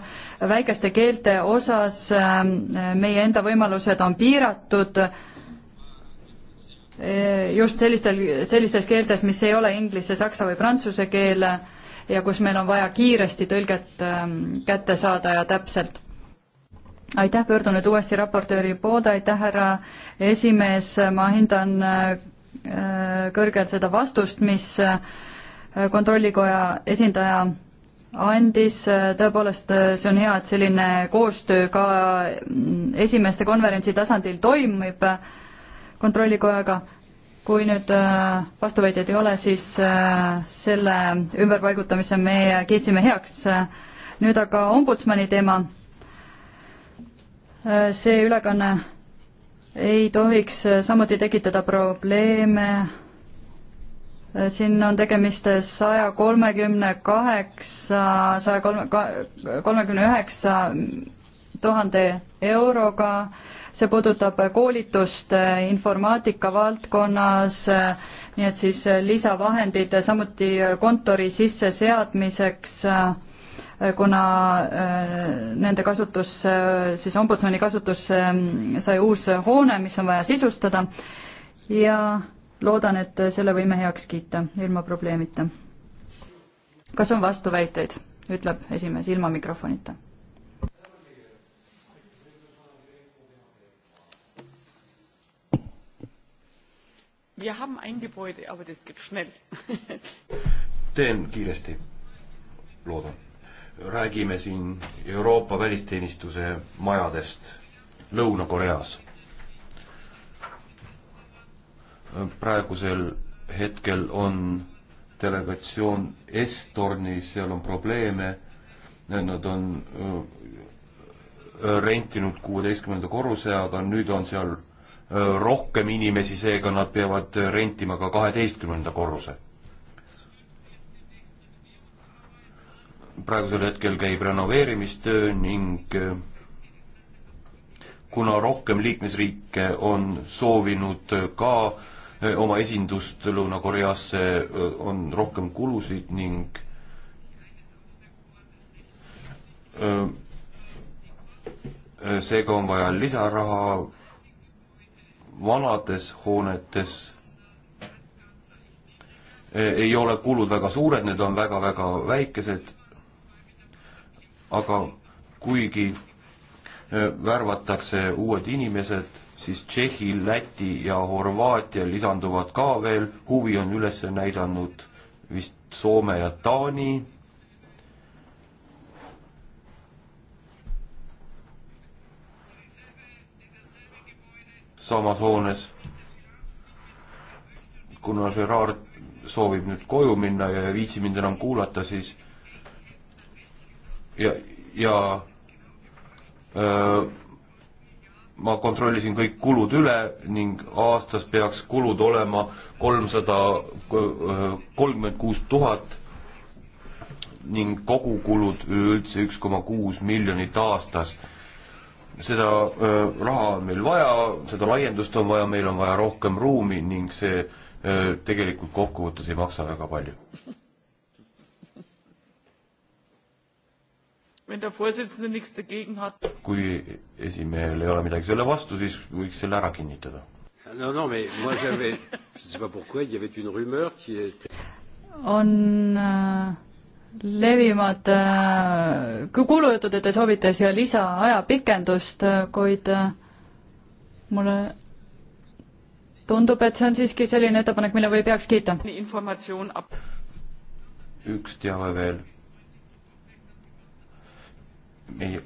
väikeste keelte osas äh, meie enda võimalused on piiratud äh, just sellistel, sellistes keeltes, mis ei ole inglise, saksa või prantsuse keel ja kus meil on vaja kiiresti tõlget ähm, kätte saada ja täpselt. aitäh, pöördun nüüd uuesti raportööri poole, aitäh, härra esimees, ma hindan kõrgelt seda vastust, mis äh, kontrollikoja esindaja andis, tõepoolest see on hea, et selline koostöö ka esimeste konverentsi tasandil toimib kontrollikojaga, kui nüüd äh, vastuvõtjaid ei ole, siis äh, selle ümberpaigutamise me kiitsime heaks. nüüd aga ombudsmani teema. Äh, see ülekanne ei tohiks samuti tekitada probleeme siin on tegemist saja kolmekümne kaheksa, saja kolme, kolmekümne üheksa tuhande euroga, see puudutab koolitust informaatika valdkonnas, nii et siis lisavahendid samuti kontori sisseseadmiseks, kuna äh, nende kasutusse, siis ombudsmani kasutusse äh, sai uus hoone, mis on vaja sisustada ja loodan, et selle võime heaks kiita ilma probleemita. kas on vastuväiteid, ütleb esimees ilma mikrofonita. Wir haben ein Gebäude, aber das geht schnell. (laughs) teen kiiresti, loodan. räägime siin Euroopa välisteenistuse majadest Lõuna-Koreas praegusel hetkel on delegatsioon Estornis, seal on probleeme, nad on äh, rentinud kuueteistkümnenda korruse, aga nüüd on seal äh, rohkem inimesi, seega nad peavad rentima ka kaheteistkümnenda korruse. praegusel hetkel käib renoveerimistöö ning äh, kuna rohkem liikmesriike on soovinud ka oma esindust Lõuna-Koreasse, on rohkem kulusid ning seega on vaja lisaraha vanades hoonetes ei ole kulud väga suured, need on väga-väga väikesed, aga kuigi värvatakse uued inimesed siis Tšehhil, Läti ja Horvaatial lisanduvad ka veel, huvi on üles näidanud vist Soome ja Taani. samas hoones. kuna Gerard soovib nüüd koju minna ja ei viitsi mind enam kuulata, siis ja, ja öö, äh, ma kontrollisin kõik kulud üle ning aastas peaks kulud olema kolmsada kolmkümmend kuus tuhat ning kogukulud üleüldse üks koma kuus miljonit aastas. seda öö, raha on meil vaja, seda laiendust on vaja, meil on vaja rohkem ruumi ning see öö, tegelikult kokkuvõttes ei maksa väga palju kui esimehel ei ole midagi selle vastu, siis võiks selle ära kinnitada. on äh, levivad äh, kuulujutud, et te soovite siia lisaajapikendust, äh, kuid mulle tundub, et see on siiski selline ettepanek, mille võib heaks kiita. üks teave veel meie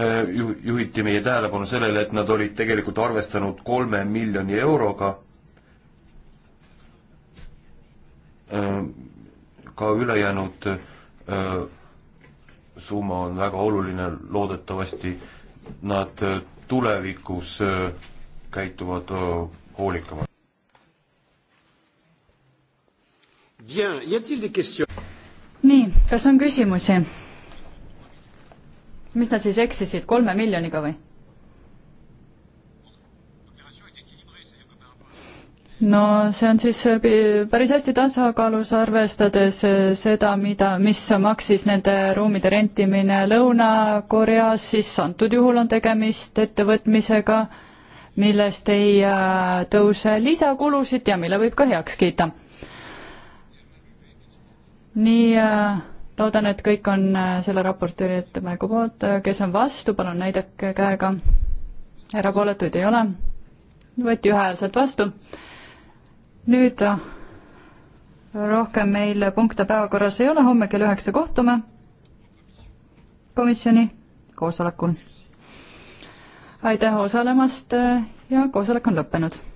äh, juhiti meie tähelepanu sellele, et nad olid tegelikult arvestanud kolme miljoni euroga, äh, ka ülejäänud äh, summa on väga oluline, loodetavasti nad tulevikus käituvad hoolikamalt. nii, kas on küsimusi? mis nad siis eksisid, kolme miljoniga või? no see on siis äh, päris hästi tasakaalus, arvestades äh, seda, mida, mis maksis nende ruumide rentimine Lõuna-Koreas, siis antud juhul on tegemist ettevõtmisega, millest ei äh, tõuse lisakulusid ja mille võib ka heaks kiita. nii äh, loodan, et kõik on äh, selle raporti ettepaneku poolt, äh, kes on vastu, palun näidake käega. erapooletuid ei ole. võeti ühehäälselt vastu. nüüd äh, rohkem meil punkte päevakorras ei ole, homme kell üheksa kohtume komisjoni koosolekul. aitäh osalemast ja koosolek on lõppenud